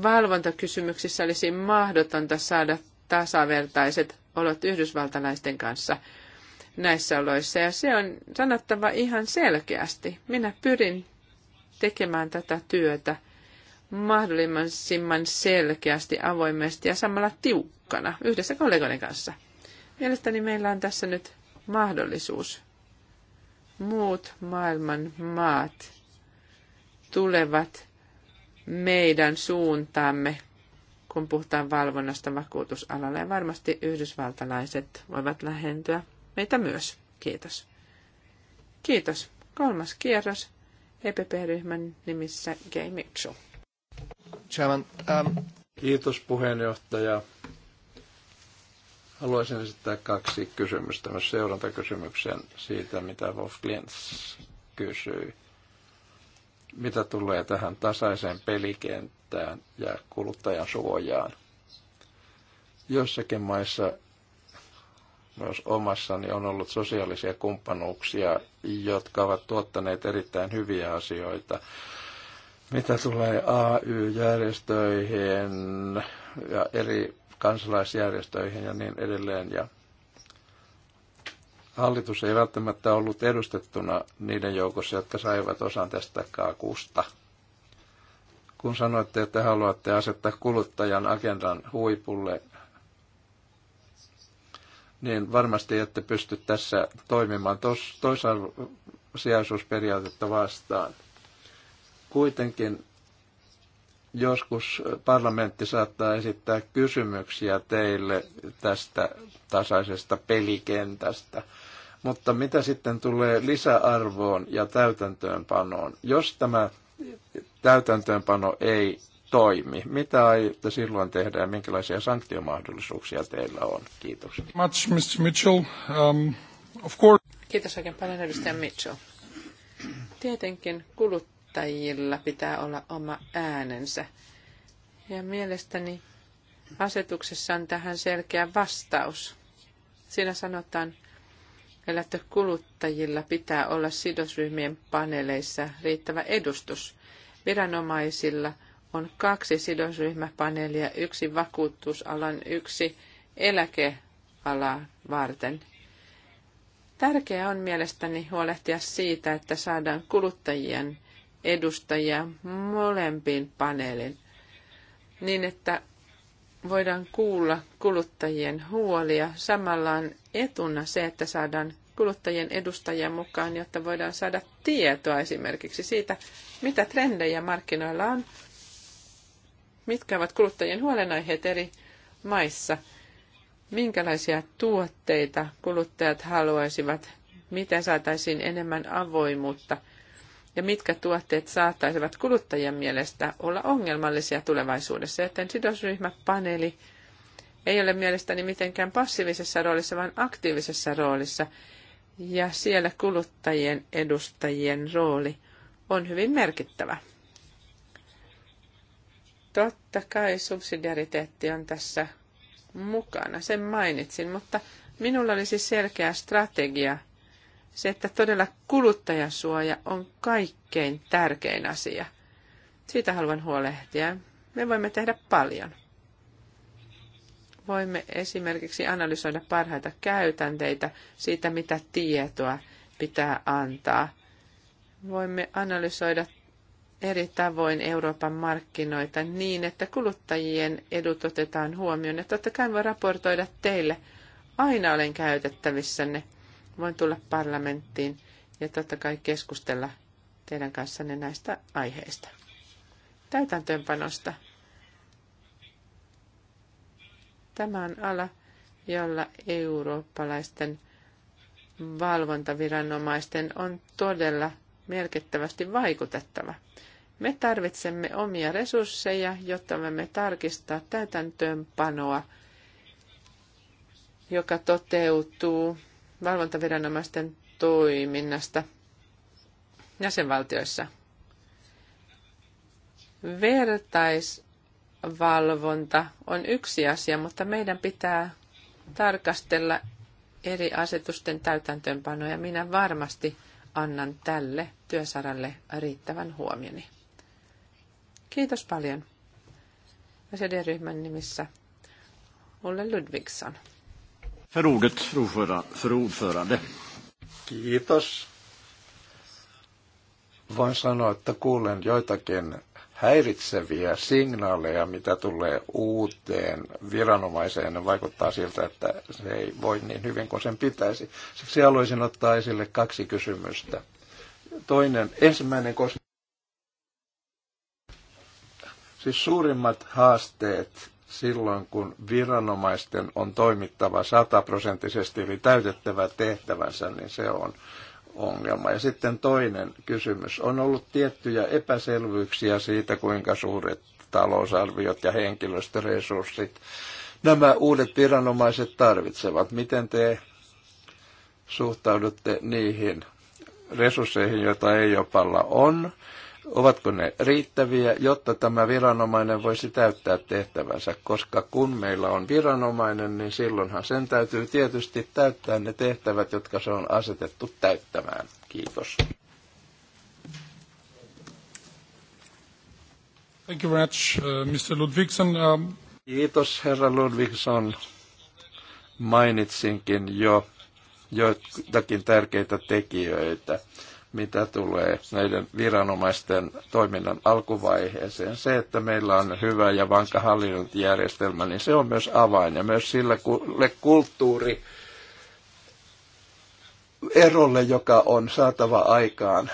Speaker 1: Valvontakysymyksissä olisi mahdotonta saada tasavertaiset olot yhdysvaltalaisten kanssa näissä oloissa. Ja se on sanottava ihan selkeästi. Minä pyrin tekemään tätä työtä mahdollisimman selkeästi, avoimesti ja samalla tiukkana yhdessä kollegoiden kanssa. Mielestäni meillä on tässä nyt mahdollisuus. Muut maailman maat tulevat meidän suuntaamme, kun puhutaan valvonnasta vakuutusalalla. Ja varmasti yhdysvaltalaiset voivat lähentyä meitä myös. Kiitos. Kiitos. Kolmas kierros. EPP-ryhmän nimissä Gay Mitchell.
Speaker 3: Chairman, um... Kiitos puheenjohtaja. Haluaisin esittää kaksi kysymystä, myös seurantakysymyksen siitä, mitä Wolf Klintz kysyi. Mitä tulee tähän tasaiseen pelikenttään ja kuluttajan suojaan? Jossakin maissa, myös omassani, on ollut sosiaalisia kumppanuuksia, jotka ovat tuottaneet erittäin hyviä asioita. Mitä tulee AY-järjestöihin ja eri kansalaisjärjestöihin ja niin edelleen. Ja hallitus ei välttämättä ollut edustettuna niiden joukossa, jotka saivat osan tästä kaakusta. Kun sanoitte, että haluatte asettaa kuluttajan agendan huipulle, niin varmasti ette pysty tässä toimimaan toisaalta sijaisuusperiaatetta vastaan. Kuitenkin joskus parlamentti saattaa esittää kysymyksiä teille tästä tasaisesta pelikentästä. Mutta mitä sitten tulee lisäarvoon ja täytäntöönpanoon? Jos tämä täytäntöönpano ei toimi, mitä aiotte silloin tehdä ja minkälaisia sanktiomahdollisuuksia teillä on? Kiitos.
Speaker 2: Much, Mr. Mitchell. Um, of course.
Speaker 1: Kiitos oikein paljon, edustaja Mitchell. Tietenkin kulut opettajilla pitää olla oma äänensä. Ja mielestäni asetuksessa on tähän selkeä vastaus. Siinä sanotaan, että kuluttajilla pitää olla sidosryhmien paneeleissa riittävä edustus. Viranomaisilla on kaksi sidosryhmäpaneelia, yksi vakuutusalan, yksi eläkeala varten. Tärkeää on mielestäni huolehtia siitä, että saadaan kuluttajien edustajia molempiin paneelin niin, että voidaan kuulla kuluttajien huolia. Samalla on etuna se, että saadaan kuluttajien edustajia mukaan, jotta voidaan saada tietoa esimerkiksi siitä, mitä trendejä markkinoilla on, mitkä ovat kuluttajien huolenaiheet eri maissa, minkälaisia tuotteita kuluttajat haluaisivat, miten saataisiin enemmän avoimuutta – ja mitkä tuotteet saattaisivat kuluttajien mielestä olla ongelmallisia tulevaisuudessa. Joten sidosryhmäpaneeli ei ole mielestäni mitenkään passiivisessa roolissa, vaan aktiivisessa roolissa. Ja siellä kuluttajien edustajien rooli on hyvin merkittävä. Totta kai subsidiariteetti on tässä mukana, sen mainitsin, mutta minulla olisi selkeä strategia – se, että todella kuluttajansuoja on kaikkein tärkein asia. Siitä haluan huolehtia. Me voimme tehdä paljon. Voimme esimerkiksi analysoida parhaita käytänteitä siitä, mitä tietoa pitää antaa. Voimme analysoida eri tavoin Euroopan markkinoita niin, että kuluttajien edut otetaan huomioon. Ja totta kai voi raportoida teille. Aina olen käytettävissänne voin tulla parlamenttiin ja totta kai keskustella teidän kanssanne näistä aiheista. Täytäntöönpanosta. Tämä on ala, jolla eurooppalaisten valvontaviranomaisten on todella merkittävästi vaikutettava. Me tarvitsemme omia resursseja, jotta voimme tarkistaa täytäntöönpanoa, joka toteutuu valvontaviranomaisten toiminnasta jäsenvaltioissa. Vertaisvalvonta on yksi asia, mutta meidän pitää tarkastella eri asetusten täytäntöönpanoja. ja minä varmasti annan tälle työsaralle riittävän huomioni. Kiitos paljon. SED-ryhmän nimissä Ulle Ludvigsson
Speaker 3: för ordet, ordförande. Kiitos. Voin sanoa, että kuulen joitakin häiritseviä signaaleja, mitä tulee uuteen viranomaiseen, ja vaikuttaa siltä, että se ei voi niin hyvin kuin sen pitäisi. Siksi haluaisin ottaa esille kaksi kysymystä. Toinen, ensimmäinen koskee siis suurimmat haasteet silloin, kun viranomaisten on toimittava sataprosenttisesti, eli täytettävä tehtävänsä, niin se on ongelma. Ja sitten toinen kysymys. On ollut tiettyjä epäselvyyksiä siitä, kuinka suuret talousarviot ja henkilöstöresurssit nämä uudet viranomaiset tarvitsevat. Miten te suhtaudutte niihin resursseihin, joita ei EIOPalla on? ovatko ne riittäviä, jotta tämä viranomainen voisi täyttää tehtävänsä, koska kun meillä on viranomainen, niin silloinhan sen täytyy tietysti täyttää ne tehtävät, jotka se on asetettu täyttämään. Kiitos.
Speaker 2: Thank you very much, uh, Mr. Ludvigson. Um...
Speaker 3: Kiitos, herra Ludvigson. Mainitsinkin jo joitakin tärkeitä tekijöitä mitä tulee näiden viranomaisten toiminnan alkuvaiheeseen. Se, että meillä on hyvä ja vankka hallinnointijärjestelmä, niin se on myös avain. Ja myös sillä kulttuuri erolle, joka on saatava aikaan.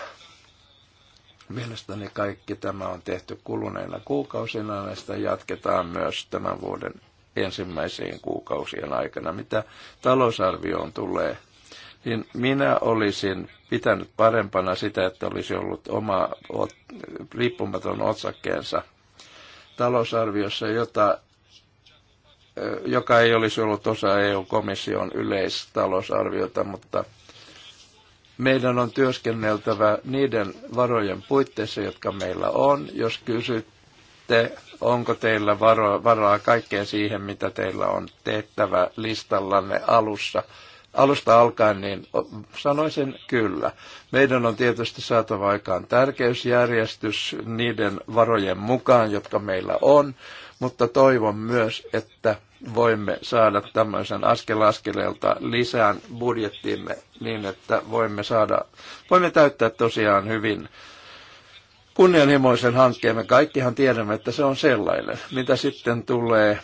Speaker 3: Mielestäni kaikki tämä on tehty kuluneina kuukausina ja sitä jatketaan myös tämän vuoden ensimmäiseen kuukausien aikana. Mitä talousarvioon tulee, niin minä olisin pitänyt parempana sitä, että olisi ollut oma riippumaton otsakkeensa talousarviossa, jota, joka ei olisi ollut osa EU-komission yleistalousarviota, mutta meidän on työskenneltävä niiden varojen puitteissa, jotka meillä on. Jos kysytte, onko teillä varo, varaa kaikkeen siihen, mitä teillä on tehtävä listallanne alussa – alusta alkaen, niin sanoisin kyllä. Meidän on tietysti saatava aikaan tärkeysjärjestys niiden varojen mukaan, jotka meillä on, mutta toivon myös, että voimme saada tämmöisen askel askeleelta lisään budjettiimme niin, että voimme, saada, voimme täyttää tosiaan hyvin kunnianhimoisen hankkeen. Me kaikkihan tiedämme, että se on sellainen. Mitä sitten tulee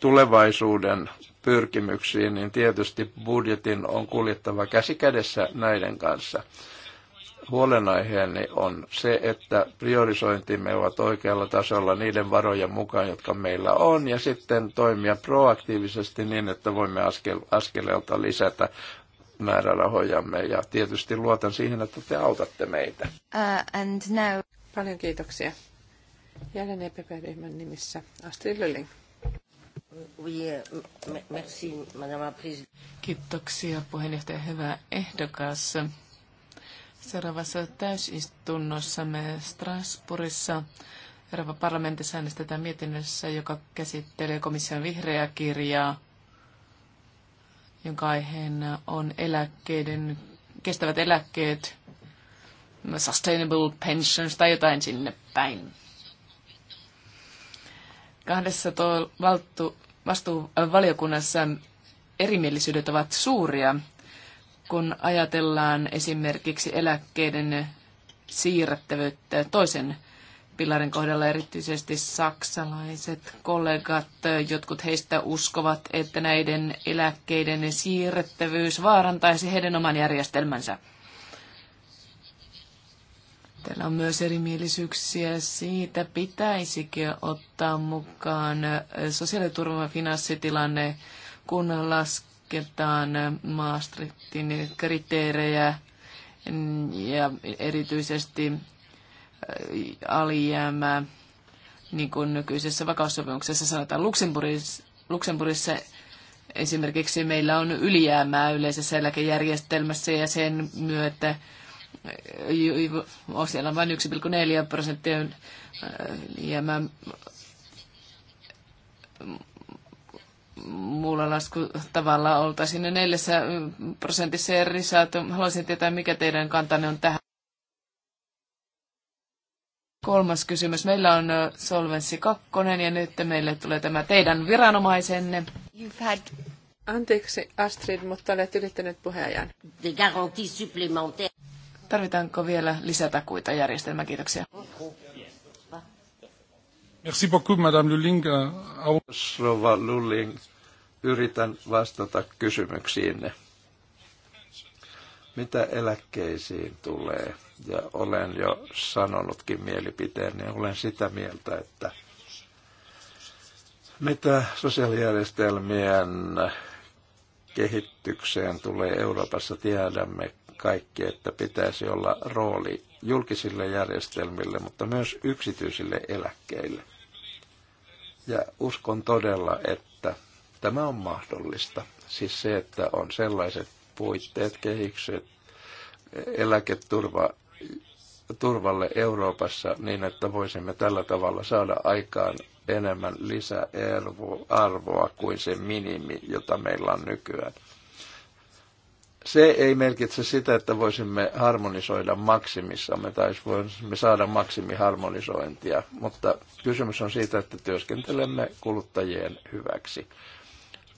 Speaker 3: tulevaisuuden pyrkimyksiin, niin tietysti budjetin on kuljettava käsi kädessä näiden kanssa. Huolenaiheeni on se, että priorisointimme ovat oikealla tasolla niiden varojen mukaan, jotka meillä on, ja sitten toimia proaktiivisesti niin, että voimme askel, askeleelta lisätä määrärahojamme, ja tietysti luotan siihen, että te autatte meitä.
Speaker 1: Uh, and now... Paljon kiitoksia. Jälleen EPP-ryhmän nimissä Astrid Lölling. Euh,
Speaker 2: Kiitoksia puheenjohtaja. Hyvä ehdokas. Seuraavassa täysistunnossamme Strasbourgissa Euroopan parlamentissa äänestetään mietinnössä, joka käsittelee komission vihreää kirjaa, jonka aiheena on eläkkeiden, kestävät eläkkeet, sustainable pensions tai jotain sinne päin. Kahdessa tuo valtu, vastuuvaliokunnassa erimielisyydet ovat suuria, kun ajatellaan esimerkiksi eläkkeiden siirrettävyyttä toisen pilarin kohdalla erityisesti saksalaiset kollegat, jotkut heistä uskovat, että näiden eläkkeiden siirrettävyys vaarantaisi heidän oman järjestelmänsä. Täällä on myös erimielisyyksiä siitä, pitäisikö ottaa mukaan sosiaaliturvan finanssitilanne, kun lasketaan Maastrichtin kriteerejä ja erityisesti alijäämää, niin kuin nykyisessä vakaussopimuksessa sanotaan Luxemburgissa, Luxemburgissa esimerkiksi meillä on ylijäämää yleisessä eläkejärjestelmässä ja sen myötä siellä on vain 1,4 prosenttia liemää muulla lasku tavalla oltaisiin ne neljässä prosentissa eri saatu. Haluaisin tietää, mikä teidän kantanne on tähän. Kolmas kysymys. Meillä on Solvenssi 2 ja nyt meille tulee tämä teidän viranomaisenne. You've had...
Speaker 1: Anteeksi Astrid, mutta olet ylittänyt puheajan.
Speaker 2: Tarvitaanko vielä lisätakuita järjestelmään? Kiitoksia. Merci beaucoup, Madame Luling. Euh,
Speaker 3: Rova yritän vastata kysymyksiinne. Mitä eläkkeisiin tulee? Ja olen jo sanonutkin mielipiteen, niin olen sitä mieltä, että mitä sosiaalijärjestelmien kehitykseen tulee Euroopassa, tiedämme kaikki, että pitäisi olla rooli julkisille järjestelmille, mutta myös yksityisille eläkkeille. Ja uskon todella, että tämä on mahdollista. Siis se, että on sellaiset puitteet, kehikset, eläketurva turvalle Euroopassa niin, että voisimme tällä tavalla saada aikaan enemmän lisäarvoa kuin se minimi, jota meillä on nykyään se ei merkitse sitä, että voisimme harmonisoida maksimissamme tai voisimme saada maksimiharmonisointia, mutta kysymys on siitä, että työskentelemme kuluttajien hyväksi.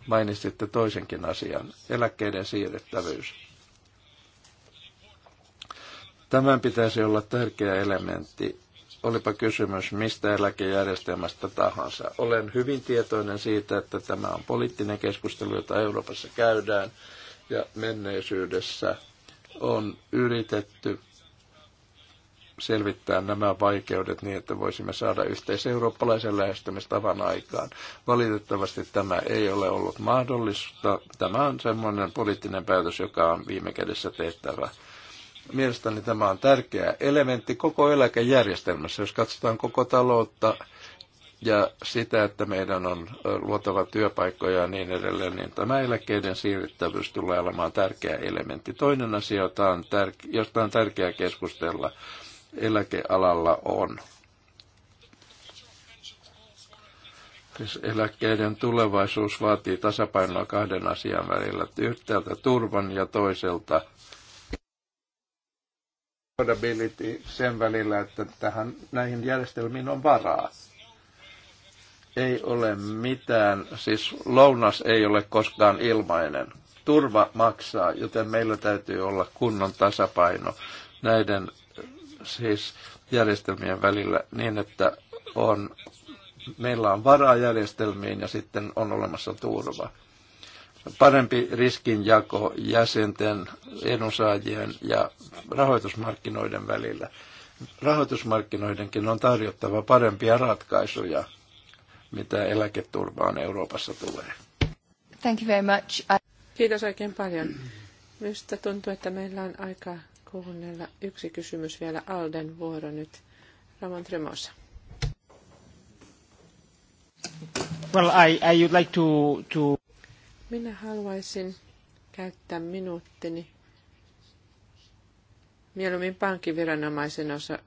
Speaker 3: Mainitsitte toisenkin asian, eläkkeiden siirrettävyys. Tämän pitäisi olla tärkeä elementti, olipa kysymys mistä eläkejärjestelmästä tahansa. Olen hyvin tietoinen siitä, että tämä on poliittinen keskustelu, jota Euroopassa käydään – ja menneisyydessä on yritetty selvittää nämä vaikeudet niin, että voisimme saada yhteiseurooppalaisen lähestymistavan aikaan. Valitettavasti tämä ei ole ollut mahdollista. Tämä on semmoinen poliittinen päätös, joka on viime kädessä tehtävä. Mielestäni tämä on tärkeä elementti koko eläkejärjestelmässä. Jos katsotaan koko taloutta, ja sitä, että meidän on luotava työpaikkoja ja niin edelleen, niin tämä eläkkeiden siirrettävyys tulee olemaan tärkeä elementti. Toinen asia, josta on tärke- josta on tärkeää keskustella eläkealalla, on siis eläkkeiden tulevaisuus vaatii tasapainoa kahden asian välillä, yhtäältä turvan ja toiselta sen välillä, että tähän, näihin järjestelmiin on varaa ei ole mitään, siis lounas ei ole koskaan ilmainen. Turva maksaa, joten meillä täytyy olla kunnon tasapaino näiden siis järjestelmien välillä niin, että on, meillä on varaa järjestelmiin ja sitten on olemassa turva. Parempi riskinjako jäsenten, edunsaajien ja rahoitusmarkkinoiden välillä. Rahoitusmarkkinoidenkin on tarjottava parempia ratkaisuja mitä eläketurvaan Euroopassa tulee.
Speaker 2: Thank you very
Speaker 1: much. I... Kiitos oikein paljon. Minusta tuntuu, että meillä on aika kuunnella yksi kysymys vielä Alden vuoro nyt. Ramon Tremosa.
Speaker 2: Well, I, I would like to, to...
Speaker 1: Minä haluaisin käyttää minuuttini mieluummin pankkiviranomaisen osa,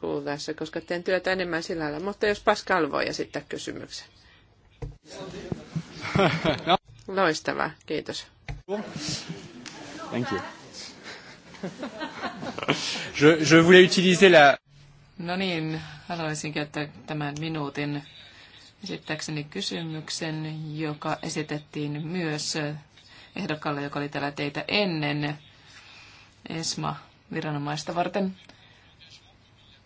Speaker 1: kuultaessa, koska teen työtä enemmän sillä lailla. Mutta jos Pascal voi esittää kysymyksen. Loistavaa,
Speaker 2: kiitos.
Speaker 3: Thank you.
Speaker 1: je, je voulais utiliser la...
Speaker 2: No niin, haluaisin käyttää tämän minuutin esittääkseni kysymyksen, joka esitettiin myös ehdokkaalle, joka oli täällä teitä ennen ESMA-viranomaista varten.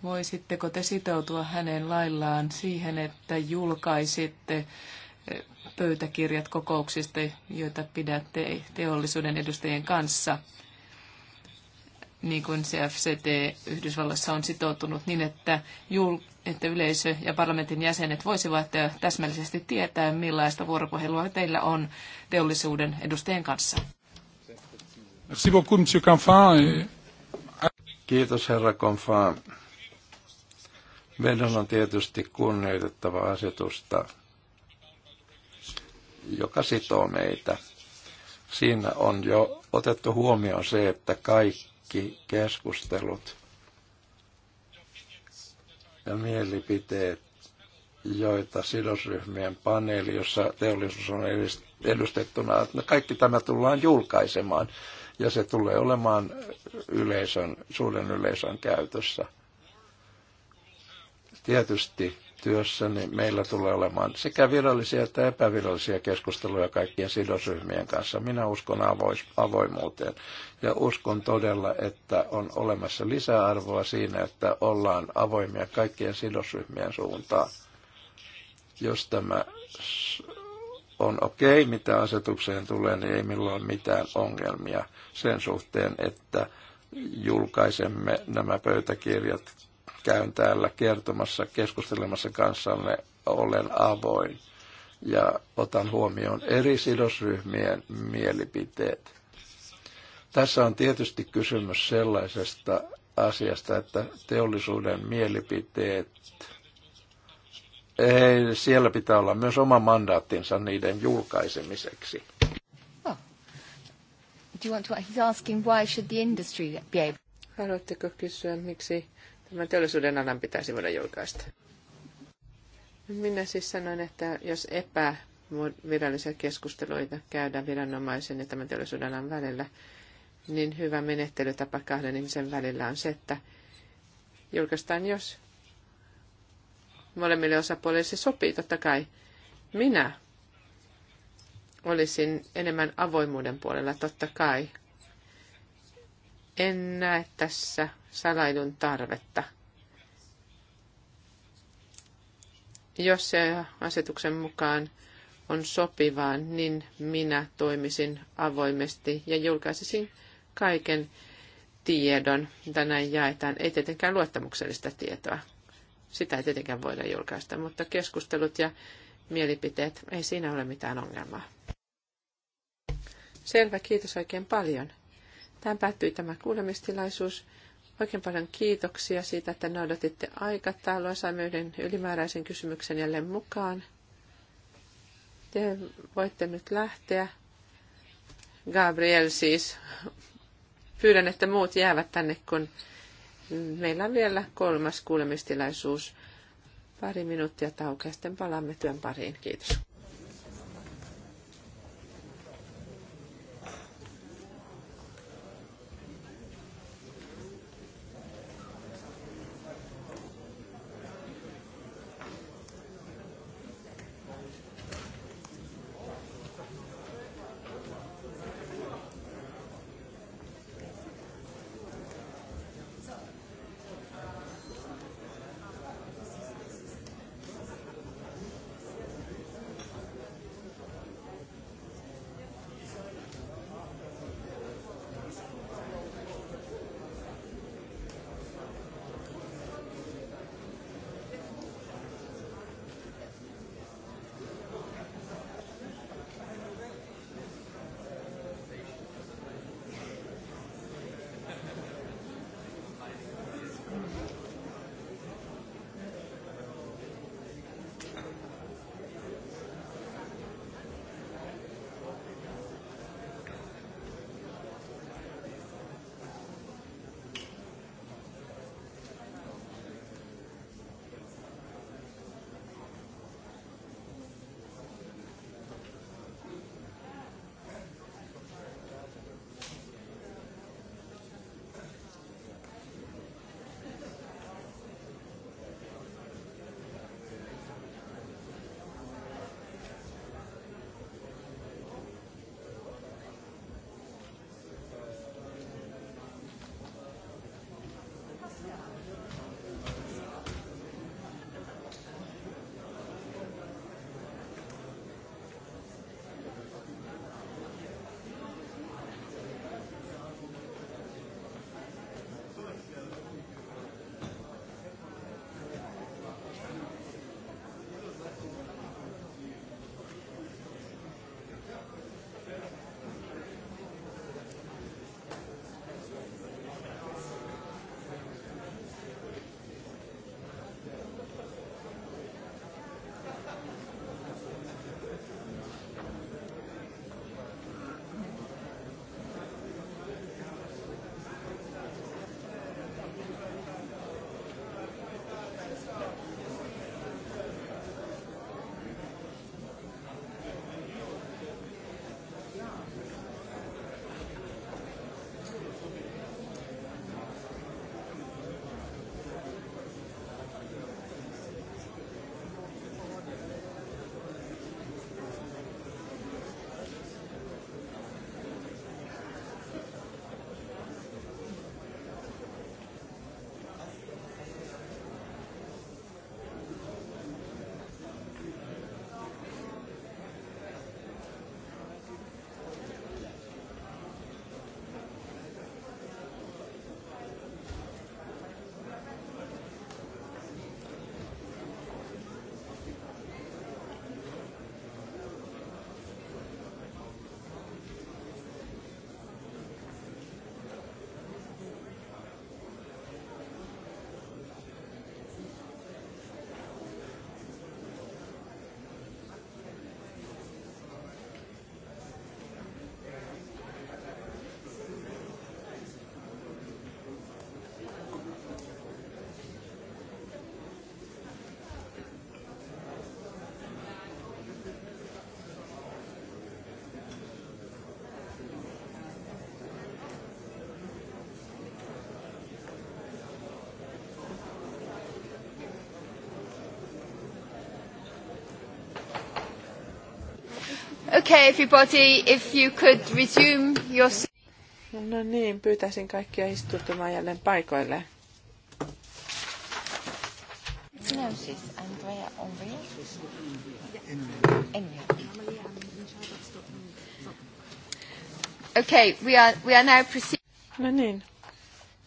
Speaker 2: Voisitteko te sitoutua hänen laillaan siihen, että julkaisitte eh, pöytäkirjat kokouksista, joita pidätte teollisuuden edustajien kanssa, niin kuin CFCT Yhdysvalloissa on sitoutunut, niin että, jul- että yleisö ja parlamentin jäsenet voisivat eh, täsmällisesti tietää, millaista vuoropuhelua teillä on teollisuuden edustajien kanssa.
Speaker 3: Merci beaucoup, monsieur Kiitos, herra Confin. Meidän on tietysti kunnioitettava asetusta, joka sitoo meitä. Siinä on jo otettu huomioon se, että kaikki keskustelut ja mielipiteet, joita sidosryhmien paneeli, jossa teollisuus on edustettuna, kaikki tämä tullaan julkaisemaan ja se tulee olemaan yleisön, suuren yleisön käytössä – Tietysti työssäni niin meillä tulee olemaan sekä virallisia että epävirallisia keskusteluja kaikkien sidosryhmien kanssa. Minä uskon avoimuuteen ja uskon todella, että on olemassa lisäarvoa siinä, että ollaan avoimia kaikkien sidosryhmien suuntaan. Jos tämä on okei, okay, mitä asetukseen tulee, niin ei minulla ole mitään ongelmia sen suhteen, että julkaisemme nämä pöytäkirjat käyn täällä kertomassa, keskustelemassa kanssanne, olen avoin ja otan huomioon eri sidosryhmien mielipiteet. Tässä on tietysti kysymys sellaisesta asiasta, että teollisuuden mielipiteet, ei, siellä pitää olla myös oma mandaattinsa niiden julkaisemiseksi.
Speaker 2: Oh.
Speaker 1: Haluatteko kysyä, miksi Tämä teollisuuden alan pitäisi voida julkaista. Minä siis sanoin, että jos epävirallisia keskusteluita käydään viranomaisen ja tämän teollisuuden alan välillä, niin hyvä menettelytapa kahden ihmisen välillä on se, että julkaistaan, jos molemmille osapuolille se sopii, totta kai. Minä olisin enemmän avoimuuden puolella, totta kai. En näe tässä salailun tarvetta. Jos se asetuksen mukaan on sopivaa, niin minä toimisin avoimesti ja julkaisisin kaiken tiedon, mitä näin jaetaan. Ei tietenkään luottamuksellista tietoa. Sitä ei tietenkään voida julkaista, mutta keskustelut ja mielipiteet, ei siinä ole mitään ongelmaa. Selvä, kiitos oikein paljon. Tähän päättyi tämä kuulemistilaisuus. Oikein paljon kiitoksia siitä, että noudatitte aikataulua. Saimme yhden ylimääräisen kysymyksen jälleen mukaan. Te voitte nyt lähteä. Gabriel siis. Pyydän, että muut jäävät tänne, kun meillä on vielä kolmas kuulemistilaisuus. Pari minuuttia taukoa, sitten palaamme työn pariin. Kiitos. Okay, everybody, if you could resume your... No, no niin, pyytäisin kaikkia istutumaan jälleen paikoille. No, siis Andrea Onvia.
Speaker 2: Okay, we are, we are now proceeding. No niin,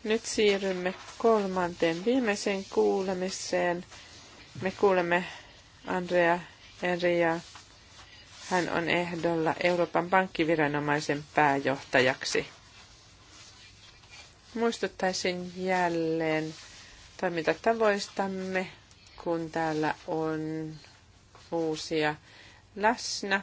Speaker 2: nyt
Speaker 1: siirrymme kolmanteen viimeiseen kuulemiseen. Me kuulemme Andrea Eria hän on ehdolla Euroopan pankkiviranomaisen pääjohtajaksi. Muistuttaisin jälleen toimintatavoistamme, kun täällä on uusia läsnä.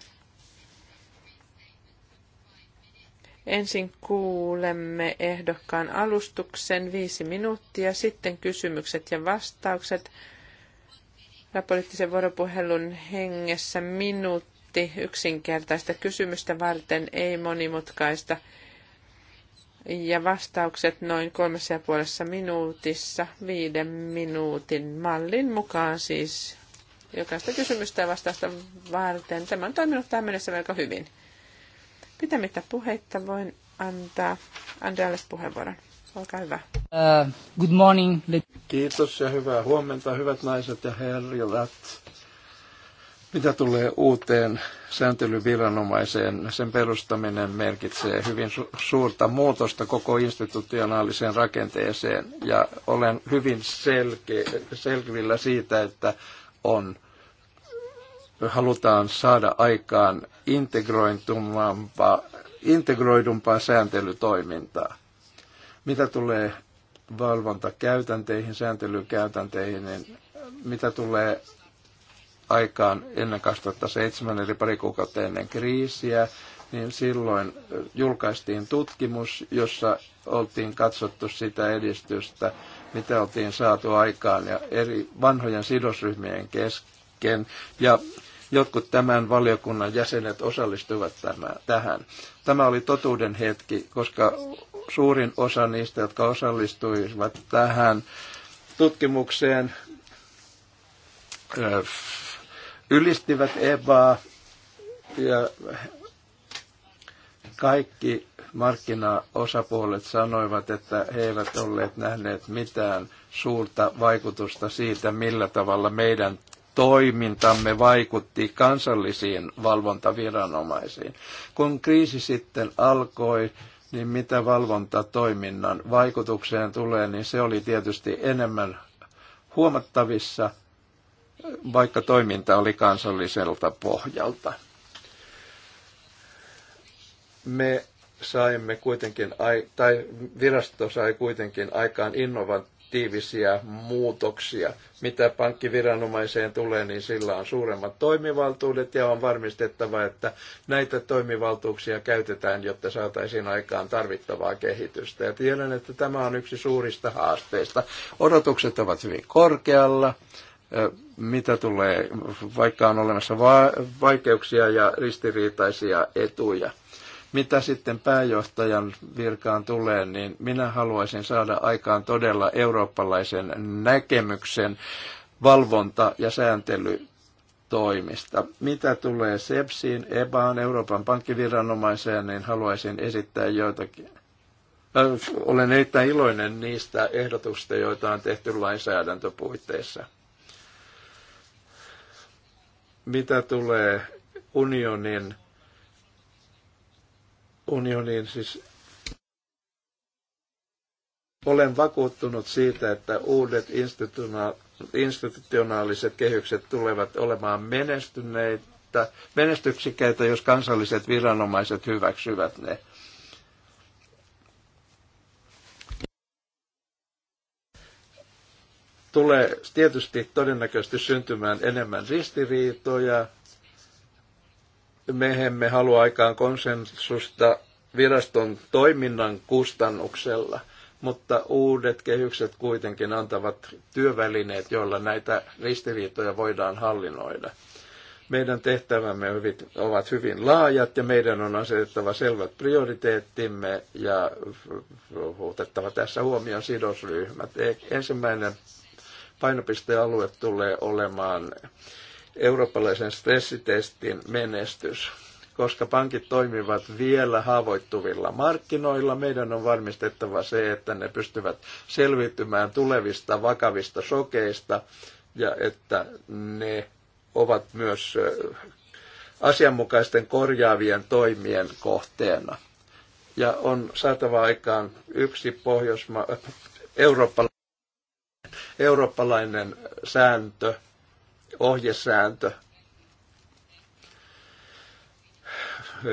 Speaker 1: Ensin kuulemme ehdokkaan alustuksen viisi minuuttia, sitten kysymykset ja vastaukset. Poliittisen vuoropuhelun hengessä minuutti kommentti yksinkertaista kysymystä varten, ei monimutkaista. Ja vastaukset noin kolmessa ja puolessa minuutissa, viiden minuutin mallin mukaan siis jokaista kysymystä ja vastausta varten. Tämä on toiminut tähän mennessä melko hyvin. Pitämättä puheitta voin antaa Andrealle puheenvuoron. Olkaa hyvä.
Speaker 3: Uh, good morning. Kiitos ja hyvää huomenta, hyvät naiset ja herrat. Mitä tulee uuteen sääntelyviranomaiseen, sen perustaminen merkitsee hyvin su- suurta muutosta koko institutionaaliseen rakenteeseen ja olen hyvin selke- selvillä siitä, että on halutaan saada aikaan integroidumpaa sääntelytoimintaa. Mitä tulee valvontakäytänteihin, sääntelykäytänteihin, niin mitä tulee aikaan ennen 2007, eli pari kuukautta ennen kriisiä, niin silloin julkaistiin tutkimus, jossa oltiin katsottu sitä edistystä, mitä oltiin saatu aikaan ja eri vanhojen sidosryhmien kesken. Ja jotkut tämän valiokunnan jäsenet osallistuivat tähän. Tämä oli totuuden hetki, koska suurin osa niistä, jotka osallistuivat tähän tutkimukseen, ylistivät EBAa ja kaikki markkinaosapuolet sanoivat, että he eivät olleet nähneet mitään suurta vaikutusta siitä, millä tavalla meidän toimintamme vaikutti kansallisiin valvontaviranomaisiin. Kun kriisi sitten alkoi, niin mitä valvontatoiminnan vaikutukseen tulee, niin se oli tietysti enemmän huomattavissa – vaikka toiminta oli kansalliselta pohjalta. Me saimme kuitenkin, tai virasto sai kuitenkin aikaan innovatiivisia muutoksia. Mitä pankkiviranomaiseen tulee, niin sillä on suuremmat toimivaltuudet ja on varmistettava, että näitä toimivaltuuksia käytetään, jotta saataisiin aikaan tarvittavaa kehitystä. Ja tiedän, että tämä on yksi suurista haasteista. Odotukset ovat hyvin korkealla mitä tulee, vaikka on olemassa vaikeuksia ja ristiriitaisia etuja. Mitä sitten pääjohtajan virkaan tulee, niin minä haluaisin saada aikaan todella eurooppalaisen näkemyksen valvonta- ja sääntelytoimista. Mitä tulee SEPSiin, EBAan, Euroopan pankkiviranomaiseen, niin haluaisin esittää joitakin olen erittäin iloinen niistä ehdotuksista, joita on tehty lainsäädäntöpuitteissa. Mitä tulee unionin, unionin siis olen vakuuttunut siitä, että uudet institutionaaliset kehykset tulevat olemaan menestyneitä, menestyksikäitä, jos kansalliset viranomaiset hyväksyvät ne. tulee tietysti todennäköisesti syntymään enemmän ristiriitoja. Me emme halua aikaan konsensusta viraston toiminnan kustannuksella, mutta uudet kehykset kuitenkin antavat työvälineet, joilla näitä ristiriitoja voidaan hallinnoida. Meidän tehtävämme ovat hyvin laajat ja meidän on asetettava selvät prioriteettimme ja otettava tässä huomioon sidosryhmät. E- ensimmäinen painopistealue tulee olemaan eurooppalaisen stressitestin menestys. Koska pankit toimivat vielä haavoittuvilla markkinoilla, meidän on varmistettava se, että ne pystyvät selviytymään tulevista vakavista sokeista ja että ne ovat myös asianmukaisten korjaavien toimien kohteena. Ja on saatava aikaan yksi pohjoisma- eurooppalainen eurooppalainen sääntö, ohjesääntö.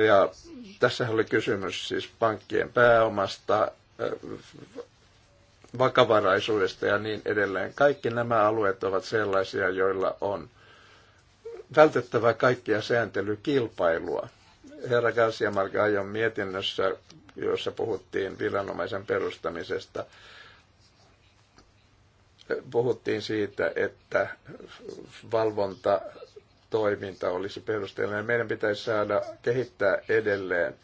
Speaker 3: Ja tässä oli kysymys siis pankkien pääomasta, äh, vakavaraisuudesta ja niin edelleen. Kaikki nämä alueet ovat sellaisia, joilla on vältettävä kaikkia sääntelykilpailua. Herra Garcia Margallion mietinnössä, jossa puhuttiin viranomaisen perustamisesta, puhuttiin siitä, että valvonta toiminta olisi ja Meidän pitäisi saada kehittää edelleen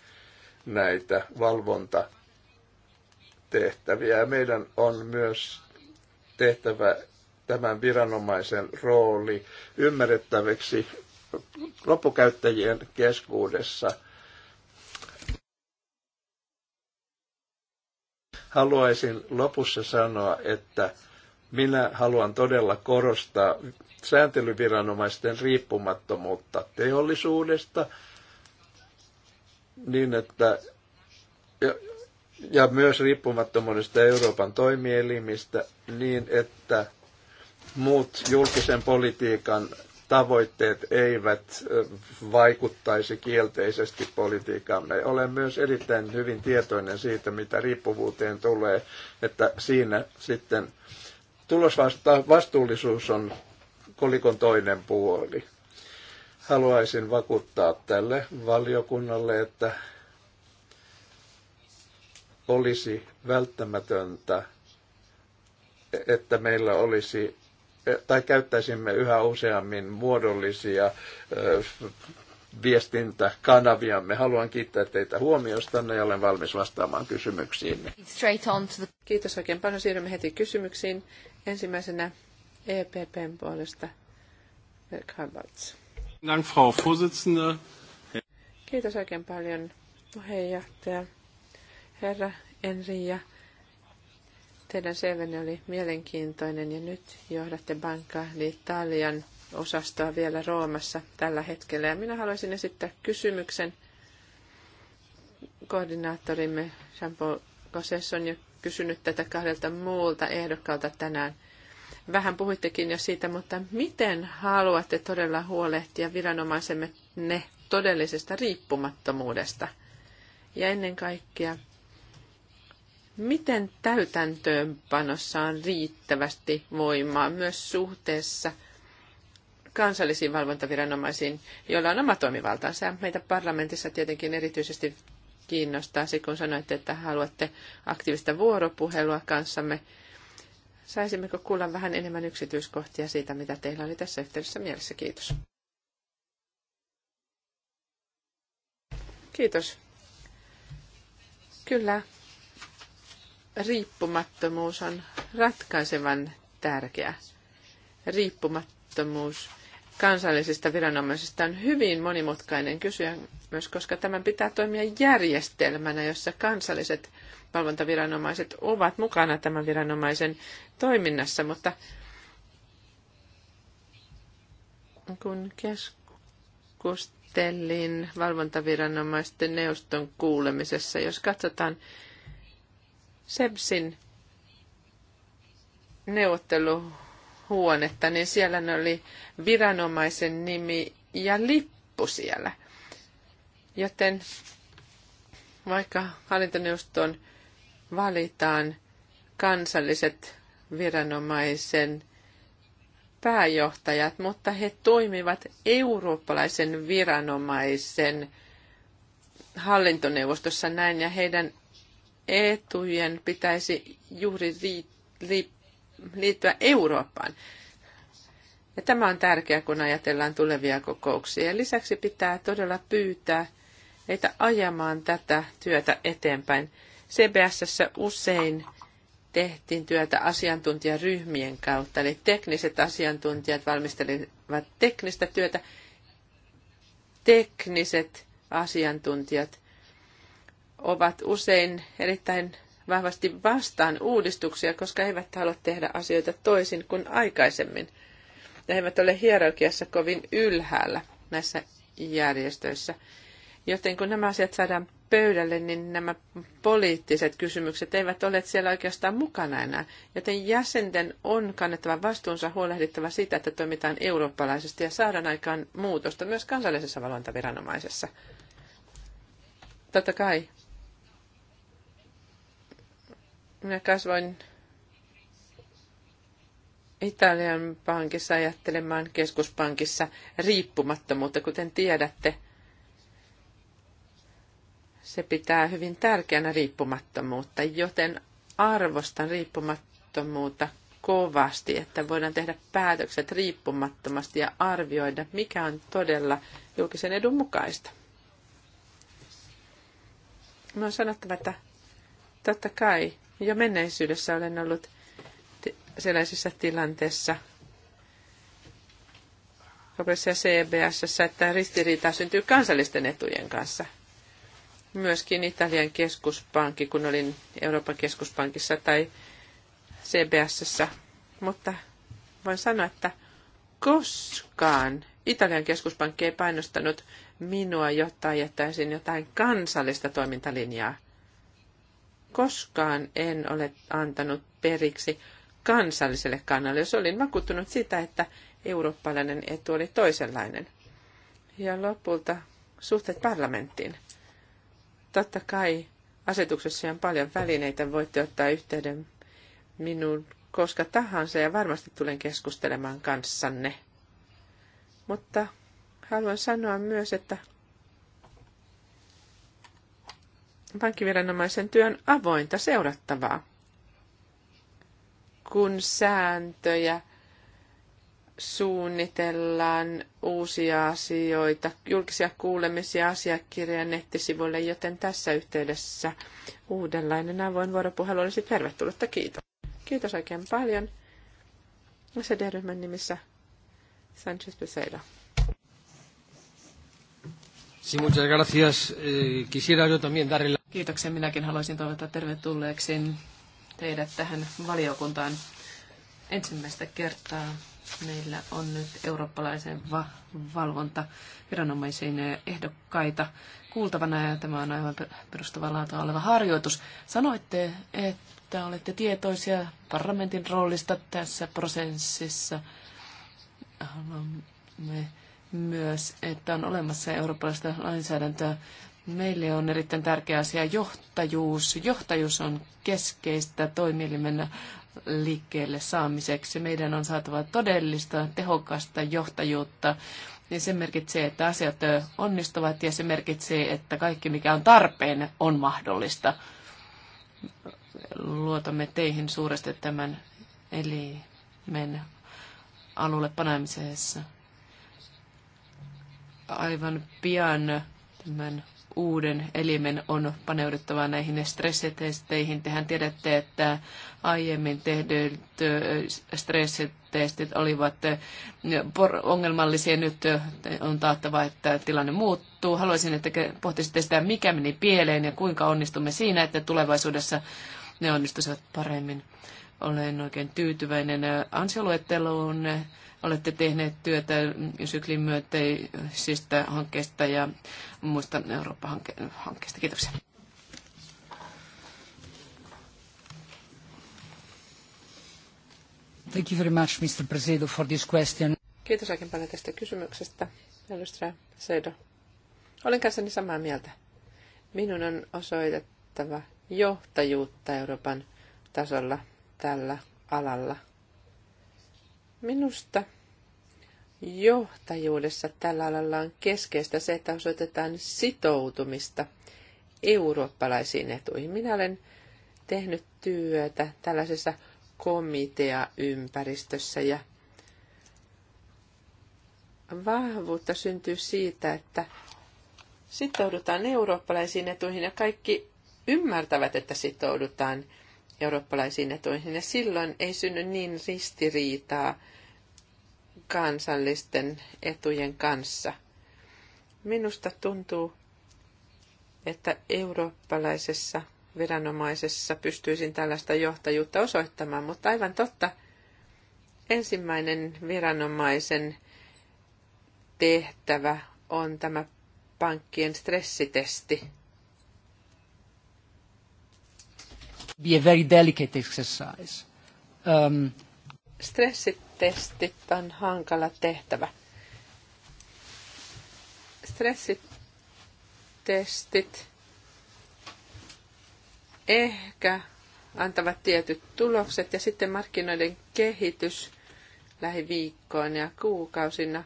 Speaker 3: näitä valvontatehtäviä. Meidän on myös tehtävä tämän viranomaisen rooli ymmärrettäväksi loppukäyttäjien keskuudessa. Haluaisin lopussa sanoa, että minä haluan todella korostaa sääntelyviranomaisten riippumattomuutta teollisuudesta niin, että ja, ja myös riippumattomuudesta Euroopan toimielimistä niin, että muut julkisen politiikan tavoitteet eivät vaikuttaisi kielteisesti politiikaamme. Olen myös erittäin hyvin tietoinen siitä, mitä riippuvuuteen tulee, että siinä sitten Tulosvastuullisuus on kolikon toinen puoli. Haluaisin vakuuttaa tälle valiokunnalle, että olisi välttämätöntä, että meillä olisi tai käyttäisimme yhä useammin muodollisia viestintäkanavia. Me haluan kiittää teitä huomiosta ja olen valmis vastaamaan kysymyksiin.
Speaker 1: Kiitos oikein paljon. Siirrymme heti kysymyksiin. Ensimmäisenä EPPn puolesta Kavalts. Kiitos oikein paljon puheenjohtaja. Herra Enri ja teidän CVn oli mielenkiintoinen ja nyt johdatte Banca d'Italian osastoa vielä Roomassa tällä hetkellä. Ja minä haluaisin esittää kysymyksen koordinaattorimme Jean-Paul Gossesson kysynyt tätä kahdelta muulta ehdokkaalta tänään. Vähän puhuittekin jo siitä, mutta miten haluatte todella huolehtia viranomaisemme ne todellisesta riippumattomuudesta? Ja ennen kaikkea, miten täytäntöönpanossa on riittävästi voimaa myös suhteessa kansallisiin valvontaviranomaisiin, joilla on oma toimivaltansa. Meitä parlamentissa tietenkin erityisesti kiinnostaisi, kun sanoitte, että haluatte aktiivista vuoropuhelua kanssamme. Saisimmeko kuulla vähän enemmän yksityiskohtia siitä, mitä teillä oli tässä yhteydessä mielessä? Kiitos. Kiitos. Kyllä, riippumattomuus on ratkaisevan tärkeä. Riippumattomuus kansallisista viranomaisista on hyvin monimutkainen kysymys myös, koska tämän pitää toimia järjestelmänä, jossa kansalliset valvontaviranomaiset ovat mukana tämän viranomaisen toiminnassa, mutta kun keskustelin valvontaviranomaisten neuvoston kuulemisessa, jos katsotaan SEBSin neuvotteluhuonetta, niin siellä ne oli viranomaisen nimi ja lippu siellä – Joten vaikka hallintoneuvostoon valitaan kansalliset viranomaisen pääjohtajat, mutta he toimivat eurooppalaisen viranomaisen hallintoneuvostossa näin ja heidän etujen pitäisi juuri liittyä Eurooppaan. Ja tämä on tärkeää, kun ajatellaan tulevia kokouksia. Lisäksi pitää todella pyytää meitä ajamaan tätä työtä eteenpäin. CBSssä usein tehtiin työtä asiantuntijaryhmien kautta, eli tekniset asiantuntijat valmistelivat teknistä työtä, tekniset asiantuntijat ovat usein erittäin vahvasti vastaan uudistuksia, koska eivät halua tehdä asioita toisin kuin aikaisemmin. Ne eivät ole hierarkiassa kovin ylhäällä näissä järjestöissä. Joten kun nämä asiat saadaan pöydälle, niin nämä poliittiset kysymykset eivät ole siellä oikeastaan mukana enää. Joten jäsenten on kannettava vastuunsa huolehdittava siitä, että toimitaan eurooppalaisesti ja saadaan aikaan muutosta myös kansallisessa valvontaviranomaisessa. Totta kai. Minä kasvoin Italian pankissa ajattelemaan keskuspankissa riippumattomuutta, kuten tiedätte – se pitää hyvin tärkeänä riippumattomuutta, joten arvostan riippumattomuutta kovasti, että voidaan tehdä päätökset riippumattomasti ja arvioida, mikä on todella julkisen edun mukaista. Mä on sanottava, että totta kai jo menneisyydessä olen ollut sellaisessa tilanteessa, ja CBS, että ristiriita syntyy kansallisten etujen kanssa – myöskin Italian keskuspankki, kun olin Euroopan keskuspankissa tai CBSssä. Mutta voin sanoa, että koskaan Italian keskuspankki ei painostanut minua, jotta jättäisin jotain kansallista toimintalinjaa. Koskaan en ole antanut periksi kansalliselle kannalle, jos olin vakuuttunut sitä, että eurooppalainen etu oli toisenlainen. Ja lopulta suhteet parlamenttiin. Totta kai asetuksessa on paljon välineitä, voitte ottaa yhteyden minuun koska tahansa ja varmasti tulen keskustelemaan kanssanne. Mutta haluan sanoa myös, että pankkiviranomaisen työn avointa seurattavaa. Kun sääntöjä suunnitellaan uusia asioita, julkisia kuulemisia asiakirjoja nettisivuille, joten tässä yhteydessä uudenlainen avoin vuoropuhelu olisi tervetullutta. Kiitos. Kiitos oikein paljon. SD-ryhmän nimissä Sanchez Peseira.
Speaker 2: Sí, muchas gracias. Eh, quisiera yo también darle la... Kiitoksia. Minäkin haluaisin toivottaa tervetulleeksi teidät tähän valiokuntaan ensimmäistä kertaa Meillä on nyt eurooppalaisen va- viranomaisiin ehdokkaita kuultavana ja tämä on aivan perustavaa laatua oleva harjoitus. Sanoitte, että olette tietoisia parlamentin roolista tässä prosessissa. Haluamme myös, että on olemassa eurooppalaista lainsäädäntöä. Meille on erittäin tärkeä asia johtajuus. Johtajuus on keskeistä toimielimen liikkeelle saamiseksi. Meidän on saatava todellista, tehokasta johtajuutta, niin se merkitsee, että asiat onnistuvat ja se merkitsee, että kaikki mikä on tarpeen on mahdollista. Luotamme teihin suuresti tämän elimen alulle panemisessa. Aivan pian tämän uuden elimen on paneuduttava näihin stressitesteihin. Tehän tiedätte, että aiemmin tehdyt stressitestit olivat ongelmallisia. Nyt on taattava, että tilanne muuttuu. Haluaisin, että pohtisitte sitä, mikä meni pieleen ja kuinka onnistumme siinä, että tulevaisuudessa ne onnistuisivat paremmin. Olen oikein tyytyväinen ansioluetteluun olette tehneet työtä syklin myönteisistä hankkeista ja muista hanke- hankkeista Kiitoksia. Thank you very much, Mr. President, for this question.
Speaker 1: Kiitos oikein paljon tästä kysymyksestä, Elustra Seido. Olen kanssani samaa mieltä. Minun on osoitettava johtajuutta Euroopan tasolla tällä alalla. Minusta johtajuudessa tällä alalla on keskeistä se, että osoitetaan sitoutumista eurooppalaisiin etuihin. Minä olen tehnyt työtä tällaisessa komiteaympäristössä ja vahvuutta syntyy siitä, että sitoudutaan eurooppalaisiin etuihin ja kaikki ymmärtävät, että sitoudutaan – eurooppalaisiin etuihin. Ja silloin ei synny niin ristiriitaa kansallisten etujen kanssa. Minusta tuntuu, että eurooppalaisessa viranomaisessa pystyisin tällaista johtajuutta osoittamaan, mutta aivan totta, ensimmäinen viranomaisen tehtävä on tämä pankkien stressitesti. be a very delicate exercise. Um, Stressitestit on hankala tehtävä. Stressitestit ehkä antavat tietyt tulokset ja sitten markkinoiden kehitys lähiviikkoina ja kuukausina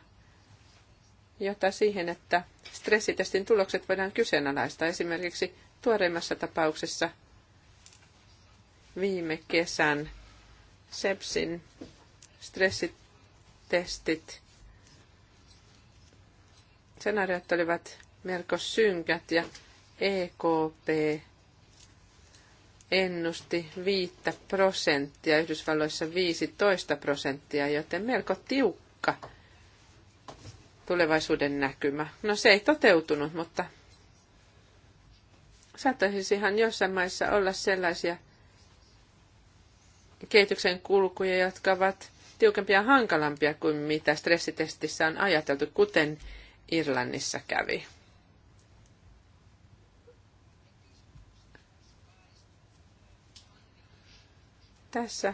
Speaker 1: jota siihen, että stressitestin tulokset voidaan kyseenalaistaa. Esimerkiksi tuoreimmassa tapauksessa viime kesän sepsin stressitestit. Senaariot olivat melko synkät ja EKP ennusti 5 prosenttia, Yhdysvalloissa 15 prosenttia, joten melko tiukka tulevaisuuden näkymä. No se ei toteutunut, mutta saattaisi ihan jossain maissa olla sellaisia – kehityksen kulkuja, jotka ovat tiukempia ja hankalampia kuin mitä stressitestissä on ajateltu, kuten Irlannissa kävi. Tässä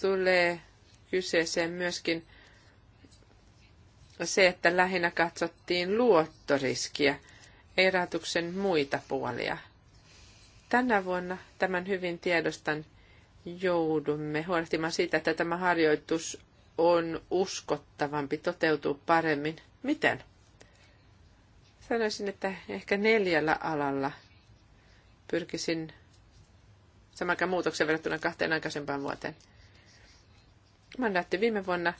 Speaker 1: tulee kyseeseen myöskin se, että lähinnä katsottiin luottoriskiä, ei muita puolia – Tänä vuonna tämän hyvin tiedostan joudumme huolehtimaan siitä, että tämä harjoitus on uskottavampi, toteutuu paremmin. Miten? Sanoisin, että ehkä neljällä alalla pyrkisin samankaan muutoksen verrattuna kahteen aikaisempaan vuoteen. Mandaatti viime vuonna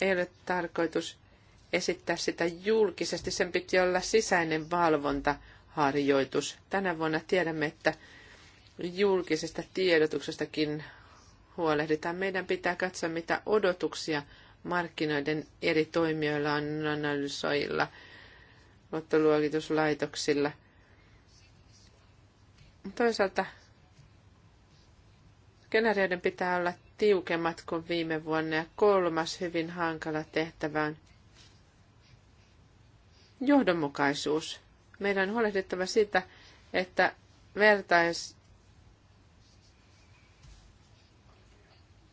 Speaker 1: ei ole tarkoitus esittää sitä julkisesti. Sen piti olla sisäinen valvonta harjoitus. Tänä vuonna tiedämme, että julkisesta tiedotuksestakin huolehditaan. Meidän pitää katsoa, mitä odotuksia markkinoiden eri toimijoilla on analysoilla, luottoluokituslaitoksilla. Toisaalta skenaarioiden pitää olla tiukemmat kuin viime vuonna ja kolmas hyvin hankala tehtävä on johdonmukaisuus. Meidän on huolehdittava siitä, että vertais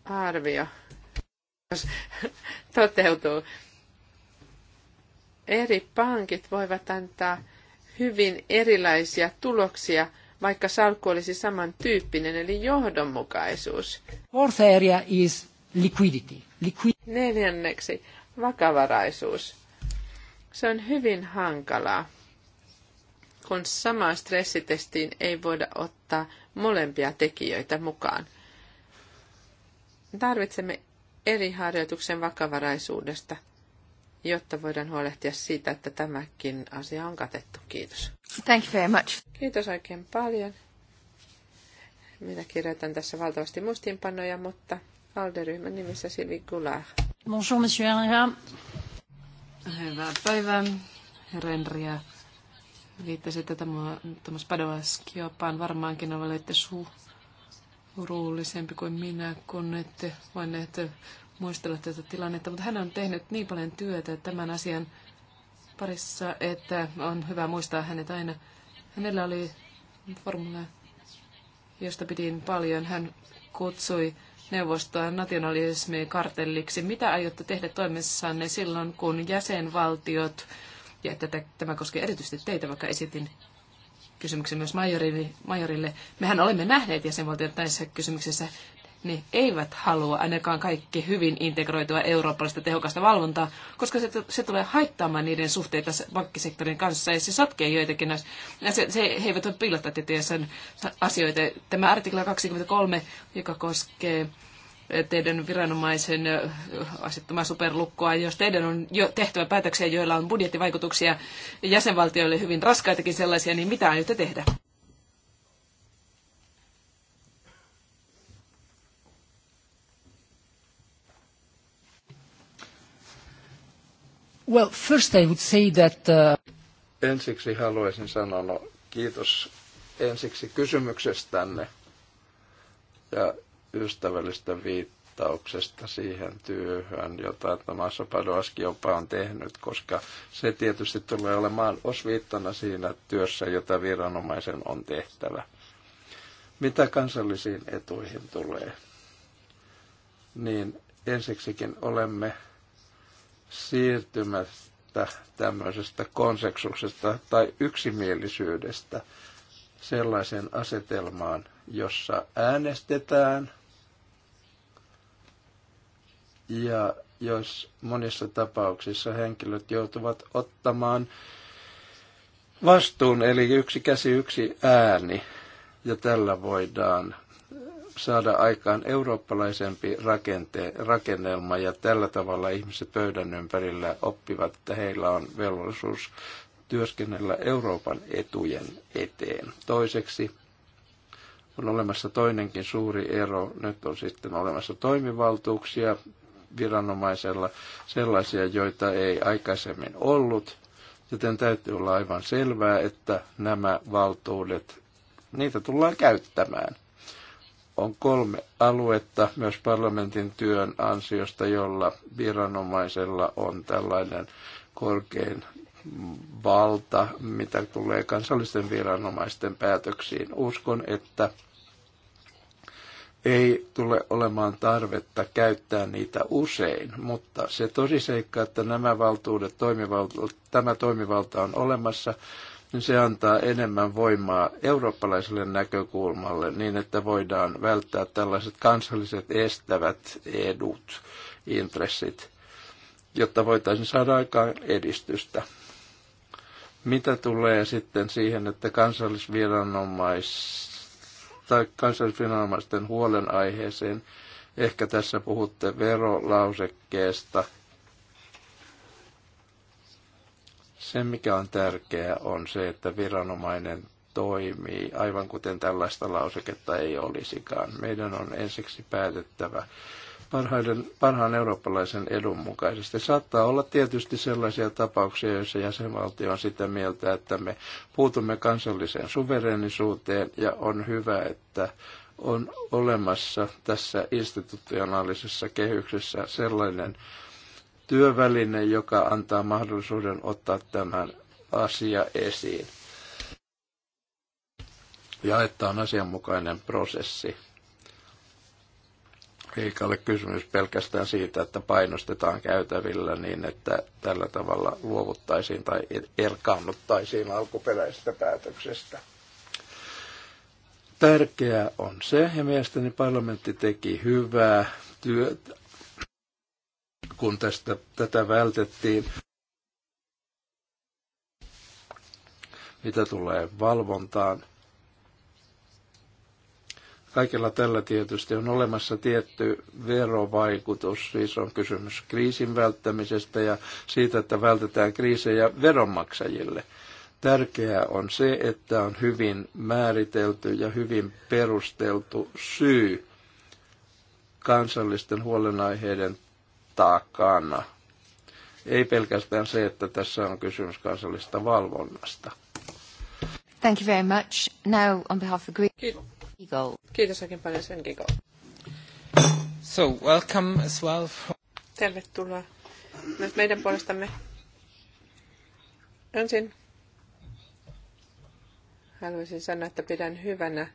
Speaker 1: arvio toteutuu. Eri pankit voivat antaa hyvin erilaisia tuloksia, vaikka salkku olisi samantyyppinen, eli johdonmukaisuus.
Speaker 2: Fourth area is liquidity. Liquid-
Speaker 1: Neljänneksi vakavaraisuus. Se on hyvin hankalaa kun samaan stressitestiin ei voida ottaa molempia tekijöitä mukaan. Tarvitsemme eri harjoituksen vakavaraisuudesta, jotta voidaan huolehtia siitä, että tämäkin asia on katettu.
Speaker 2: Kiitos. Thank you very much.
Speaker 1: Kiitos oikein paljon. Minä kirjoitan tässä valtavasti mustiinpanoja, mutta Alderyhmän nimissä Silvi Goulart.
Speaker 2: Bonjour, monsieur Henria. Hyvää päivää, herra Henria viittasi, että tämä Thomas on varmaankin olette surullisempi kuin minä, kun ette voineet muistella tätä tilannetta, mutta hän on tehnyt niin paljon työtä tämän asian parissa, että on hyvä muistaa hänet aina. Hänellä oli formula, josta pidin paljon. Hän kutsui neuvostoa nationalismi kartelliksi, Mitä aiotte tehdä toimessanne silloin, kun jäsenvaltiot ja että tämä koskee erityisesti teitä, vaikka esitin kysymyksen myös majorille. Mehän olemme nähneet jäsenvaltiot näissä kysymyksissä, ne eivät halua ainakaan kaikki hyvin integroitua eurooppalaista tehokasta valvontaa, koska se, se tulee haittaamaan niiden suhteita pankkisektorin kanssa ja se sotkee joitakin näistä. Se, se, he eivät ole piilottaa tietysti asioita. Tämä artikla 23, joka koskee teidän viranomaisen asettamaa superlukkoa, jos teidän on jo tehtävä päätöksiä, joilla on budjettivaikutuksia jäsenvaltioille hyvin raskaitakin sellaisia, niin mitä aiotte tehdä? Well, first I would say that... Uh...
Speaker 3: Ensiksi haluaisin sanoa no, kiitos ensiksi kysymyksestänne. Ja ystävällistä viittauksesta siihen työhön, jota tämä Padoaski jopa on tehnyt, koska se tietysti tulee olemaan osviittana siinä työssä, jota viranomaisen on tehtävä. Mitä kansallisiin etuihin tulee, niin ensiksikin olemme siirtymästä tämmöisestä konseksuksesta tai yksimielisyydestä sellaiseen asetelmaan, jossa äänestetään ja jos monissa tapauksissa henkilöt joutuvat ottamaan vastuun, eli yksi käsi, yksi ääni, ja tällä voidaan saada aikaan eurooppalaisempi rakente, rakennelma ja tällä tavalla ihmiset pöydän ympärillä oppivat, että heillä on velvollisuus työskennellä Euroopan etujen eteen. Toiseksi on olemassa toinenkin suuri ero. Nyt on sitten olemassa toimivaltuuksia viranomaisella sellaisia, joita ei aikaisemmin ollut, joten täytyy olla aivan selvää, että nämä valtuudet, niitä tullaan käyttämään. On kolme aluetta myös parlamentin työn ansiosta, jolla viranomaisella on tällainen korkein valta, mitä tulee kansallisten viranomaisten päätöksiin. Uskon, että ei tule olemaan tarvetta käyttää niitä usein, mutta se tosiseikka, että nämä valtuudet, toimivalta, tämä toimivalta on olemassa, niin se antaa enemmän voimaa eurooppalaiselle näkökulmalle niin, että voidaan välttää tällaiset kansalliset estävät edut, intressit, jotta voitaisiin saada aikaan edistystä. Mitä tulee sitten siihen, että kansallisviranomais vastaa kansallisviranomaisten huolenaiheeseen. Ehkä tässä puhutte verolausekkeesta. Se, mikä on tärkeää, on se, että viranomainen toimii, aivan kuten tällaista lauseketta ei olisikaan. Meidän on ensiksi päätettävä, parhaiden, parhaan eurooppalaisen edun mukaisesti. Saattaa olla tietysti sellaisia tapauksia, joissa jäsenvaltio on sitä mieltä, että me puutumme kansalliseen suverenisuuteen ja on hyvä, että on olemassa tässä institutionaalisessa kehyksessä sellainen työväline, joka antaa mahdollisuuden ottaa tämän asia esiin. Ja että on asianmukainen prosessi eikä ole kysymys pelkästään siitä, että painostetaan käytävillä niin, että tällä tavalla luovuttaisiin tai er- erkaannuttaisiin alkuperäisestä päätöksestä. Tärkeää on se, ja mielestäni parlamentti teki hyvää työtä, kun tästä, tätä vältettiin. Mitä tulee valvontaan, kaikella tällä tietysti on olemassa tietty verovaikutus, siis on kysymys kriisin välttämisestä ja siitä, että vältetään kriisejä veronmaksajille. Tärkeää on se, että on hyvin määritelty ja hyvin perusteltu syy kansallisten huolenaiheiden takana. Ei pelkästään se, että tässä on kysymys kansallisesta valvonnasta.
Speaker 2: Thank you very much. Now on behalf of Greece. Gigo. Kiitos oikein paljon Sven
Speaker 1: Gigo. So, welcome as well. Tervetuloa myös meidän puolestamme. Ensin haluaisin sanoa, että pidän hyvänä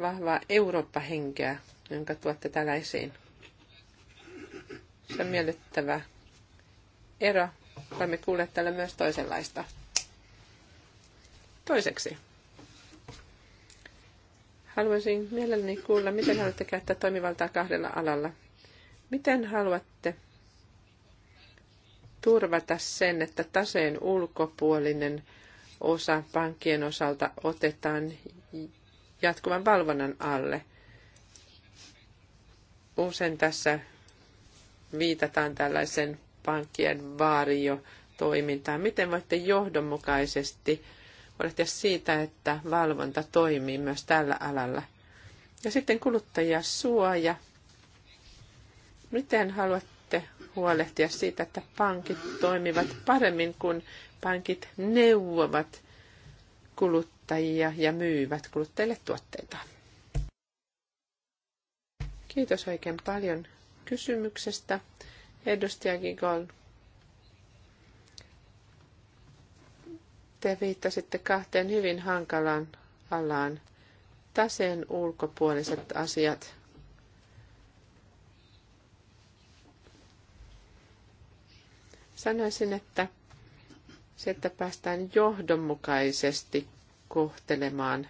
Speaker 1: vahvaa Eurooppa-henkeä, jonka tuotte täällä esiin. Se on miellyttävä ero. Olemme kuulleet täällä myös toisenlaista. Toiseksi. Haluaisin mielelläni kuulla, miten haluatte käyttää toimivaltaa kahdella alalla. Miten haluatte turvata sen, että taseen ulkopuolinen osa pankkien osalta otetaan jatkuvan valvonnan alle? Usein tässä viitataan tällaisen pankkien vaario toimintaan. Miten voitte johdonmukaisesti huolehtia siitä, että valvonta toimii myös tällä alalla. Ja sitten kuluttajasuoja. Miten haluatte huolehtia siitä, että pankit toimivat paremmin, kun pankit neuvovat kuluttajia ja myyvät kuluttajille tuotteita? Kiitos oikein paljon kysymyksestä. Edustaja Gigol Te viittasitte kahteen hyvin hankalaan alaan. Taseen ulkopuoliset asiat. Sanoisin, että se, että päästään johdonmukaisesti kohtelemaan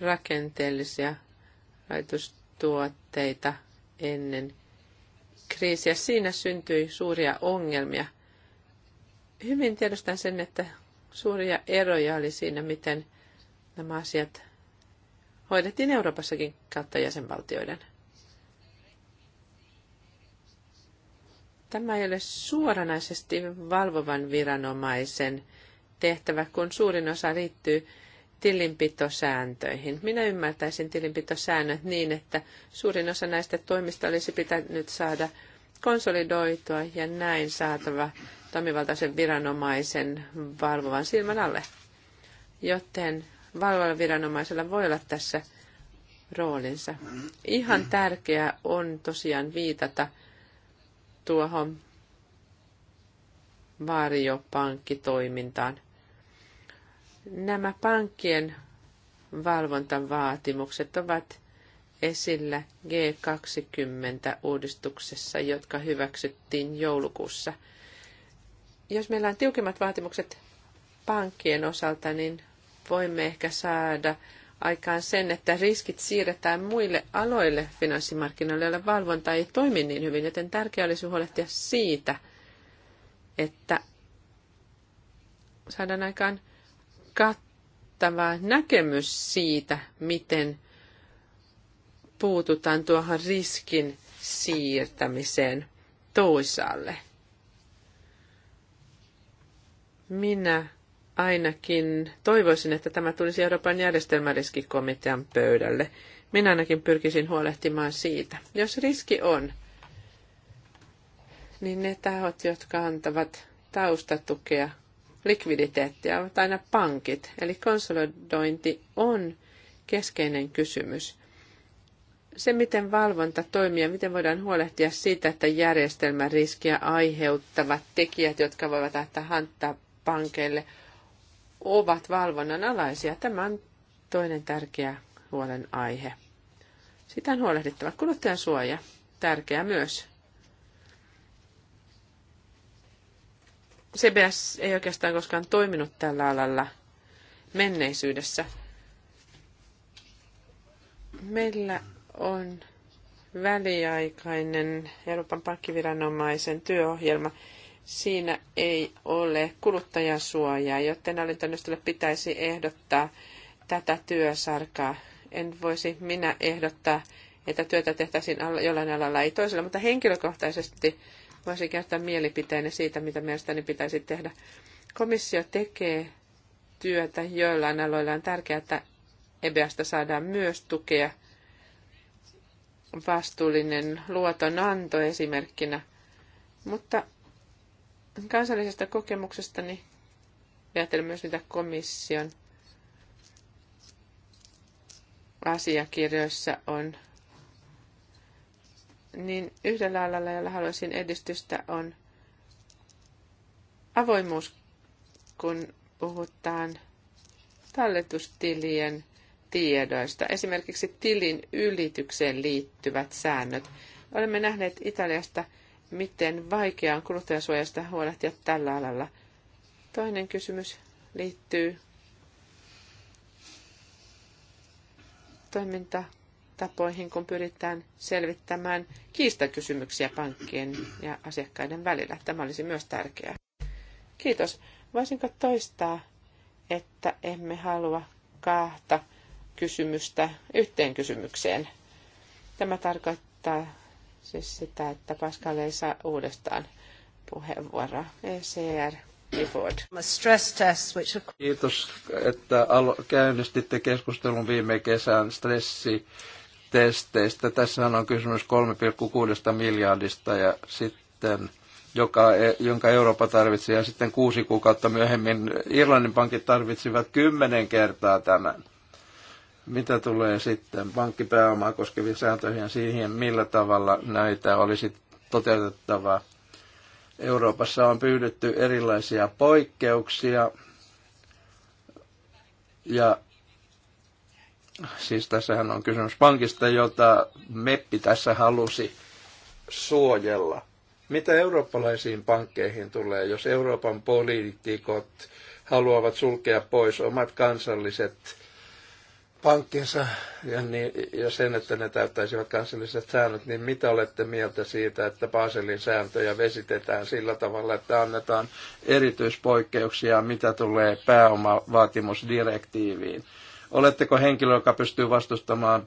Speaker 1: rakenteellisia laitustuotteita ennen kriisi ja siinä syntyi suuria ongelmia. Hyvin tiedostan sen, että suuria eroja oli siinä, miten nämä asiat hoidettiin Euroopassakin kautta jäsenvaltioiden. Tämä ei ole suoranaisesti valvovan viranomaisen tehtävä, kun suurin osa liittyy tilinpitosääntöihin. Minä ymmärtäisin tilinpitosäännöt niin, että suurin osa näistä toimista olisi pitänyt saada konsolidoitua ja näin saatava toimivaltaisen viranomaisen valvovan silmän alle. Joten valvovalla viranomaisella voi olla tässä roolinsa. Ihan tärkeää on tosiaan viitata tuohon varjopankkitoimintaan. Nämä pankkien valvontavaatimukset ovat esillä G20-uudistuksessa, jotka hyväksyttiin joulukuussa. Jos meillä on tiukemmat vaatimukset pankkien osalta, niin voimme ehkä saada aikaan sen, että riskit siirretään muille aloille finanssimarkkinoille, joilla valvonta ei toimi niin hyvin, joten tärkeää olisi huolehtia siitä, että saadaan aikaan kattava näkemys siitä, miten – puututaan tuohon riskin siirtämiseen toisaalle. Minä ainakin toivoisin, että tämä tulisi Euroopan järjestelmäriskikomitean pöydälle. Minä ainakin pyrkisin huolehtimaan siitä. Jos riski on, niin ne tahot, jotka antavat taustatukea, likviditeettiä, ovat aina pankit. Eli konsolidointi on keskeinen kysymys se, miten valvonta toimii ja miten voidaan huolehtia siitä, että järjestelmän riskiä aiheuttavat tekijät, jotka voivat antaa hanttaa pankeille, ovat valvonnan alaisia. Tämä on toinen tärkeä huolenaihe. Sitä on huolehdittava. Kuluttajan suoja, tärkeä myös. CBS ei oikeastaan koskaan toiminut tällä alalla menneisyydessä. Meillä on väliaikainen Euroopan pankkiviranomaisen työohjelma. Siinä ei ole kuluttajasuojaa, joten hallintoneuvostolle pitäisi ehdottaa tätä työsarkaa. En voisi minä ehdottaa, että työtä tehtäisiin jollain alalla, ei toisella, mutta henkilökohtaisesti voisi kertoa mielipiteeni siitä, mitä mielestäni pitäisi tehdä. Komissio tekee työtä joillain aloilla. On tärkeää, että EBAsta saadaan myös tukea – vastuullinen luotonanto esimerkkinä, mutta kansallisesta kokemuksestani ajattelen myös niitä komission asiakirjoissa on, niin yhdellä alalla, jolla haluaisin edistystä, on avoimuus, kun puhutaan talletustilien tiedoista, esimerkiksi tilin ylitykseen liittyvät säännöt. Olemme nähneet Italiasta, miten vaikeaa on kuluttajasuojasta huolehtia tällä alalla. Toinen kysymys liittyy toimintatapoihin, kun pyritään selvittämään kiistakysymyksiä pankkien ja asiakkaiden välillä. Tämä olisi myös tärkeää. Kiitos. Voisinko toistaa, että emme halua kahta kysymystä yhteen kysymykseen. Tämä tarkoittaa siis sitä, että Pascal ei saa uudestaan puheenvuoroa. ECR.
Speaker 3: Kiitos, että käynnistitte keskustelun viime kesän stressi testeistä. Tässä on kysymys 3,6 miljardista ja sitten joka, e- jonka Eurooppa tarvitsi ja sitten kuusi kuukautta myöhemmin Irlannin pankit tarvitsivat kymmenen kertaa tämän. Mitä tulee sitten pankkipääomaa koskeviin sääntöihin ja siihen, millä tavalla näitä olisi toteutettava? Euroopassa on pyydetty erilaisia poikkeuksia ja siis tässähän on kysymys pankista, jota MEPPI tässä halusi suojella. Mitä eurooppalaisiin pankkeihin tulee, jos Euroopan poliitikot haluavat sulkea pois omat kansalliset pankkinsa ja, niin, ja sen, että ne täyttäisivät kansalliset säännöt, niin mitä olette mieltä siitä, että Baselin sääntöjä vesitetään sillä tavalla, että annetaan erityispoikkeuksia, mitä tulee pääomavaatimusdirektiiviin? Oletteko henkilö, joka pystyy vastustamaan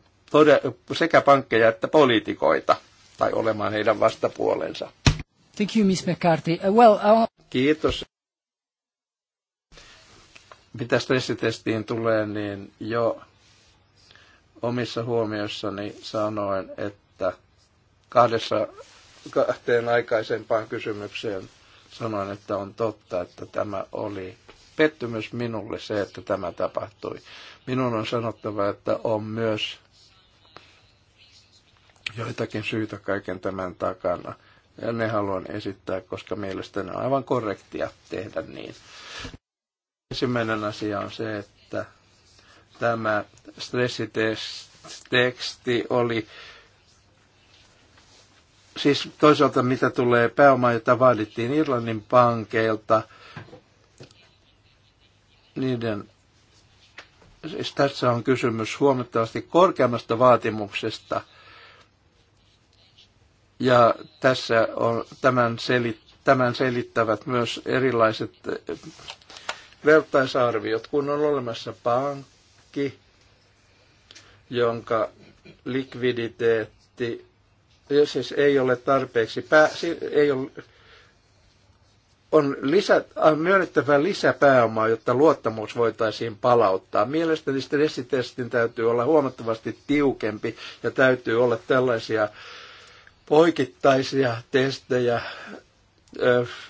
Speaker 3: sekä pankkeja että poliitikoita tai olemaan heidän vastapuolensa?
Speaker 2: Thank you, Miss McCarthy. Uh, well, I'll...
Speaker 3: Kiitos mitä stressitestiin tulee, niin jo omissa huomioissani sanoin, että kahdessa, kahteen aikaisempaan kysymykseen sanoin, että on totta, että tämä oli pettymys minulle se, että tämä tapahtui. Minun on sanottava, että on myös joitakin syitä kaiken tämän takana. Ja ne haluan esittää, koska mielestäni on aivan korrektia tehdä niin. Ensimmäinen asia on se, että tämä stressiteksti oli siis toisaalta mitä tulee pääomaan, jota vaadittiin Irlannin pankeilta, niiden, siis tässä on kysymys huomattavasti korkeammasta vaatimuksesta. Ja tässä on, tämän, selit, tämän selittävät myös erilaiset eh, vertaisarviot, kun on olemassa pank, pankki, jonka likviditeetti siis ei ole tarpeeksi, pää, ei ole, on lisä, myönnettävä lisäpääomaa, jotta luottamus voitaisiin palauttaa. Mielestäni stressitestin täytyy olla huomattavasti tiukempi ja täytyy olla tällaisia poikittaisia testejä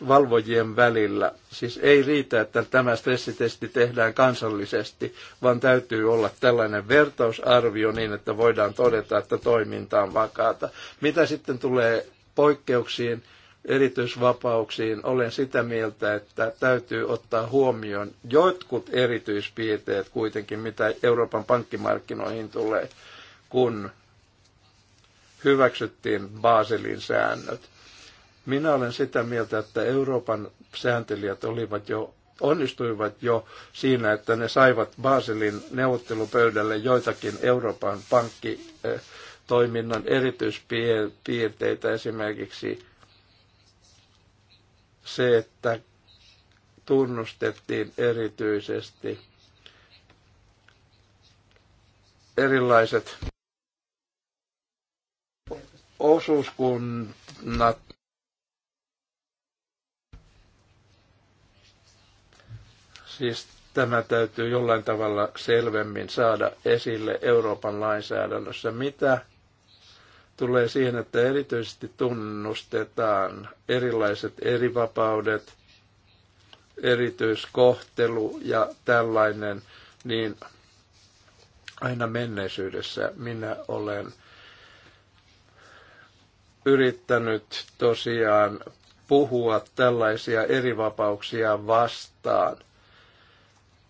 Speaker 3: valvojien välillä. Siis ei riitä, että tämä stressitesti tehdään kansallisesti, vaan täytyy olla tällainen vertausarvio niin, että voidaan todeta, että toiminta on vakaata. Mitä sitten tulee poikkeuksiin, erityisvapauksiin, olen sitä mieltä, että täytyy ottaa huomioon jotkut erityispiirteet kuitenkin, mitä Euroopan pankkimarkkinoihin tulee, kun hyväksyttiin Baselin säännöt minä olen sitä mieltä, että Euroopan sääntelijät olivat jo onnistuivat jo siinä, että ne saivat Baselin neuvottelupöydälle joitakin Euroopan pankkitoiminnan erityispiirteitä, esimerkiksi se, että tunnustettiin erityisesti erilaiset osuuskunnat Siis tämä täytyy jollain tavalla selvemmin saada esille Euroopan lainsäädännössä. Mitä tulee siihen, että erityisesti tunnustetaan erilaiset erivapaudet, erityiskohtelu ja tällainen, niin aina menneisyydessä minä olen yrittänyt tosiaan puhua tällaisia erivapauksia vastaan –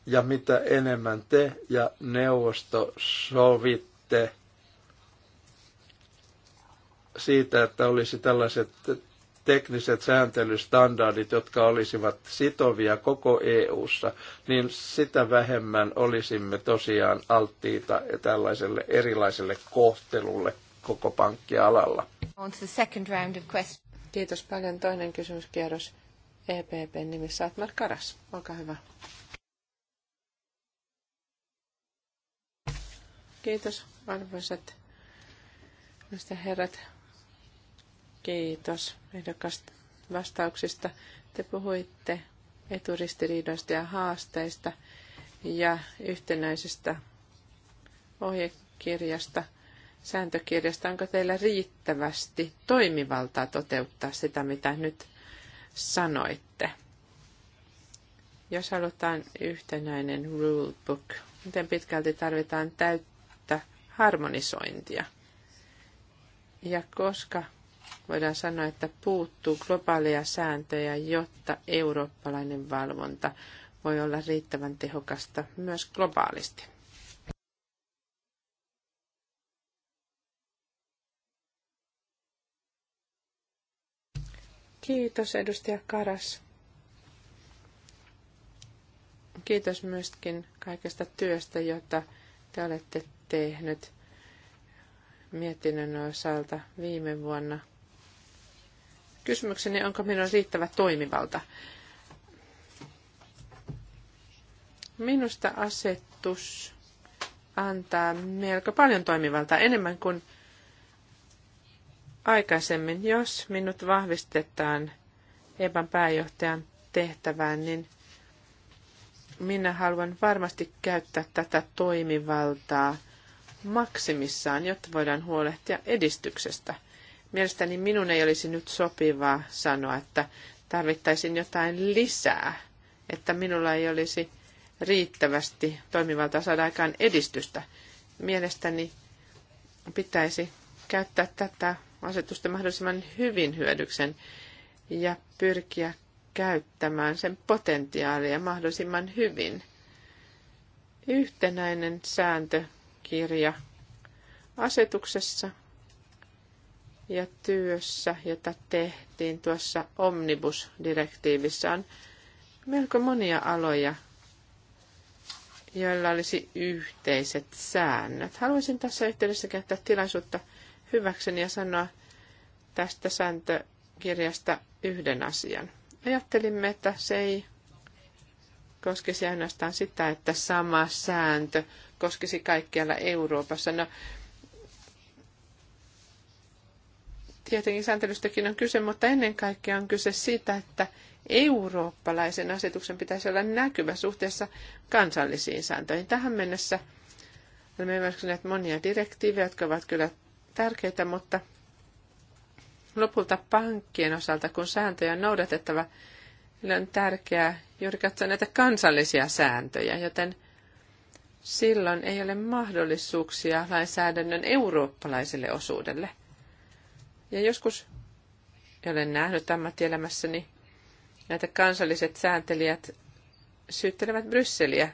Speaker 3: ja mitä enemmän te ja neuvosto sovitte siitä, että olisi tällaiset tekniset sääntelystandardit, jotka olisivat sitovia koko EU:ssa, niin sitä vähemmän olisimme tosiaan alttiita tällaiselle erilaiselle kohtelulle koko pankkialalla.
Speaker 1: Kiitos paljon. Toinen kysymyskierros EPPn nimissä Atmar Karas. Olkaa hyvä. Kiitos arvoisat mistä herrat. Kiitos ehdokasta vastauksista. Te puhuitte eturistiriidoista ja haasteista ja yhtenäisestä ohjekirjasta, sääntökirjasta. Onko teillä riittävästi toimivaltaa toteuttaa sitä, mitä nyt sanoitte? Jos halutaan yhtenäinen rulebook, miten pitkälti tarvitaan täyttää? harmonisointia. Ja koska voidaan sanoa, että puuttuu globaaleja sääntöjä, jotta eurooppalainen valvonta voi olla riittävän tehokasta myös globaalisti. Kiitos edustaja Karas. Kiitos myöskin kaikesta työstä, jota te olette tehnyt mietinnön osalta viime vuonna. Kysymykseni, onko minulla riittävä toimivalta? Minusta asetus antaa melko paljon toimivaltaa, enemmän kuin aikaisemmin. Jos minut vahvistetaan EBAn pääjohtajan tehtävään, niin minä haluan varmasti käyttää tätä toimivaltaa – maksimissaan, jotta voidaan huolehtia edistyksestä. Mielestäni minun ei olisi nyt sopivaa sanoa, että tarvittaisiin jotain lisää, että minulla ei olisi riittävästi toimivalta saada aikaan edistystä. Mielestäni pitäisi käyttää tätä asetusta mahdollisimman hyvin hyödyksen ja pyrkiä käyttämään sen potentiaalia mahdollisimman hyvin. Yhtenäinen sääntö kirja asetuksessa ja työssä, jota tehtiin tuossa Omnibus-direktiivissä, on melko monia aloja, joilla olisi yhteiset säännöt. Haluaisin tässä yhteydessä käyttää tilaisuutta hyväkseni ja sanoa tästä sääntökirjasta yhden asian. Ajattelimme, että se ei koskisi ainoastaan sitä, että sama sääntö koskisi kaikkialla Euroopassa. No, tietenkin sääntelystäkin on kyse, mutta ennen kaikkea on kyse siitä, että eurooppalaisen asetuksen pitäisi olla näkyvä suhteessa kansallisiin sääntöihin. Tähän mennessä olemme hyväksyneet monia direktiivejä, jotka ovat kyllä tärkeitä, mutta lopulta pankkien osalta, kun sääntöjä on noudatettava, on tärkeää juuri katsoa näitä kansallisia sääntöjä, joten silloin ei ole mahdollisuuksia lainsäädännön eurooppalaiselle osuudelle. Ja joskus, olen nähnyt ammattielämässäni, näitä kansalliset sääntelijät syyttelevät Brysseliä,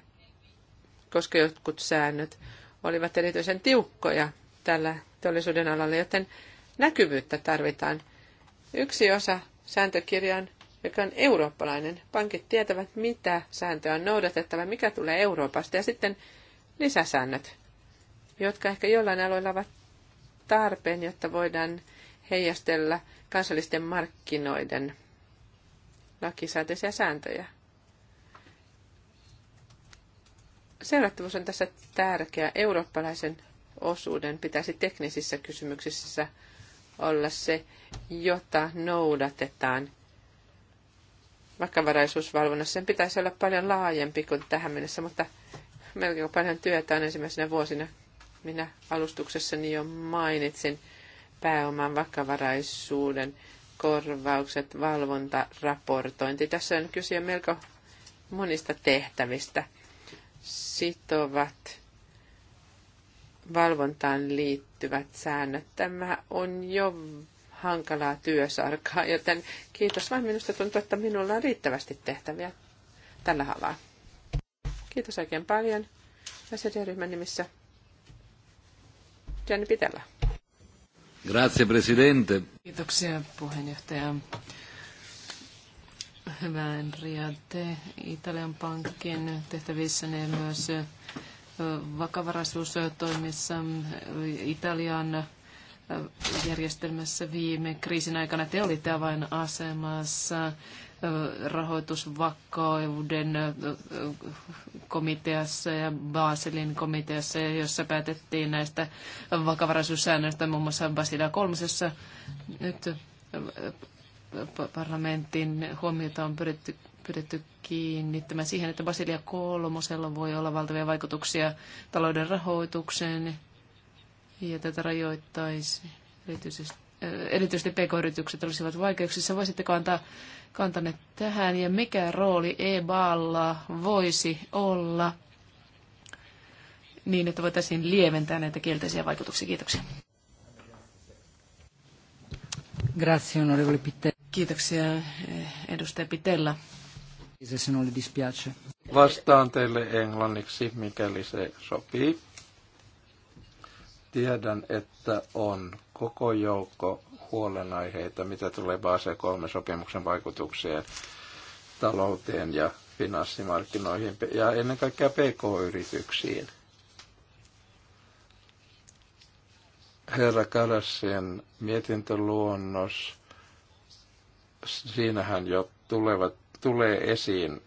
Speaker 1: koska jotkut säännöt olivat erityisen tiukkoja tällä teollisuuden alalla, joten näkyvyyttä tarvitaan. Yksi osa sääntökirjan, joka on eurooppalainen. Pankit tietävät, mitä sääntöä on noudatettava, mikä tulee Euroopasta, ja sitten lisäsäännöt, jotka ehkä jollain aloilla ovat tarpeen, jotta voidaan heijastella kansallisten markkinoiden lakisääteisiä sääntöjä. Seurattavuus on tässä tärkeä. Eurooppalaisen osuuden pitäisi teknisissä kysymyksissä olla se, jota noudatetaan. Vakavaraisuusvalvonnassa sen pitäisi olla paljon laajempi kuin tähän mennessä, mutta melko paljon työtään ensimmäisenä vuosina. Minä alustuksessani jo mainitsin pääoman vakavaraisuuden, korvaukset, valvonta, raportointi. Tässä on kyse melko monista tehtävistä. Sitovat valvontaan liittyvät säännöt. Tämä on jo hankalaa työsarkaa, joten kiitos vain minusta tuntuu, että minulla on riittävästi tehtäviä tällä havaa. Kiitos oikein paljon. SED-ryhmän nimissä Jenny Pitellä.
Speaker 2: Grazie, presidente. Kiitoksia, puheenjohtaja. Hyvä Enria, te Italian pankkien tehtävissä ne myös vakavaraisuustoimissa Italian järjestelmässä viime kriisin aikana. Te olitte avainasemassa rahoitusvakauden komiteassa ja Baselin komiteassa, jossa päätettiin näistä vakavaraisuussäännöistä muun muassa Basila kolmosessa. Nyt parlamentin huomiota on pyritty, pyritty kiinnittämään siihen, että Basilia kolmosella voi olla valtavia vaikutuksia talouden rahoitukseen ja tätä rajoittaisi erityisesti, äh, erityisesti pk-yritykset olisivat vaikeuksissa. Voisitteko antaa kantanne tähän ja mikä rooli EBAlla voisi olla niin, että voitaisiin lieventää näitä kielteisiä vaikutuksia? Kiitoksia. Grazie, Kiitoksia, eh, edustaja Pitella.
Speaker 3: Vastaan teille englanniksi, mikäli se sopii. Tiedän, että on koko joukko huolenaiheita, mitä tulee Basel 3 sopimuksen vaikutukseen talouteen ja finanssimarkkinoihin ja ennen kaikkea PK-yrityksiin. Herra Karassien mietintöluonnos, siinähän jo tulevat, tulee esiin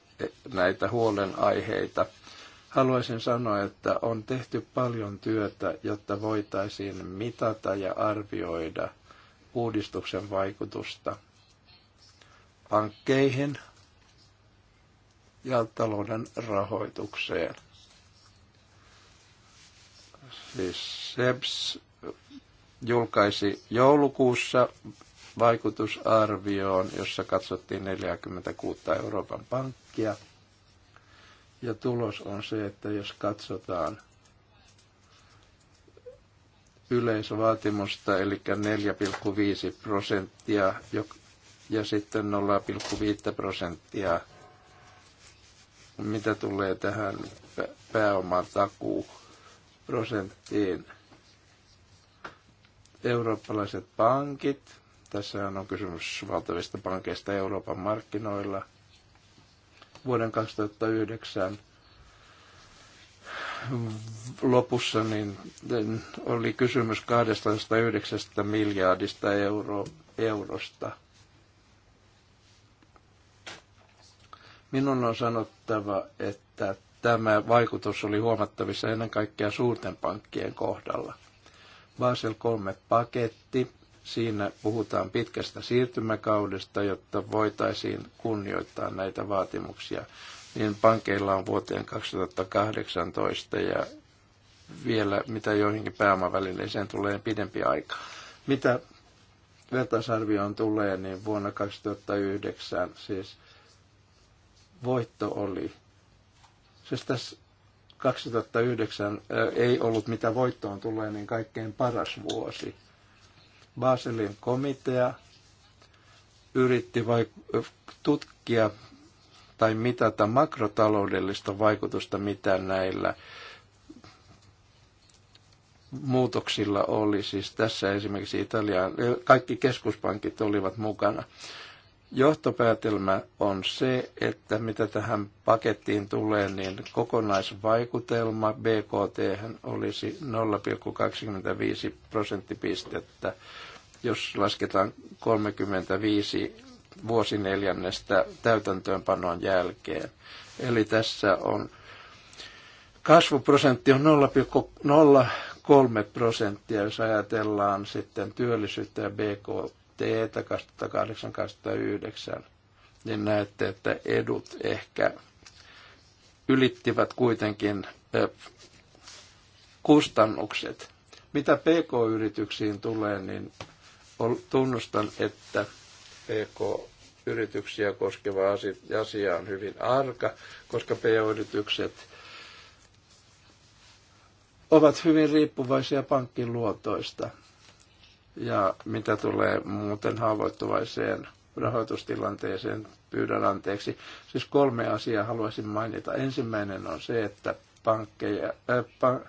Speaker 3: näitä huolenaiheita – haluaisin sanoa, että on tehty paljon työtä, jotta voitaisiin mitata ja arvioida uudistuksen vaikutusta pankkeihin ja talouden rahoitukseen. Siis SEBS e julkaisi joulukuussa vaikutusarvioon, jossa katsottiin 46 Euroopan pankkia – ja tulos on se, että jos katsotaan yleisvaatimusta, eli 4,5 prosenttia ja sitten 0,5 prosenttia, mitä tulee tähän pääoman prosenttiin. Eurooppalaiset pankit, tässä on kysymys valtavista pankeista Euroopan markkinoilla, vuoden 2009 lopussa niin oli kysymys 209 miljardista euro, eurosta. Minun on sanottava, että tämä vaikutus oli huomattavissa ennen kaikkea suurten pankkien kohdalla. Basel 3 paketti Siinä puhutaan pitkästä siirtymäkaudesta, jotta voitaisiin kunnioittaa näitä vaatimuksia. Niin pankeilla on vuoteen 2018 ja vielä mitä joihinkin pääomavälineeseen tulee pidempi aika. Mitä vertaisarvioon tulee, niin vuonna 2009 siis voitto oli. Siis tässä 2009 ei ollut mitä voittoon tulee, niin kaikkein paras vuosi. Baselin komitea yritti vaik- tutkia tai mitata makrotaloudellista vaikutusta, mitä näillä muutoksilla oli. Siis tässä esimerkiksi Italia, kaikki keskuspankit olivat mukana. Johtopäätelmä on se, että mitä tähän pakettiin tulee, niin kokonaisvaikutelma BKT olisi 0,25 prosenttipistettä, jos lasketaan 35 vuosineljännestä täytäntöönpanon jälkeen. Eli tässä on kasvuprosentti on 0,03 prosenttia, jos ajatellaan sitten työllisyyttä ja BKT teetä 2008-2009, niin näette, että edut ehkä ylittivät kuitenkin kustannukset. Mitä PK-yrityksiin tulee, niin tunnustan, että PK-yrityksiä koskeva asia on hyvin arka, koska PK-yritykset ovat hyvin riippuvaisia pankkiluotoista. Ja mitä tulee muuten haavoittuvaiseen rahoitustilanteeseen, pyydän anteeksi. Siis kolme asiaa haluaisin mainita. Ensimmäinen on se, että pankkeja, äh, pa,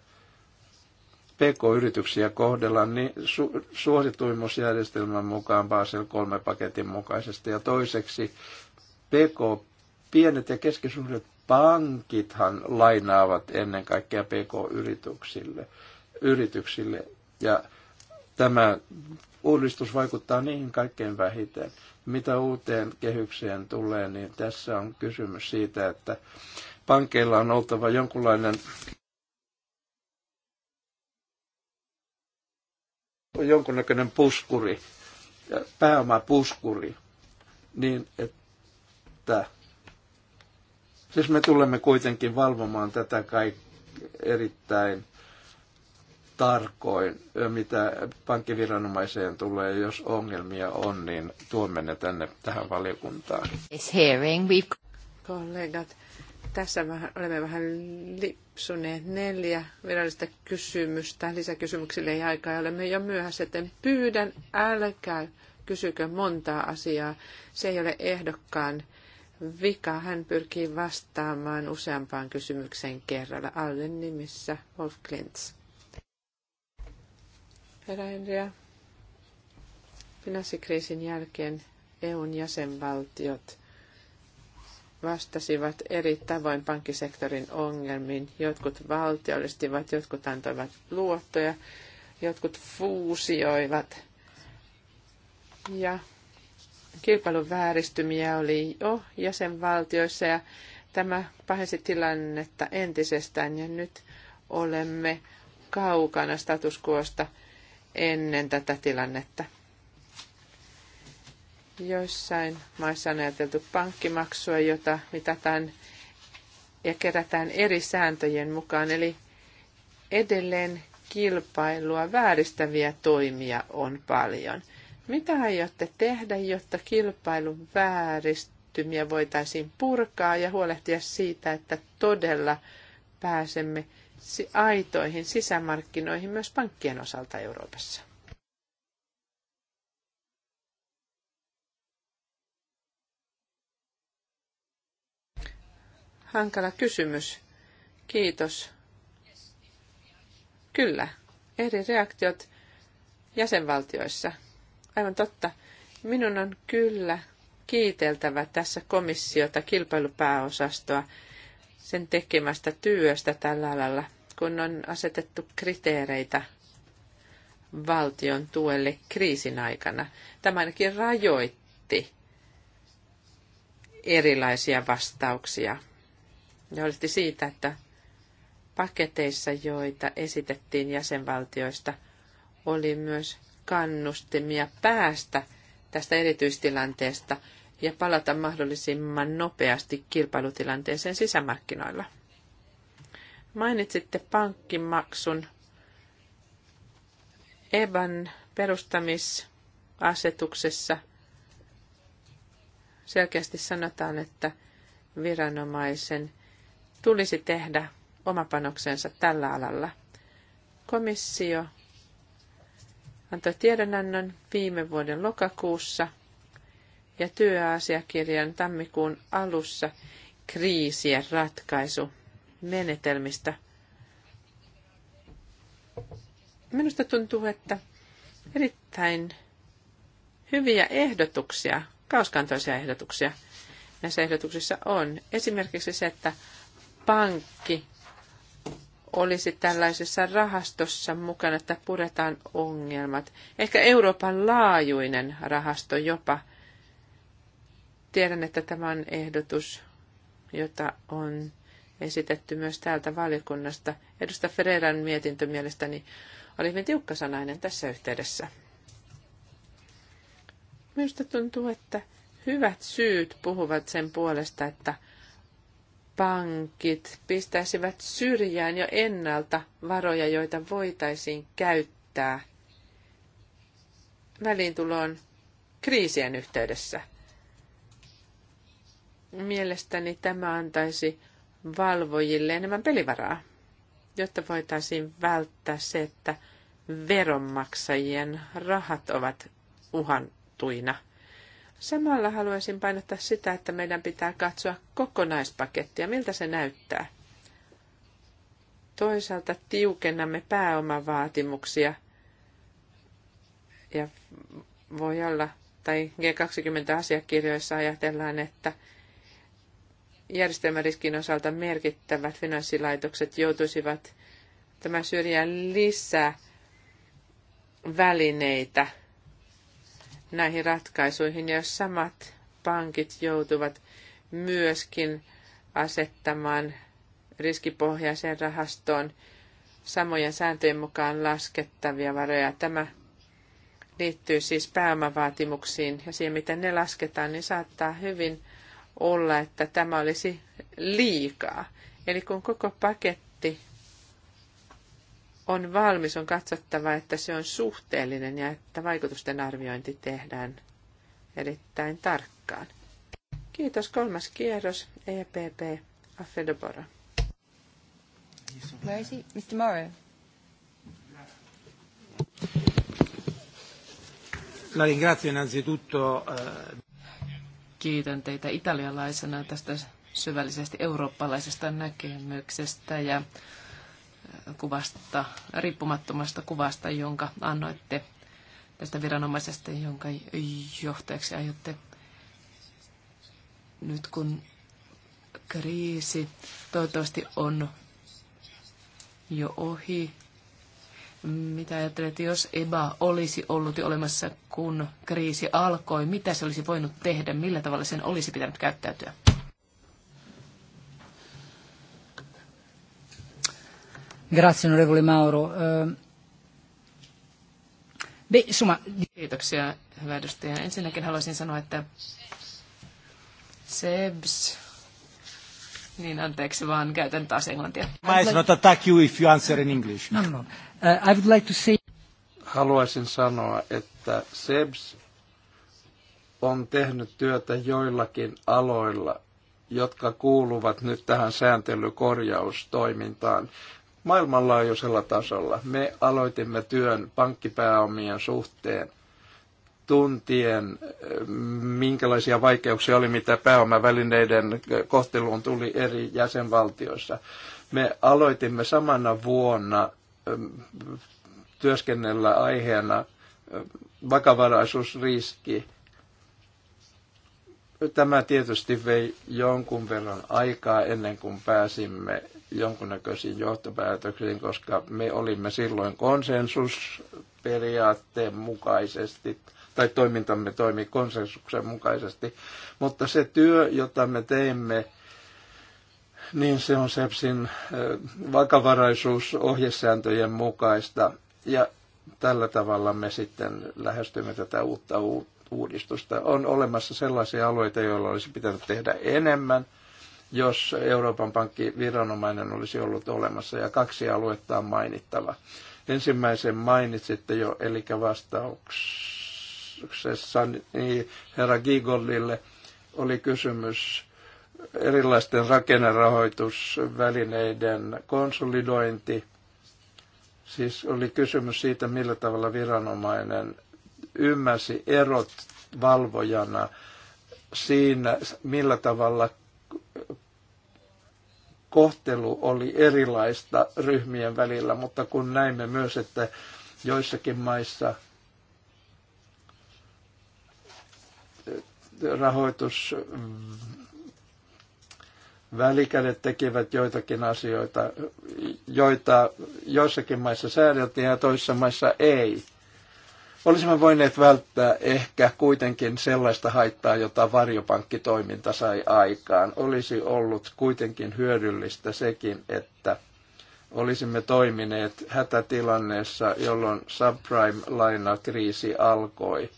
Speaker 3: PK-yrityksiä kohdellaan niin su, suosituimusjärjestelmän mukaan Basel 3 paketin mukaisesti. Ja toiseksi PK, pienet ja keskisuuret pankithan lainaavat ennen kaikkea PK-yrityksille. Yrityksille. Ja tämä uudistus vaikuttaa niihin kaikkein vähiten. Mitä uuteen kehykseen tulee, niin tässä on kysymys siitä, että pankeilla on oltava jonkunlainen jonkunnäköinen puskuri, pääomapuskuri, niin että siis me tulemme kuitenkin valvomaan tätä kaikkea erittäin tarkoin, mitä pankkiviranomaiseen tulee, jos ongelmia on, niin tuomme ne tänne tähän valiokuntaan.
Speaker 1: Kollegat, tässä olemme vähän lipsuneet neljä virallista kysymystä. Lisäkysymyksille ei aikaa olemme jo myöhässä, joten pyydän älkää kysykö montaa asiaa. Se ei ole ehdokkaan vika. Hän pyrkii vastaamaan useampaan kysymykseen kerralla. Allen nimissä Wolf Klintz. Herra Henriä, finanssikriisin jälkeen EUn jäsenvaltiot vastasivat eri tavoin pankkisektorin ongelmiin. Jotkut valtiollistivat, jotkut antoivat luottoja, jotkut fuusioivat. Ja kilpailun vääristymiä oli jo jäsenvaltioissa ja tämä pahensi tilannetta entisestään ja nyt olemme kaukana statuskuosta – ennen tätä tilannetta. Joissain maissa on ajateltu pankkimaksua, jota mitataan ja kerätään eri sääntöjen mukaan. Eli edelleen kilpailua vääristäviä toimia on paljon. Mitä aiotte tehdä, jotta kilpailun vääristymiä voitaisiin purkaa ja huolehtia siitä, että todella pääsemme aitoihin sisämarkkinoihin myös pankkien osalta Euroopassa. Hankala kysymys. Kiitos. Kyllä, eri reaktiot jäsenvaltioissa. Aivan totta. Minun on kyllä kiiteltävä tässä komissiota, kilpailupääosastoa sen tekemästä työstä tällä alalla, kun on asetettu kriteereitä valtion tuelle kriisin aikana. Tämä ainakin rajoitti erilaisia vastauksia. Ja olisi siitä, että paketeissa, joita esitettiin jäsenvaltioista, oli myös kannustimia päästä tästä erityistilanteesta ja palata mahdollisimman nopeasti kilpailutilanteeseen sisämarkkinoilla. Mainitsitte pankkimaksun EBAN perustamisasetuksessa selkeästi sanotaan, että viranomaisen tulisi tehdä omapanoksensa tällä alalla. Komissio antoi tiedonannon viime vuoden lokakuussa – ja työasiakirjan tammikuun alussa kriisien ratkaisu menetelmistä. Minusta tuntuu, että erittäin hyviä ehdotuksia, kauskantoisia ehdotuksia näissä ehdotuksissa on. Esimerkiksi se, että pankki olisi tällaisessa rahastossa mukana, että puretaan ongelmat. Ehkä Euroopan laajuinen rahasto jopa – Tiedän, että tämä on ehdotus, jota on esitetty myös täältä valiokunnasta. Edusta Ferreiran mietintö mielestäni oli hyvin tiukkasanainen tässä yhteydessä. Minusta tuntuu, että hyvät syyt puhuvat sen puolesta, että pankit pistäisivät syrjään jo ennalta varoja, joita voitaisiin käyttää väliintuloon kriisien yhteydessä – Mielestäni tämä antaisi valvojille enemmän pelivaraa, jotta voitaisiin välttää se, että veronmaksajien rahat ovat uhantuina. Samalla haluaisin painottaa sitä, että meidän pitää katsoa kokonaispakettia, miltä se näyttää. Toisaalta tiukennamme pääomavaatimuksia ja voi olla, tai G20-asiakirjoissa ajatellaan, että järjestelmäriskin osalta merkittävät finanssilaitokset joutuisivat tämän syrjään lisää välineitä näihin ratkaisuihin. Ja jos samat pankit joutuvat myöskin asettamaan riskipohjaiseen rahastoon samojen sääntöjen mukaan laskettavia varoja. Tämä liittyy siis pääomavaatimuksiin ja siihen, miten ne lasketaan, niin saattaa hyvin olla, että tämä olisi liikaa. Eli kun koko paketti on valmis, on katsottava, että se on suhteellinen ja että vaikutusten arviointi tehdään erittäin tarkkaan. Kiitos. Kolmas kierros. EPP. Affedobora. Where is he? Mr. Morrow.
Speaker 2: La ringrazio innanzitutto. Eh, Kiitän teitä italialaisena tästä syvällisesti eurooppalaisesta näkemyksestä ja kuvasta, riippumattomasta kuvasta, jonka annoitte tästä viranomaisesta, jonka johtajaksi aiotte nyt kun kriisi toivottavasti on jo ohi, mitä ajattelet, jos EBA olisi ollut jo olemassa, kun kriisi alkoi? Mitä se olisi voinut tehdä? Millä tavalla sen olisi pitänyt käyttäytyä? Grazie, onorevole Mauro. Eh, Kiitoksia, hyvä edustaja. Ensinnäkin haluaisin sanoa, että SEBS niin anteeksi, vaan käytän taas englantia. Might not
Speaker 3: attack you if you answer in English. No, no, no. Uh, I would like to say... Haluaisin sanoa, että SEBS on tehnyt työtä joillakin aloilla, jotka kuuluvat nyt tähän sääntelykorjaustoimintaan maailmanlaajuisella tasolla. Me aloitimme työn pankkipääomien suhteen – tuntien, minkälaisia vaikeuksia oli, mitä pääomavälineiden kohteluun tuli eri jäsenvaltioissa. Me aloitimme samana vuonna ähm, työskennellä aiheena ähm, vakavaraisuusriski. Tämä tietysti vei jonkun verran aikaa ennen kuin pääsimme jonkunnäköisiin johtopäätöksiin, koska me olimme silloin konsensusperiaatteen mukaisesti tai toimintamme toimii konsensuksen mukaisesti. Mutta se työ, jota me teemme, niin se on SEPSin vakavaraisuusohjesääntöjen mukaista. Ja tällä tavalla me sitten lähestymme tätä uutta uudistusta. On olemassa sellaisia alueita, joilla olisi pitänyt tehdä enemmän, jos Euroopan pankki viranomainen olisi ollut olemassa, ja kaksi aluetta on mainittava. Ensimmäisen mainitsitte jo, eli vastauksia vastauksessa niin herra Gigolille oli kysymys erilaisten rakennerahoitusvälineiden konsolidointi. Siis oli kysymys siitä, millä tavalla viranomainen ymmärsi erot valvojana siinä, millä tavalla kohtelu oli erilaista ryhmien välillä, mutta kun näimme myös, että joissakin maissa rahoitus välikädet tekivät joitakin asioita, joita joissakin maissa säädeltiin ja toisissa maissa ei. Olisimme voineet välttää ehkä kuitenkin sellaista haittaa, jota varjopankkitoiminta sai aikaan. Olisi ollut kuitenkin hyödyllistä sekin, että olisimme toimineet hätätilanneessa, jolloin subprime-lainakriisi alkoi –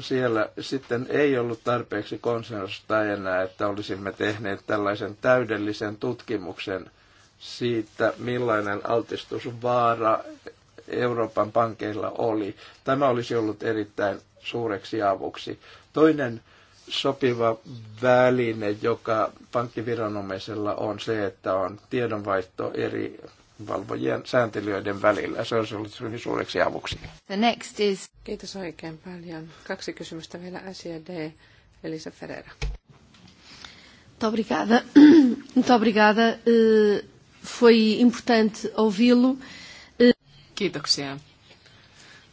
Speaker 3: siellä sitten ei ollut tarpeeksi konsensusta enää, että olisimme tehneet tällaisen täydellisen tutkimuksen siitä, millainen altistusvaara Euroopan pankeilla oli. Tämä olisi ollut erittäin suureksi avuksi. Toinen sopiva väline, joka pankkiviranomaisella on se, että on tiedonvaihto eri valvojien sääntelijöiden välillä. Se olisi ollut hyvin suureksi avuksi.
Speaker 1: The next is... Kiitos oikein paljon. Kaksi kysymystä vielä SJD Elisa Ferreira.
Speaker 2: Obrigada. Muito obrigada. Eh, foi importante ouvi-lo. Kiitoksia.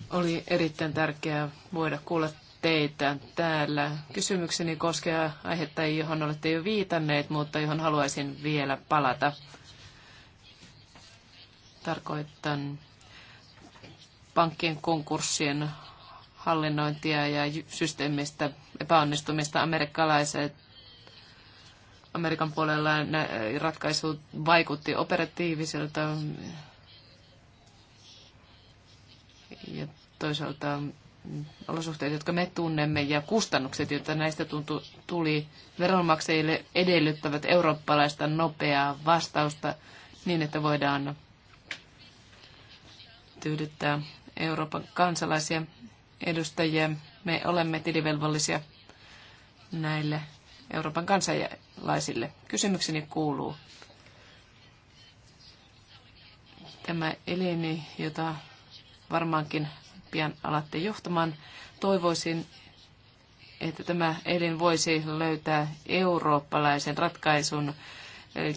Speaker 2: Oli erittäin tärkeää voida kuulla teitä täällä. Kysymykseni koskee aihetta, johon olette jo viitanneet, mutta johon haluaisin vielä palata. Tarkoitan pankkien konkurssien hallinnointia ja systeemistä epäonnistumista amerikkalaiset Amerikan puolella ratkaisu vaikutti operatiiviselta ja toisaalta olosuhteet, jotka me tunnemme ja kustannukset, joita näistä tuntu, tuli veronmaksajille edellyttävät eurooppalaista nopeaa vastausta niin, että voidaan tyydyttää Euroopan kansalaisia edustajia. Me olemme tilivelvollisia näille Euroopan kansalaisille. Kysymykseni kuuluu, tämä elini, jota varmaankin pian alatte johtamaan, toivoisin, että tämä elin voisi löytää eurooppalaisen ratkaisun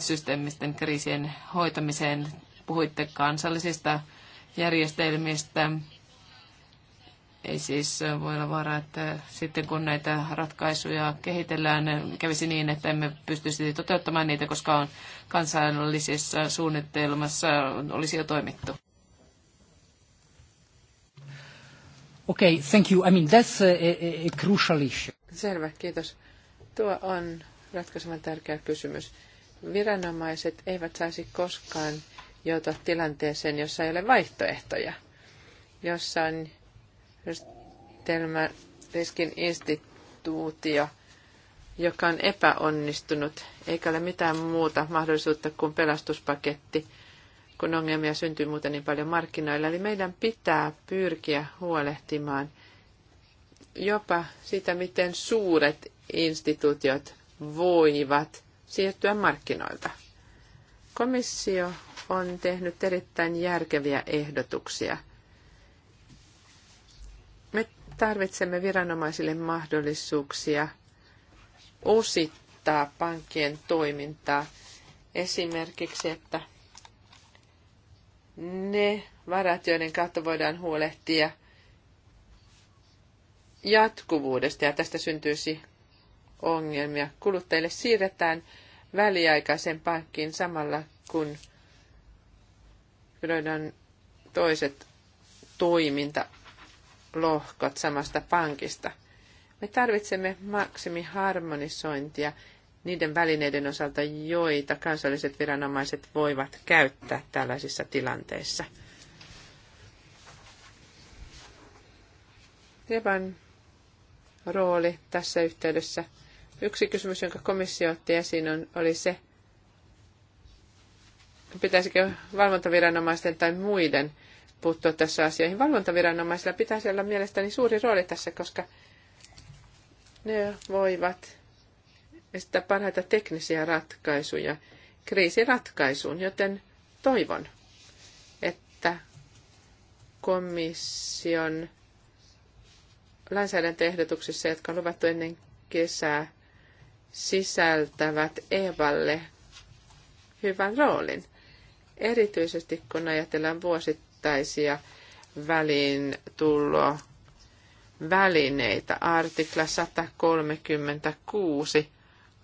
Speaker 2: systeemisten kriisien hoitamiseen. Puhuitte kansallisista järjestelmistä. Ei siis voi olla vaara, että sitten kun näitä ratkaisuja kehitellään, kävisi niin, että emme pystyisi toteuttamaan niitä, koska on kansainvälisessä suunnitelmassa olisi jo toimittu. Okay, thank you. I mean, that's a, a, a crucial issue. Selvä, kiitos.
Speaker 1: Tuo on ratkaisevan tärkeä kysymys. Viranomaiset eivät saisi koskaan joutua tilanteeseen, jossa ei ole vaihtoehtoja, jossa on riskin instituutio, joka on epäonnistunut, eikä ole mitään muuta mahdollisuutta kuin pelastuspaketti, kun ongelmia syntyy muuten niin paljon markkinoilla. Eli meidän pitää pyrkiä huolehtimaan jopa sitä, miten suuret instituutiot voivat siirtyä markkinoilta. Komissio on tehnyt erittäin järkeviä ehdotuksia. Me tarvitsemme viranomaisille mahdollisuuksia osittaa pankkien toimintaa. Esimerkiksi, että ne varat, joiden kautta voidaan huolehtia jatkuvuudesta ja tästä syntyisi ongelmia. Kuluttajille siirretään väliaikaisen pankkiin samalla, kun löydän toiset toimintalohkot samasta pankista. Me tarvitsemme maksimiharmonisointia niiden välineiden osalta, joita kansalliset viranomaiset voivat käyttää tällaisissa tilanteissa. Levan rooli tässä yhteydessä – Yksi kysymys, jonka komissio otti esiin, on, oli se, pitäisikö valvontaviranomaisten tai muiden puuttua tässä asioihin. Valvontaviranomaisilla pitäisi olla mielestäni suuri rooli tässä, koska ne voivat esittää parhaita teknisiä ratkaisuja kriisiratkaisuun, joten toivon, että komission lainsäädäntöehdotuksissa, jotka on luvattu ennen kesää, sisältävät Evalle hyvän roolin. Erityisesti kun ajatellaan vuosittaisia väliin tullo välineitä. Artikla 136,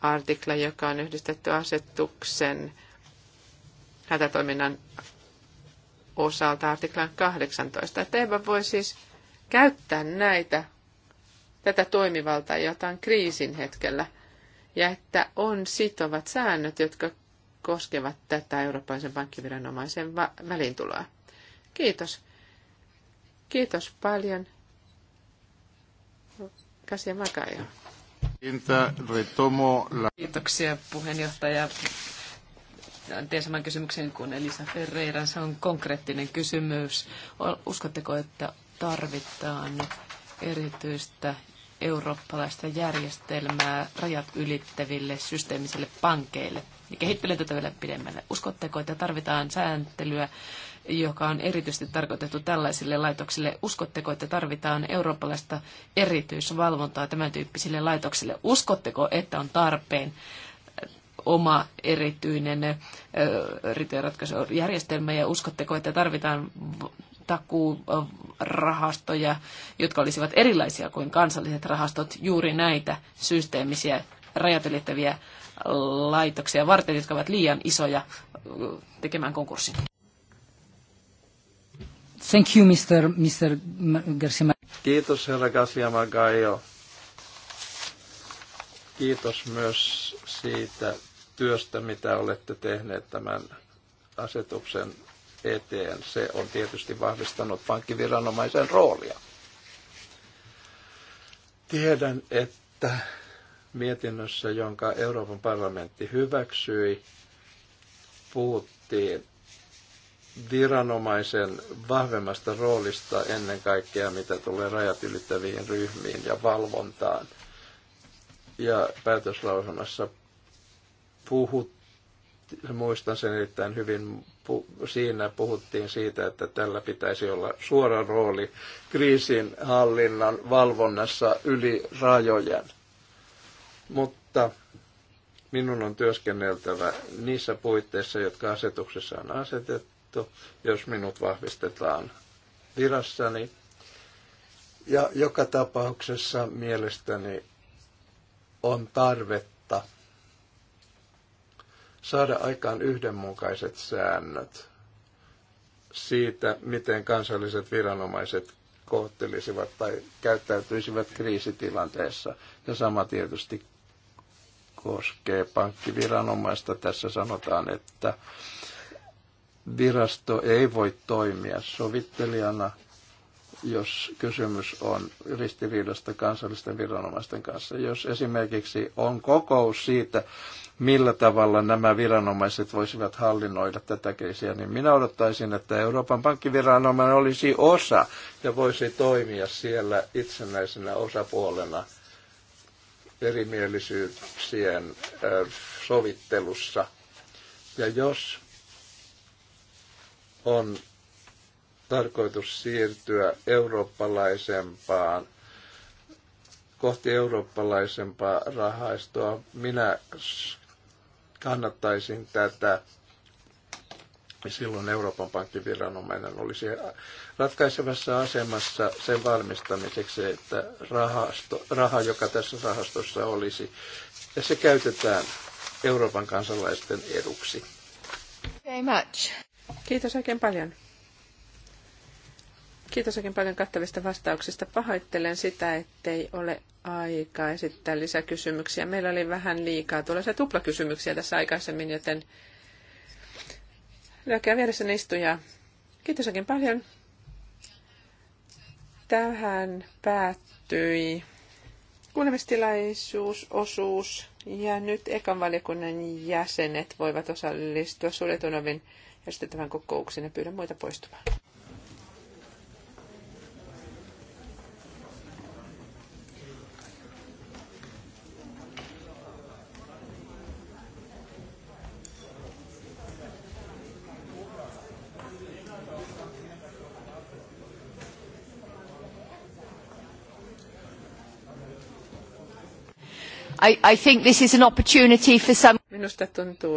Speaker 1: artikla, joka on yhdistetty asetuksen hätätoiminnan osalta artiklan 18. Että Eeva voi siis käyttää näitä, tätä toimivaltaa, jota on kriisin hetkellä – ja että on sitovat säännöt, jotka koskevat tätä Euroopan pankkiviranomaisen va- välintuloa. Kiitos. Kiitos paljon.
Speaker 2: Kasia Makaio. Kiitoksia puheenjohtaja. Tein saman kysymyksen kuin Elisa Ferreira. Se on konkreettinen kysymys. Uskotteko, että tarvitaan erityistä eurooppalaista järjestelmää rajat ylittäville systeemisille pankeille. Ja kehittelen tätä vielä pidemmälle. Uskotteko, että tarvitaan sääntelyä, joka on erityisesti tarkoitettu tällaisille laitoksille? Uskotteko, että tarvitaan eurooppalaista erityisvalvontaa tämän tyyppisille laitoksille? Uskotteko, että on tarpeen oma erityinen järjestelmä ja uskotteko, että tarvitaan takuurahastoja, jotka olisivat erilaisia kuin kansalliset rahastot, juuri näitä systeemisiä rajat ylittäviä laitoksia varten, jotka ovat liian isoja tekemään konkurssin. Thank you, Mr. Mr. Garcia.
Speaker 3: Kiitos, herra Garcia Magayo. Kiitos myös siitä työstä, mitä olette tehneet tämän asetuksen eteen. Se on tietysti vahvistanut pankkiviranomaisen roolia. Tiedän, että mietinnössä, jonka Euroopan parlamentti hyväksyi, puhuttiin viranomaisen vahvemmasta roolista ennen kaikkea, mitä tulee rajat ylittäviin ryhmiin ja valvontaan. Ja päätöslausunnassa puhuttiin muistan sen erittäin hyvin, siinä puhuttiin siitä, että tällä pitäisi olla suora rooli kriisin hallinnan valvonnassa yli rajojen. Mutta minun on työskenneltävä niissä puitteissa, jotka asetuksessa on asetettu, jos minut vahvistetaan virassani. Ja joka tapauksessa mielestäni on tarvetta saada aikaan yhdenmukaiset säännöt siitä, miten kansalliset viranomaiset kohtelisivat tai käyttäytyisivät kriisitilanteessa. Ja sama tietysti koskee pankkiviranomaista. Tässä sanotaan, että virasto ei voi toimia sovittelijana – jos kysymys on ristiriidasta kansallisten viranomaisten kanssa. Jos esimerkiksi on kokous siitä, millä tavalla nämä viranomaiset voisivat hallinnoida tätä kriisiä, niin minä odottaisin, että Euroopan pankkiviranomainen olisi osa ja voisi toimia siellä itsenäisenä osapuolena erimielisyyksien sovittelussa. Ja jos on tarkoitus siirtyä eurooppalaisempaan, kohti eurooppalaisempaa rahaistoa. Minä kannattaisin tätä. Silloin Euroopan pankkiviranomainen olisi ratkaisevassa asemassa sen valmistamiseksi, että rahasto, raha, joka tässä rahastossa olisi, ja se käytetään Euroopan kansalaisten eduksi.
Speaker 1: Very much. Kiitos oikein paljon. Kiitos oikein paljon kattavista vastauksista. Pahoittelen sitä, ettei ole aikaa esittää lisäkysymyksiä. Meillä oli vähän liikaa tuollaisia tuplakysymyksiä tässä aikaisemmin, joten lyökää vieressäni istuja. Kiitos oikein paljon. Tähän päättyi kuulemistilaisuusosuus ja nyt ekan valiokunnan jäsenet voivat osallistua suljetun ovin järjestettävän kokouksen ja pyydän muita poistumaan.
Speaker 2: I, I think this is an opportunity for some... Minusta tuntuu,